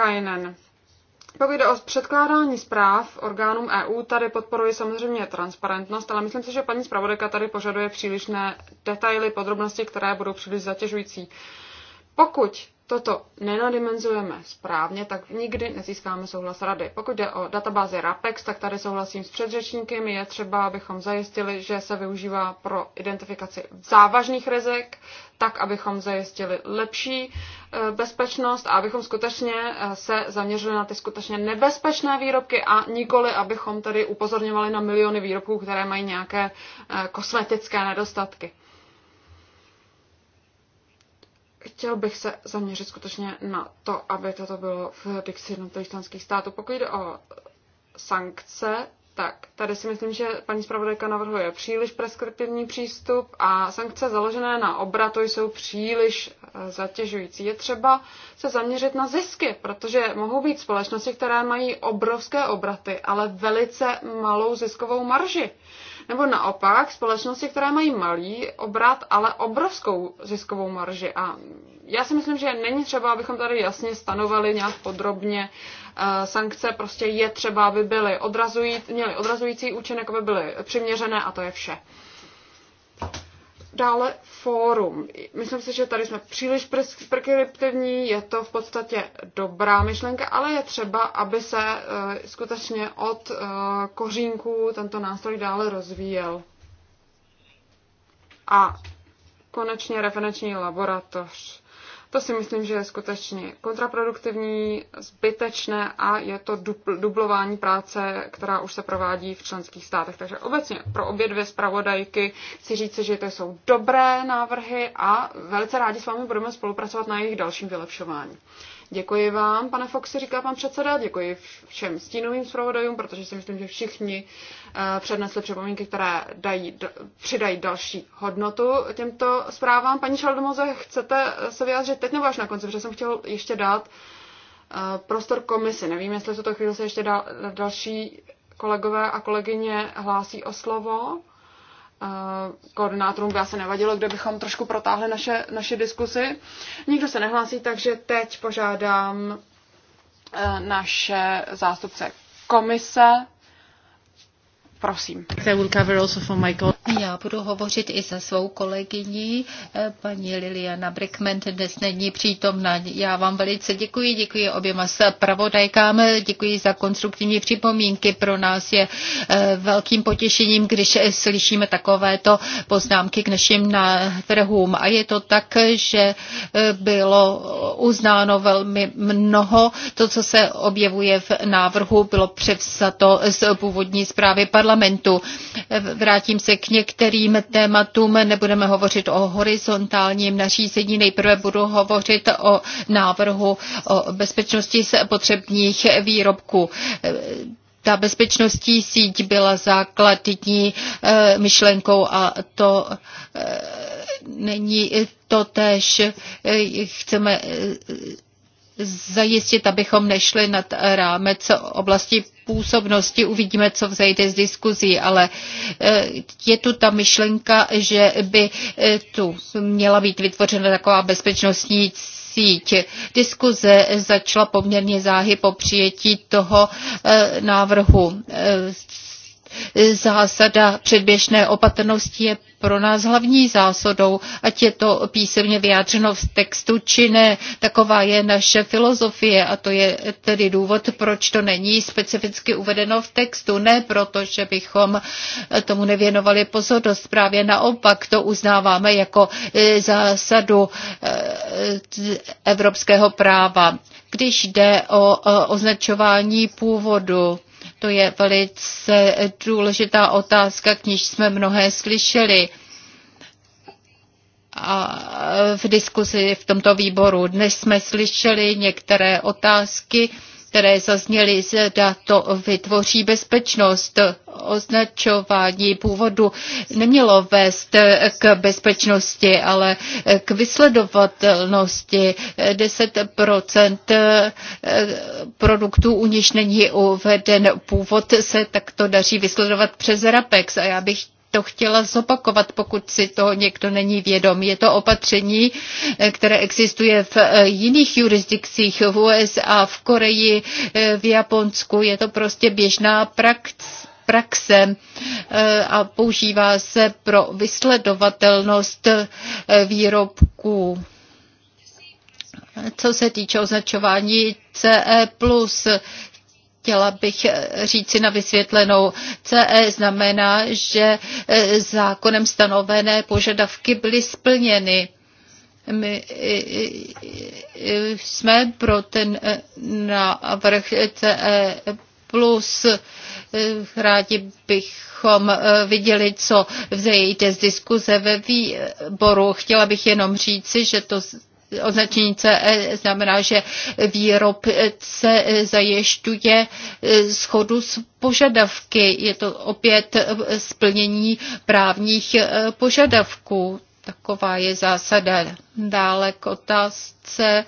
Pokud jde o předkládání zpráv orgánům EU, tady podporuji samozřejmě transparentnost, ale myslím si, že paní zpravodajka tady požaduje přílišné detaily, podrobnosti, které budou příliš zatěžující. Pokud toto nenadimenzujeme správně, tak nikdy nezískáme souhlas rady. Pokud jde o databázi RAPEX, tak tady souhlasím s předřečníky. Je třeba, abychom zajistili, že se využívá pro identifikaci závažných rizik, tak, abychom zajistili lepší e, bezpečnost a abychom skutečně e, se zaměřili na ty skutečně nebezpečné výrobky a nikoli, abychom tady upozorňovali na miliony výrobků, které mají nějaké e, kosmetické nedostatky. chtěl bych se zaměřit skutečně na to, aby toto bylo v dikci jednotlivých členských států. Pokud jde o sankce, tak tady si myslím, že paní zpravodajka navrhuje příliš preskriptivní přístup a sankce založené na obratu jsou příliš eh, zatěžující. Je třeba se zaměřit na zisky, protože mohou být společnosti, které mají obrovské obraty, ale velice malou ziskovou marži. Nebo naopak společnosti, které mají malý obrat, ale obrovskou ziskovou marži. A já si myslím, že není třeba, abychom tady jasně stanovali nějak podrobně eh, sankce, prostě je třeba, aby byly odrazují, měly odrazující účinek, aby byly přiměřené a to je vše. Dále fórum. Myslím si, že tady jsme příliš preskriptivní, je to v podstatě dobrá myšlenka, ale je třeba, aby se eh, skutečně od eh, kořínků tento nástroj dále rozvíjel. A konečně referenční laboratoř. To si myslím, že je skutečně kontraproduktivní, zbytečné a je to dupl, dublování práce, která už se provádí v členských státech. Takže obecně pro obě dvě zpravodajky chci říct, že to jsou dobré návrhy a velice rádi s vámi budeme spolupracovat na jejich dalším vylepšování. Děkuji vám, pane Foxy, říká pan předseda, děkuji všem stínovým zpravodajům, protože si myslím, že všichni eh, přednesli připomínky, které dají, přidají další hodnotu těmto zprávám. Paní Šaldomoze, chcete eh, se vyjádřit teď nebo až na konci, protože jsem chtěl ještě dát eh, prostor komisi. Nevím, jestli v tuto chvíli se ještě dal, další kolegové a kolegyně hlásí o slovo koordinátorům by asi nevadilo, kde bychom trošku protáhli naše, naše diskusy. Nikdo se nehlásí, takže teď požádám eh, naše zástupce komise, Prosím. Já budu hovořit i za svou kolegyni, eh, paní Liliana Brickman, dnes není přítomna. Já vám velice děkuji, děkuji oběma zpravodajkám, děkuji za konstruktivní připomínky. Pro nás je eh, velkým potěšením, když slyšíme takovéto poznámky k našim návrhům. A je to tak, že eh, bylo uznáno velmi mnoho. To, co se objevuje v návrhu, bylo převzato z původní zprávy parlamentu parlamentu. Vrátím se k některým tématům. Nebudeme hovořit o horizontálním nařízení. Nejprve budu hovořit o návrhu o bezpečnosti potřebných výrobků ta bezpečnostní síť byla základní eh, myšlenkou a to eh, není to tež. Eh, chceme zajistit, abychom nešli nad rámec oblasti působnosti. Uvidíme, co vzejde z diskuzí, ale e, je tu ta myšlenka, že by e, tu měla být vytvořena taková bezpečnostní síť. Diskuze začala poměrně záhy po přijetí toho e, návrhu Zásada předběžné opatrnosti je pro nás hlavní zásadou, ať je to písemně vyjádřeno v textu či ne. Taková je naše filozofie a to je tedy důvod, proč to není specificky uvedeno v textu. Ne proto, že bychom tomu nevěnovali pozornost, právě naopak to uznáváme jako e, zásadu e, evropského práva. Když jde o e, označování původu, to je velice důležitá otázka, k níž jsme mnohé slyšeli a v diskuzi v tomto výboru. Dnes jsme slyšeli některé otázky, které zazněly, dá to vytvoří bezpečnost. Označování původu nemělo vést k bezpečnosti, ale k vysledovatelnosti. 10% eh, produktů, u nich není uveden původ, se takto daří vysledovat přes RAPEX. A já bych to chtěla zopakovat, pokud si to někdo není vědom. Je to opatření, eh, které existuje v eh, jiných jurisdikcích, v USA, v Koreji, eh, v Japonsku. Je to prostě běžná praxe a používá se pro vysledovatelnost výrobků. Co se týče označování CE+, chtěla bych eh, říci na vysvětlenou. CE znamená, že eh, zákonem stanovené požadavky byly splněny. My jsme pro ten eh, návrh CE plus rádi bychom viděli, co vzejde z diskuze ve výboru. Chtěla bych jenom říci, že to označení CE znamená, že výrobce zajišťuje e, schodu s požadavky. Je to opět e, splnění právních e, požadavků. Taková je zásada. Dále k otázce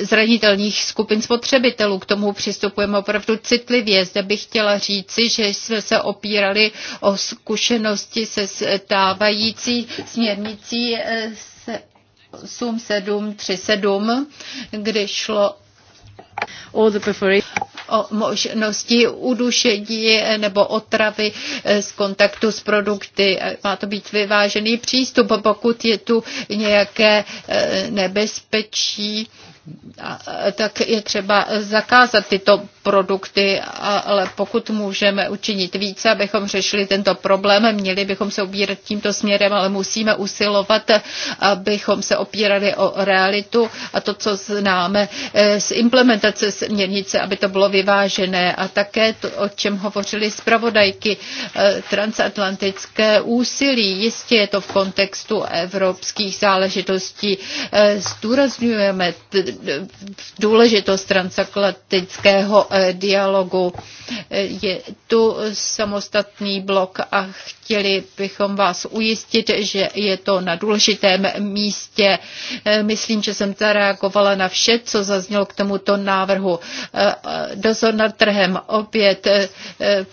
zranitelných skupin spotřebitelů. K tomu přistupujeme opravdu citlivě. Zde bych chtěla říci, že jsme se opírali o zkušenosti se stávající směrnicí 8737, kdy šlo o možnosti udušení nebo otravy z kontaktu s produkty. Má to být vyvážený přístup, pokud je tu nějaké eh, nebezpečí tak je třeba zakázat tyto produkty, ale pokud můžeme učinit více, abychom řešili tento problém, měli bychom se obírat tímto směrem, ale musíme usilovat, abychom se opírali o realitu a to, co známe eh, z implementace směrnice, aby to bylo vyvážené a také to, o čem hovořili zpravodajky eh, transatlantické úsilí. Jistě je to v kontextu evropských záležitostí. Eh, zdůrazňujeme důležitost transatlantického eh, dialogu. Eh, je tu samostatný blok a chtěli bychom vás ujistit, že je to na důležitém místě. E, myslím, že jsem zareagovala na vše, co zaznělo k tomuto návrhu. E, e, dozor nad trhem opět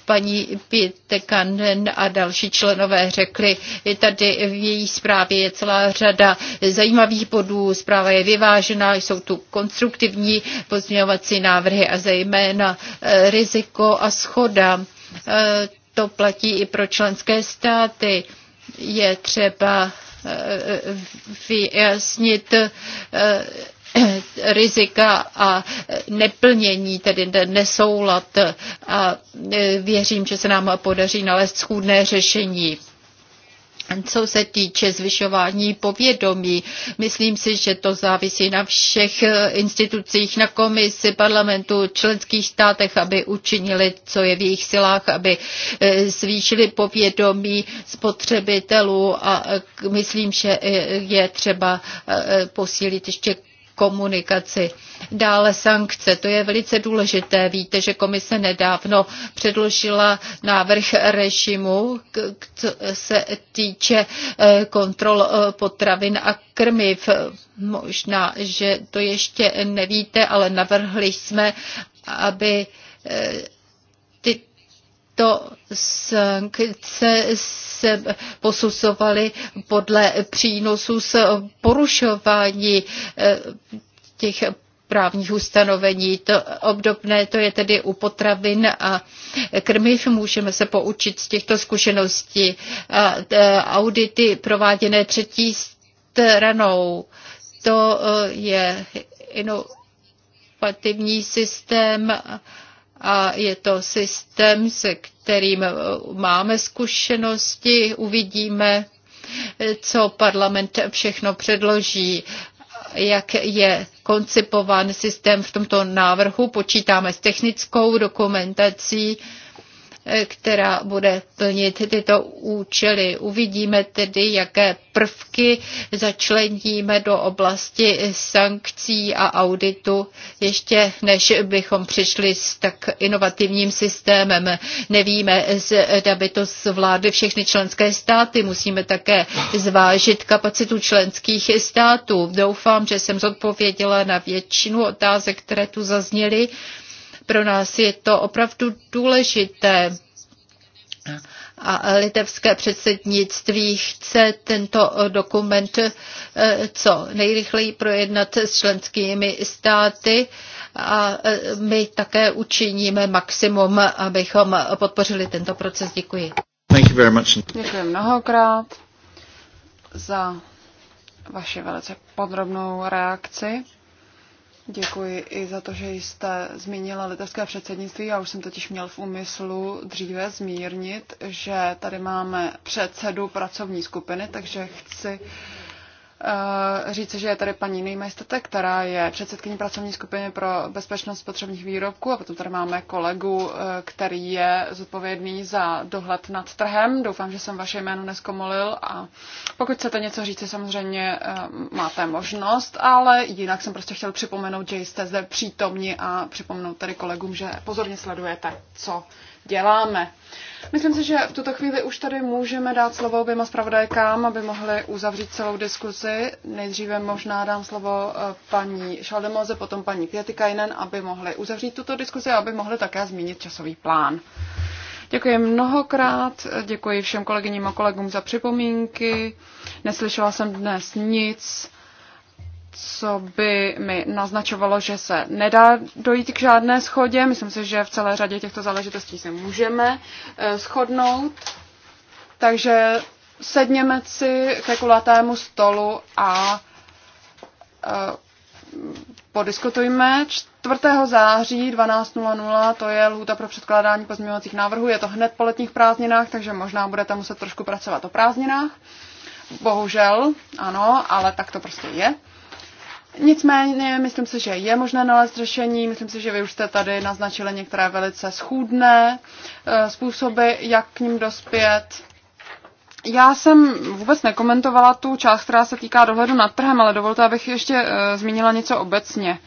paní Pitekanen a další členové řekli, je tady v její zprávě je celá řada zajímavých bodů, zpráva je vyvážená, jsou tu konstruktivní pozměňovací návrhy a zejména riziko a schoda to platí i pro členské státy. Je třeba eh, vyjasnit eh, rizika a neplnění, tedy nesoulad. A eh, věřím, že se nám podaří nalézt schůdné řešení. Co se týče zvyšování povědomí, myslím si, že to závisí na všech eh, institucích, na komisi, parlamentu, členských státech, aby učinili, co je v jejich silách, aby eh, zvýšili povědomí spotřebitelů a eh, myslím, že je třeba posílit ještě komunikaci. Dále sankce, to je velice důležité. Víte, že komise nedávno předložila návrh režimu, co se týče eh, kontrol eh, potravin a krmiv. Možná, že to ještě nevíte, ale navrhli jsme, aby eh, to sankce se posuzovaly podle přínosu z porušování eh, těch právních ustanovení. To obdobné to je tedy u potravin a krmiv. Můžeme se poučit z těchto zkušeností. A, eh, audity prováděné třetí stranou, to eh, je inovativní systém. A, a je to systém, se kterým e, máme zkušenosti, uvidíme, e, co parlament všechno předloží, jak je koncipován systém v tomto návrhu. Počítáme s technickou dokumentací, Eh, která bude plnit tyto účely. Uvidíme tedy, jaké prvky začleníme do oblasti sankcí a auditu, ještě než bychom přišli s tak inovativním systémem. Nevíme, zda by to zvládly všechny členské státy. Musíme také zvážit kapacitu členských států. Doufám, že jsem zodpověděla na většinu otázek, které tu zazněly. Pro nás je to opravdu důležité. A litevské předsednictví chce tento dokument eh, co nejrychleji projednat s členskými státy a eh, my také učiníme maximum, abychom podpořili tento proces. Děkuji. Thank you very much. Děkuji mnohokrát za vaši velice podrobnou reakci. Děkuji i za to, že jste zmínila litevské předsednictví. Já už jsem totiž měl v úmyslu dříve zmírnit, že tady máme předsedu pracovní skupiny, takže chci uh, Eh, říci, že je tady paní Nejmajstete, která je předsedkyní pracovní skupiny pro bezpečnost spotřebních výrobků a potom tady máme kolegu, eh, který je zodpovědný za dohled nad trhem. Doufám, že jsem vaše jméno neskomolil a pokud chcete něco říci, samozřejmě eh, máte možnost, ale jinak jsem prostě chtěl připomenout, že jste zde přítomni a připomenout tady kolegům, že pozorně sledujete, co děláme. Myslím si, že v tuto chvíli už tady můžeme dát slovo oběma zpravodajkám, aby mohli uzavřít celou diskuzi. Nejdříve možná dám slovo eh, paní Šaldemoze, potom paní Pětikajnen, aby mohli uzavřít tuto diskuzi a aby mohli také zmínit časový plán. Děkuji mnohokrát, děkuji všem kolegyním a kolegům za připomínky. Neslyšela jsem dnes nic co by mi naznačovalo, že se nedá dojít k žádné schodě. Myslím si, že v celé řadě těchto záležitostí se můžeme eh, shodnout. Takže sedněme si ke kulatému stolu a eh, podiskutujme. 4. září 12.00 to je lhůta pro předkládání pozměňovacích návrhů. Je to hned po letních prázdninách, takže možná budete muset trošku pracovat o prázdninách. Bohužel, ano, ale tak to prostě je. Nicméně, myslím si, že je možné nalézt řešení. Myslím si, že vy už jste tady naznačili některé velice schůdné eh, způsoby, jak k ním dospět. Já jsem vůbec nekomentovala tu část, která se týká dohledu nad trhem, ale dovolte, abych ještě eh, zmínila něco obecně.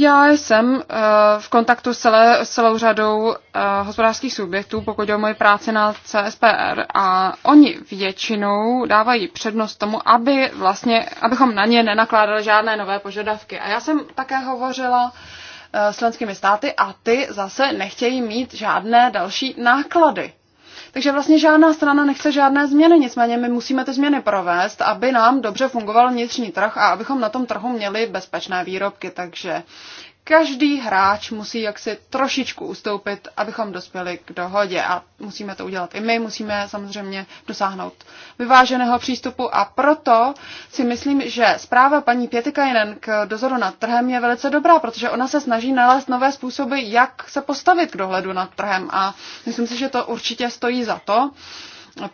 Já jsem eh, v kontaktu s, celé, s celou řadou eh, hospodářských subjektů, pokud jde o moji práci na CSPR a oni většinou dávají přednost tomu, aby vlastně, abychom na ně nenakládali žádné nové požadavky. A já jsem také hovořila eh, s členskými státy a ty zase nechtějí mít žádné další náklady. Takže vlastně žádná strana nechce žádné změny, nicméně my musíme ty změny provést, aby nám dobře fungoval vnitřní trh a abychom na tom trhu měli bezpečné výrobky. Takže každý hráč musí jaksi trošičku ustoupit, abychom dospěli k dohodě a musíme to udělat i my, musíme samozřejmě dosáhnout vyváženého přístupu a proto si myslím, že zpráva paní Pětikajnen k dozoru nad trhem je velice dobrá, protože ona se snaží nalézt nové způsoby, jak se postavit k dohledu nad trhem a myslím si, že to určitě stojí za to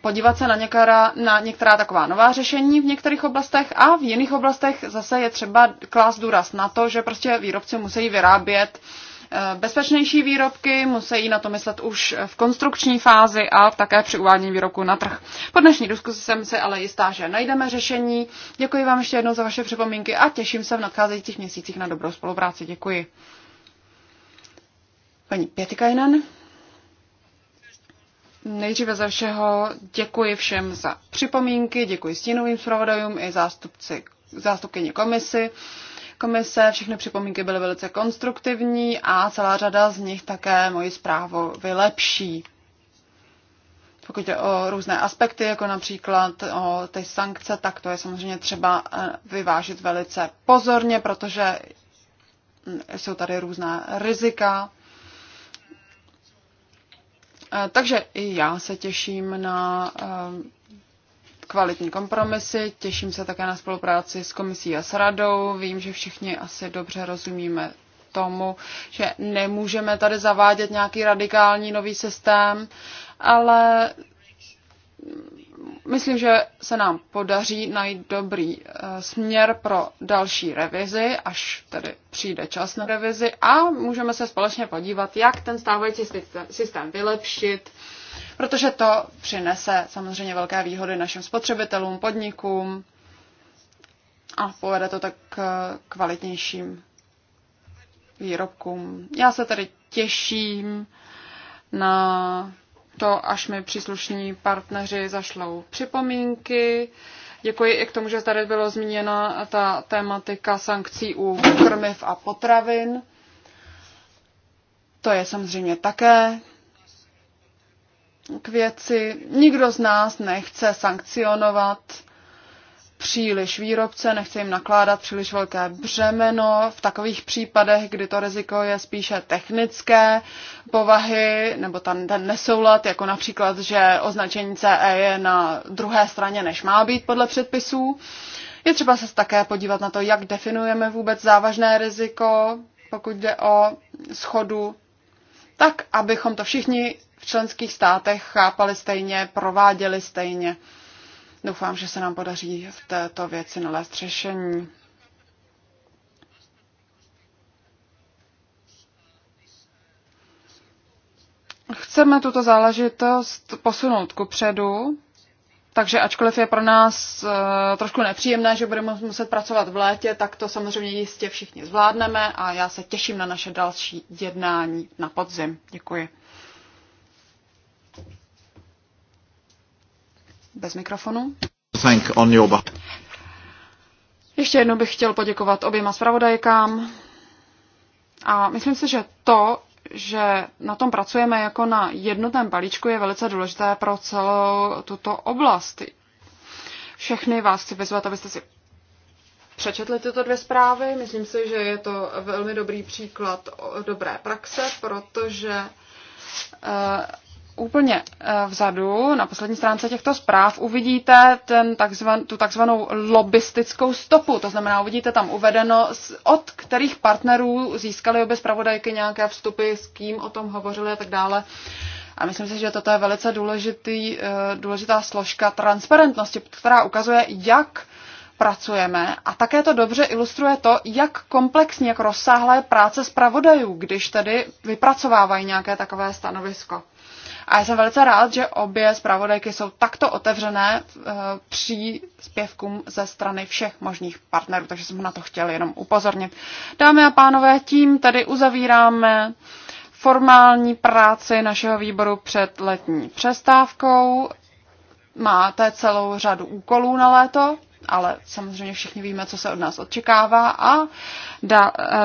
podívat se na některá, na některá taková nová řešení v některých oblastech a v jiných oblastech zase je třeba klást důraz na to, že prostě výrobci musí vyrábět eh, bezpečnější výrobky, musí na to myslet už v konstrukční fázi a také při uvádění výrobku na trh. Po dnešní diskusi jsem si ale jistá, že najdeme řešení. Děkuji vám ještě jednou za vaše připomínky a těším se v nadcházejících měsících na dobrou spolupráci. Děkuji. Paní Pětikajnen. Nejdříve ze všeho děkuji všem za připomínky, děkuji stínovým zpravodajům i zástupci, zástupkyni komisy. Komise, všechny připomínky byly velice konstruktivní a celá řada z nich také moji zprávu vylepší. Pokud jde o různé aspekty, jako například o ty sankce, tak to je samozřejmě třeba eh, vyvážit velice pozorně, protože jsou tady různá rizika, Eh, takže i já se těším na eh, kvalitní kompromisy, těším se také na spolupráci s komisí a s radou. Vím, že všichni asi dobře rozumíme tomu, že nemůžeme tady zavádět nějaký radikální nový systém, ale myslím, že se nám podaří najít dobrý eh, směr pro další revizi, až tedy přijde čas na revizi a můžeme se společně podívat, jak ten stávající systém vylepšit, protože to přinese samozřejmě velké výhody našim spotřebitelům, podnikům a povede to tak k kvalitnějším výrobkům. Já se tedy těším na to, až mi příslušní partneři zašlou připomínky. Děkuji i k tomu, že tady bylo zmíněna ta tématika sankcí u krmiv a potravin. To je samozřejmě také k věci. Nikdo z nás nechce sankcionovat příliš výrobce, nechce jim nakládat příliš velké břemeno. V takových případech, kdy to riziko je spíše technické povahy, nebo ten, ten nesoulad, jako například, že označení CE je na druhé straně, než má být podle předpisů. Je třeba se také podívat na to, jak definujeme vůbec závažné riziko, pokud jde o schodu, tak abychom to všichni v členských státech chápali stejně, prováděli stejně. Doufám, že se nám podaří v této věci nalézt řešení. Chceme tuto záležitost posunout ku předu, takže ačkoliv je pro nás uh, trošku nepříjemné, že budeme muset pracovat v létě, tak to samozřejmě jistě všichni zvládneme a já se těším na naše další jednání na podzim. Děkuji. bez mikrofonu. Thank on your Ještě jednou bych chtěl poděkovat oběma zpravodajkám. A myslím si, že to, že na tom pracujeme jako na jednotném balíčku, je velice důležité pro celou tuto oblast. Všechny vás chci vyzvat, abyste si přečetli tyto dvě zprávy. Myslím si, že je to velmi dobrý příklad dobré praxe, protože eh, úplně eh, vzadu, na poslední stránce těchto zpráv, uvidíte ten takzvan, tu takzvanou lobistickou stopu. To znamená, uvidíte tam uvedeno, od kterých partnerů získali obě zpravodajky nějaké vstupy, s kým o tom hovořili a tak dále. A myslím si, že toto je velice důležitý, eh, důležitá složka transparentnosti, která ukazuje, jak pracujeme a také to dobře ilustruje to, jak komplexní, jak rozsáhlé práce zpravodajů, když tedy vypracovávají nějaké takové stanovisko. A já jsem velice rád, že obě zpravodajky jsou takto otevřené eh, při zpěvkům ze strany všech možných partnerů, takže jsem na to chtěl jenom upozornit. Dámy a pánové, tím tady uzavíráme formální práci našeho výboru před letní přestávkou. Máte celou řadu úkolů na léto, ale samozřejmě všichni víme, co se od nás očekává a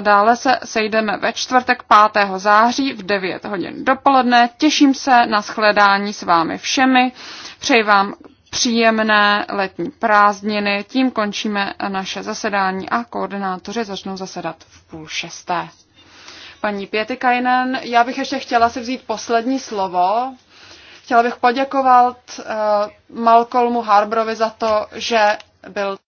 dále se sejdeme ve čtvrtek 5. září v 9 hodin dopoledne. Těším se na shledání s vámi všemi. Přeji vám příjemné letní prázdniny. Tím končíme naše zasedání a koordinátoři začnou zasedat v půl šesté. Paní Pětikajnen, já bych ještě chtěla si vzít poslední slovo. Chtěla bych poděkovat uh, Malcolmu Harbrovi za to, že byl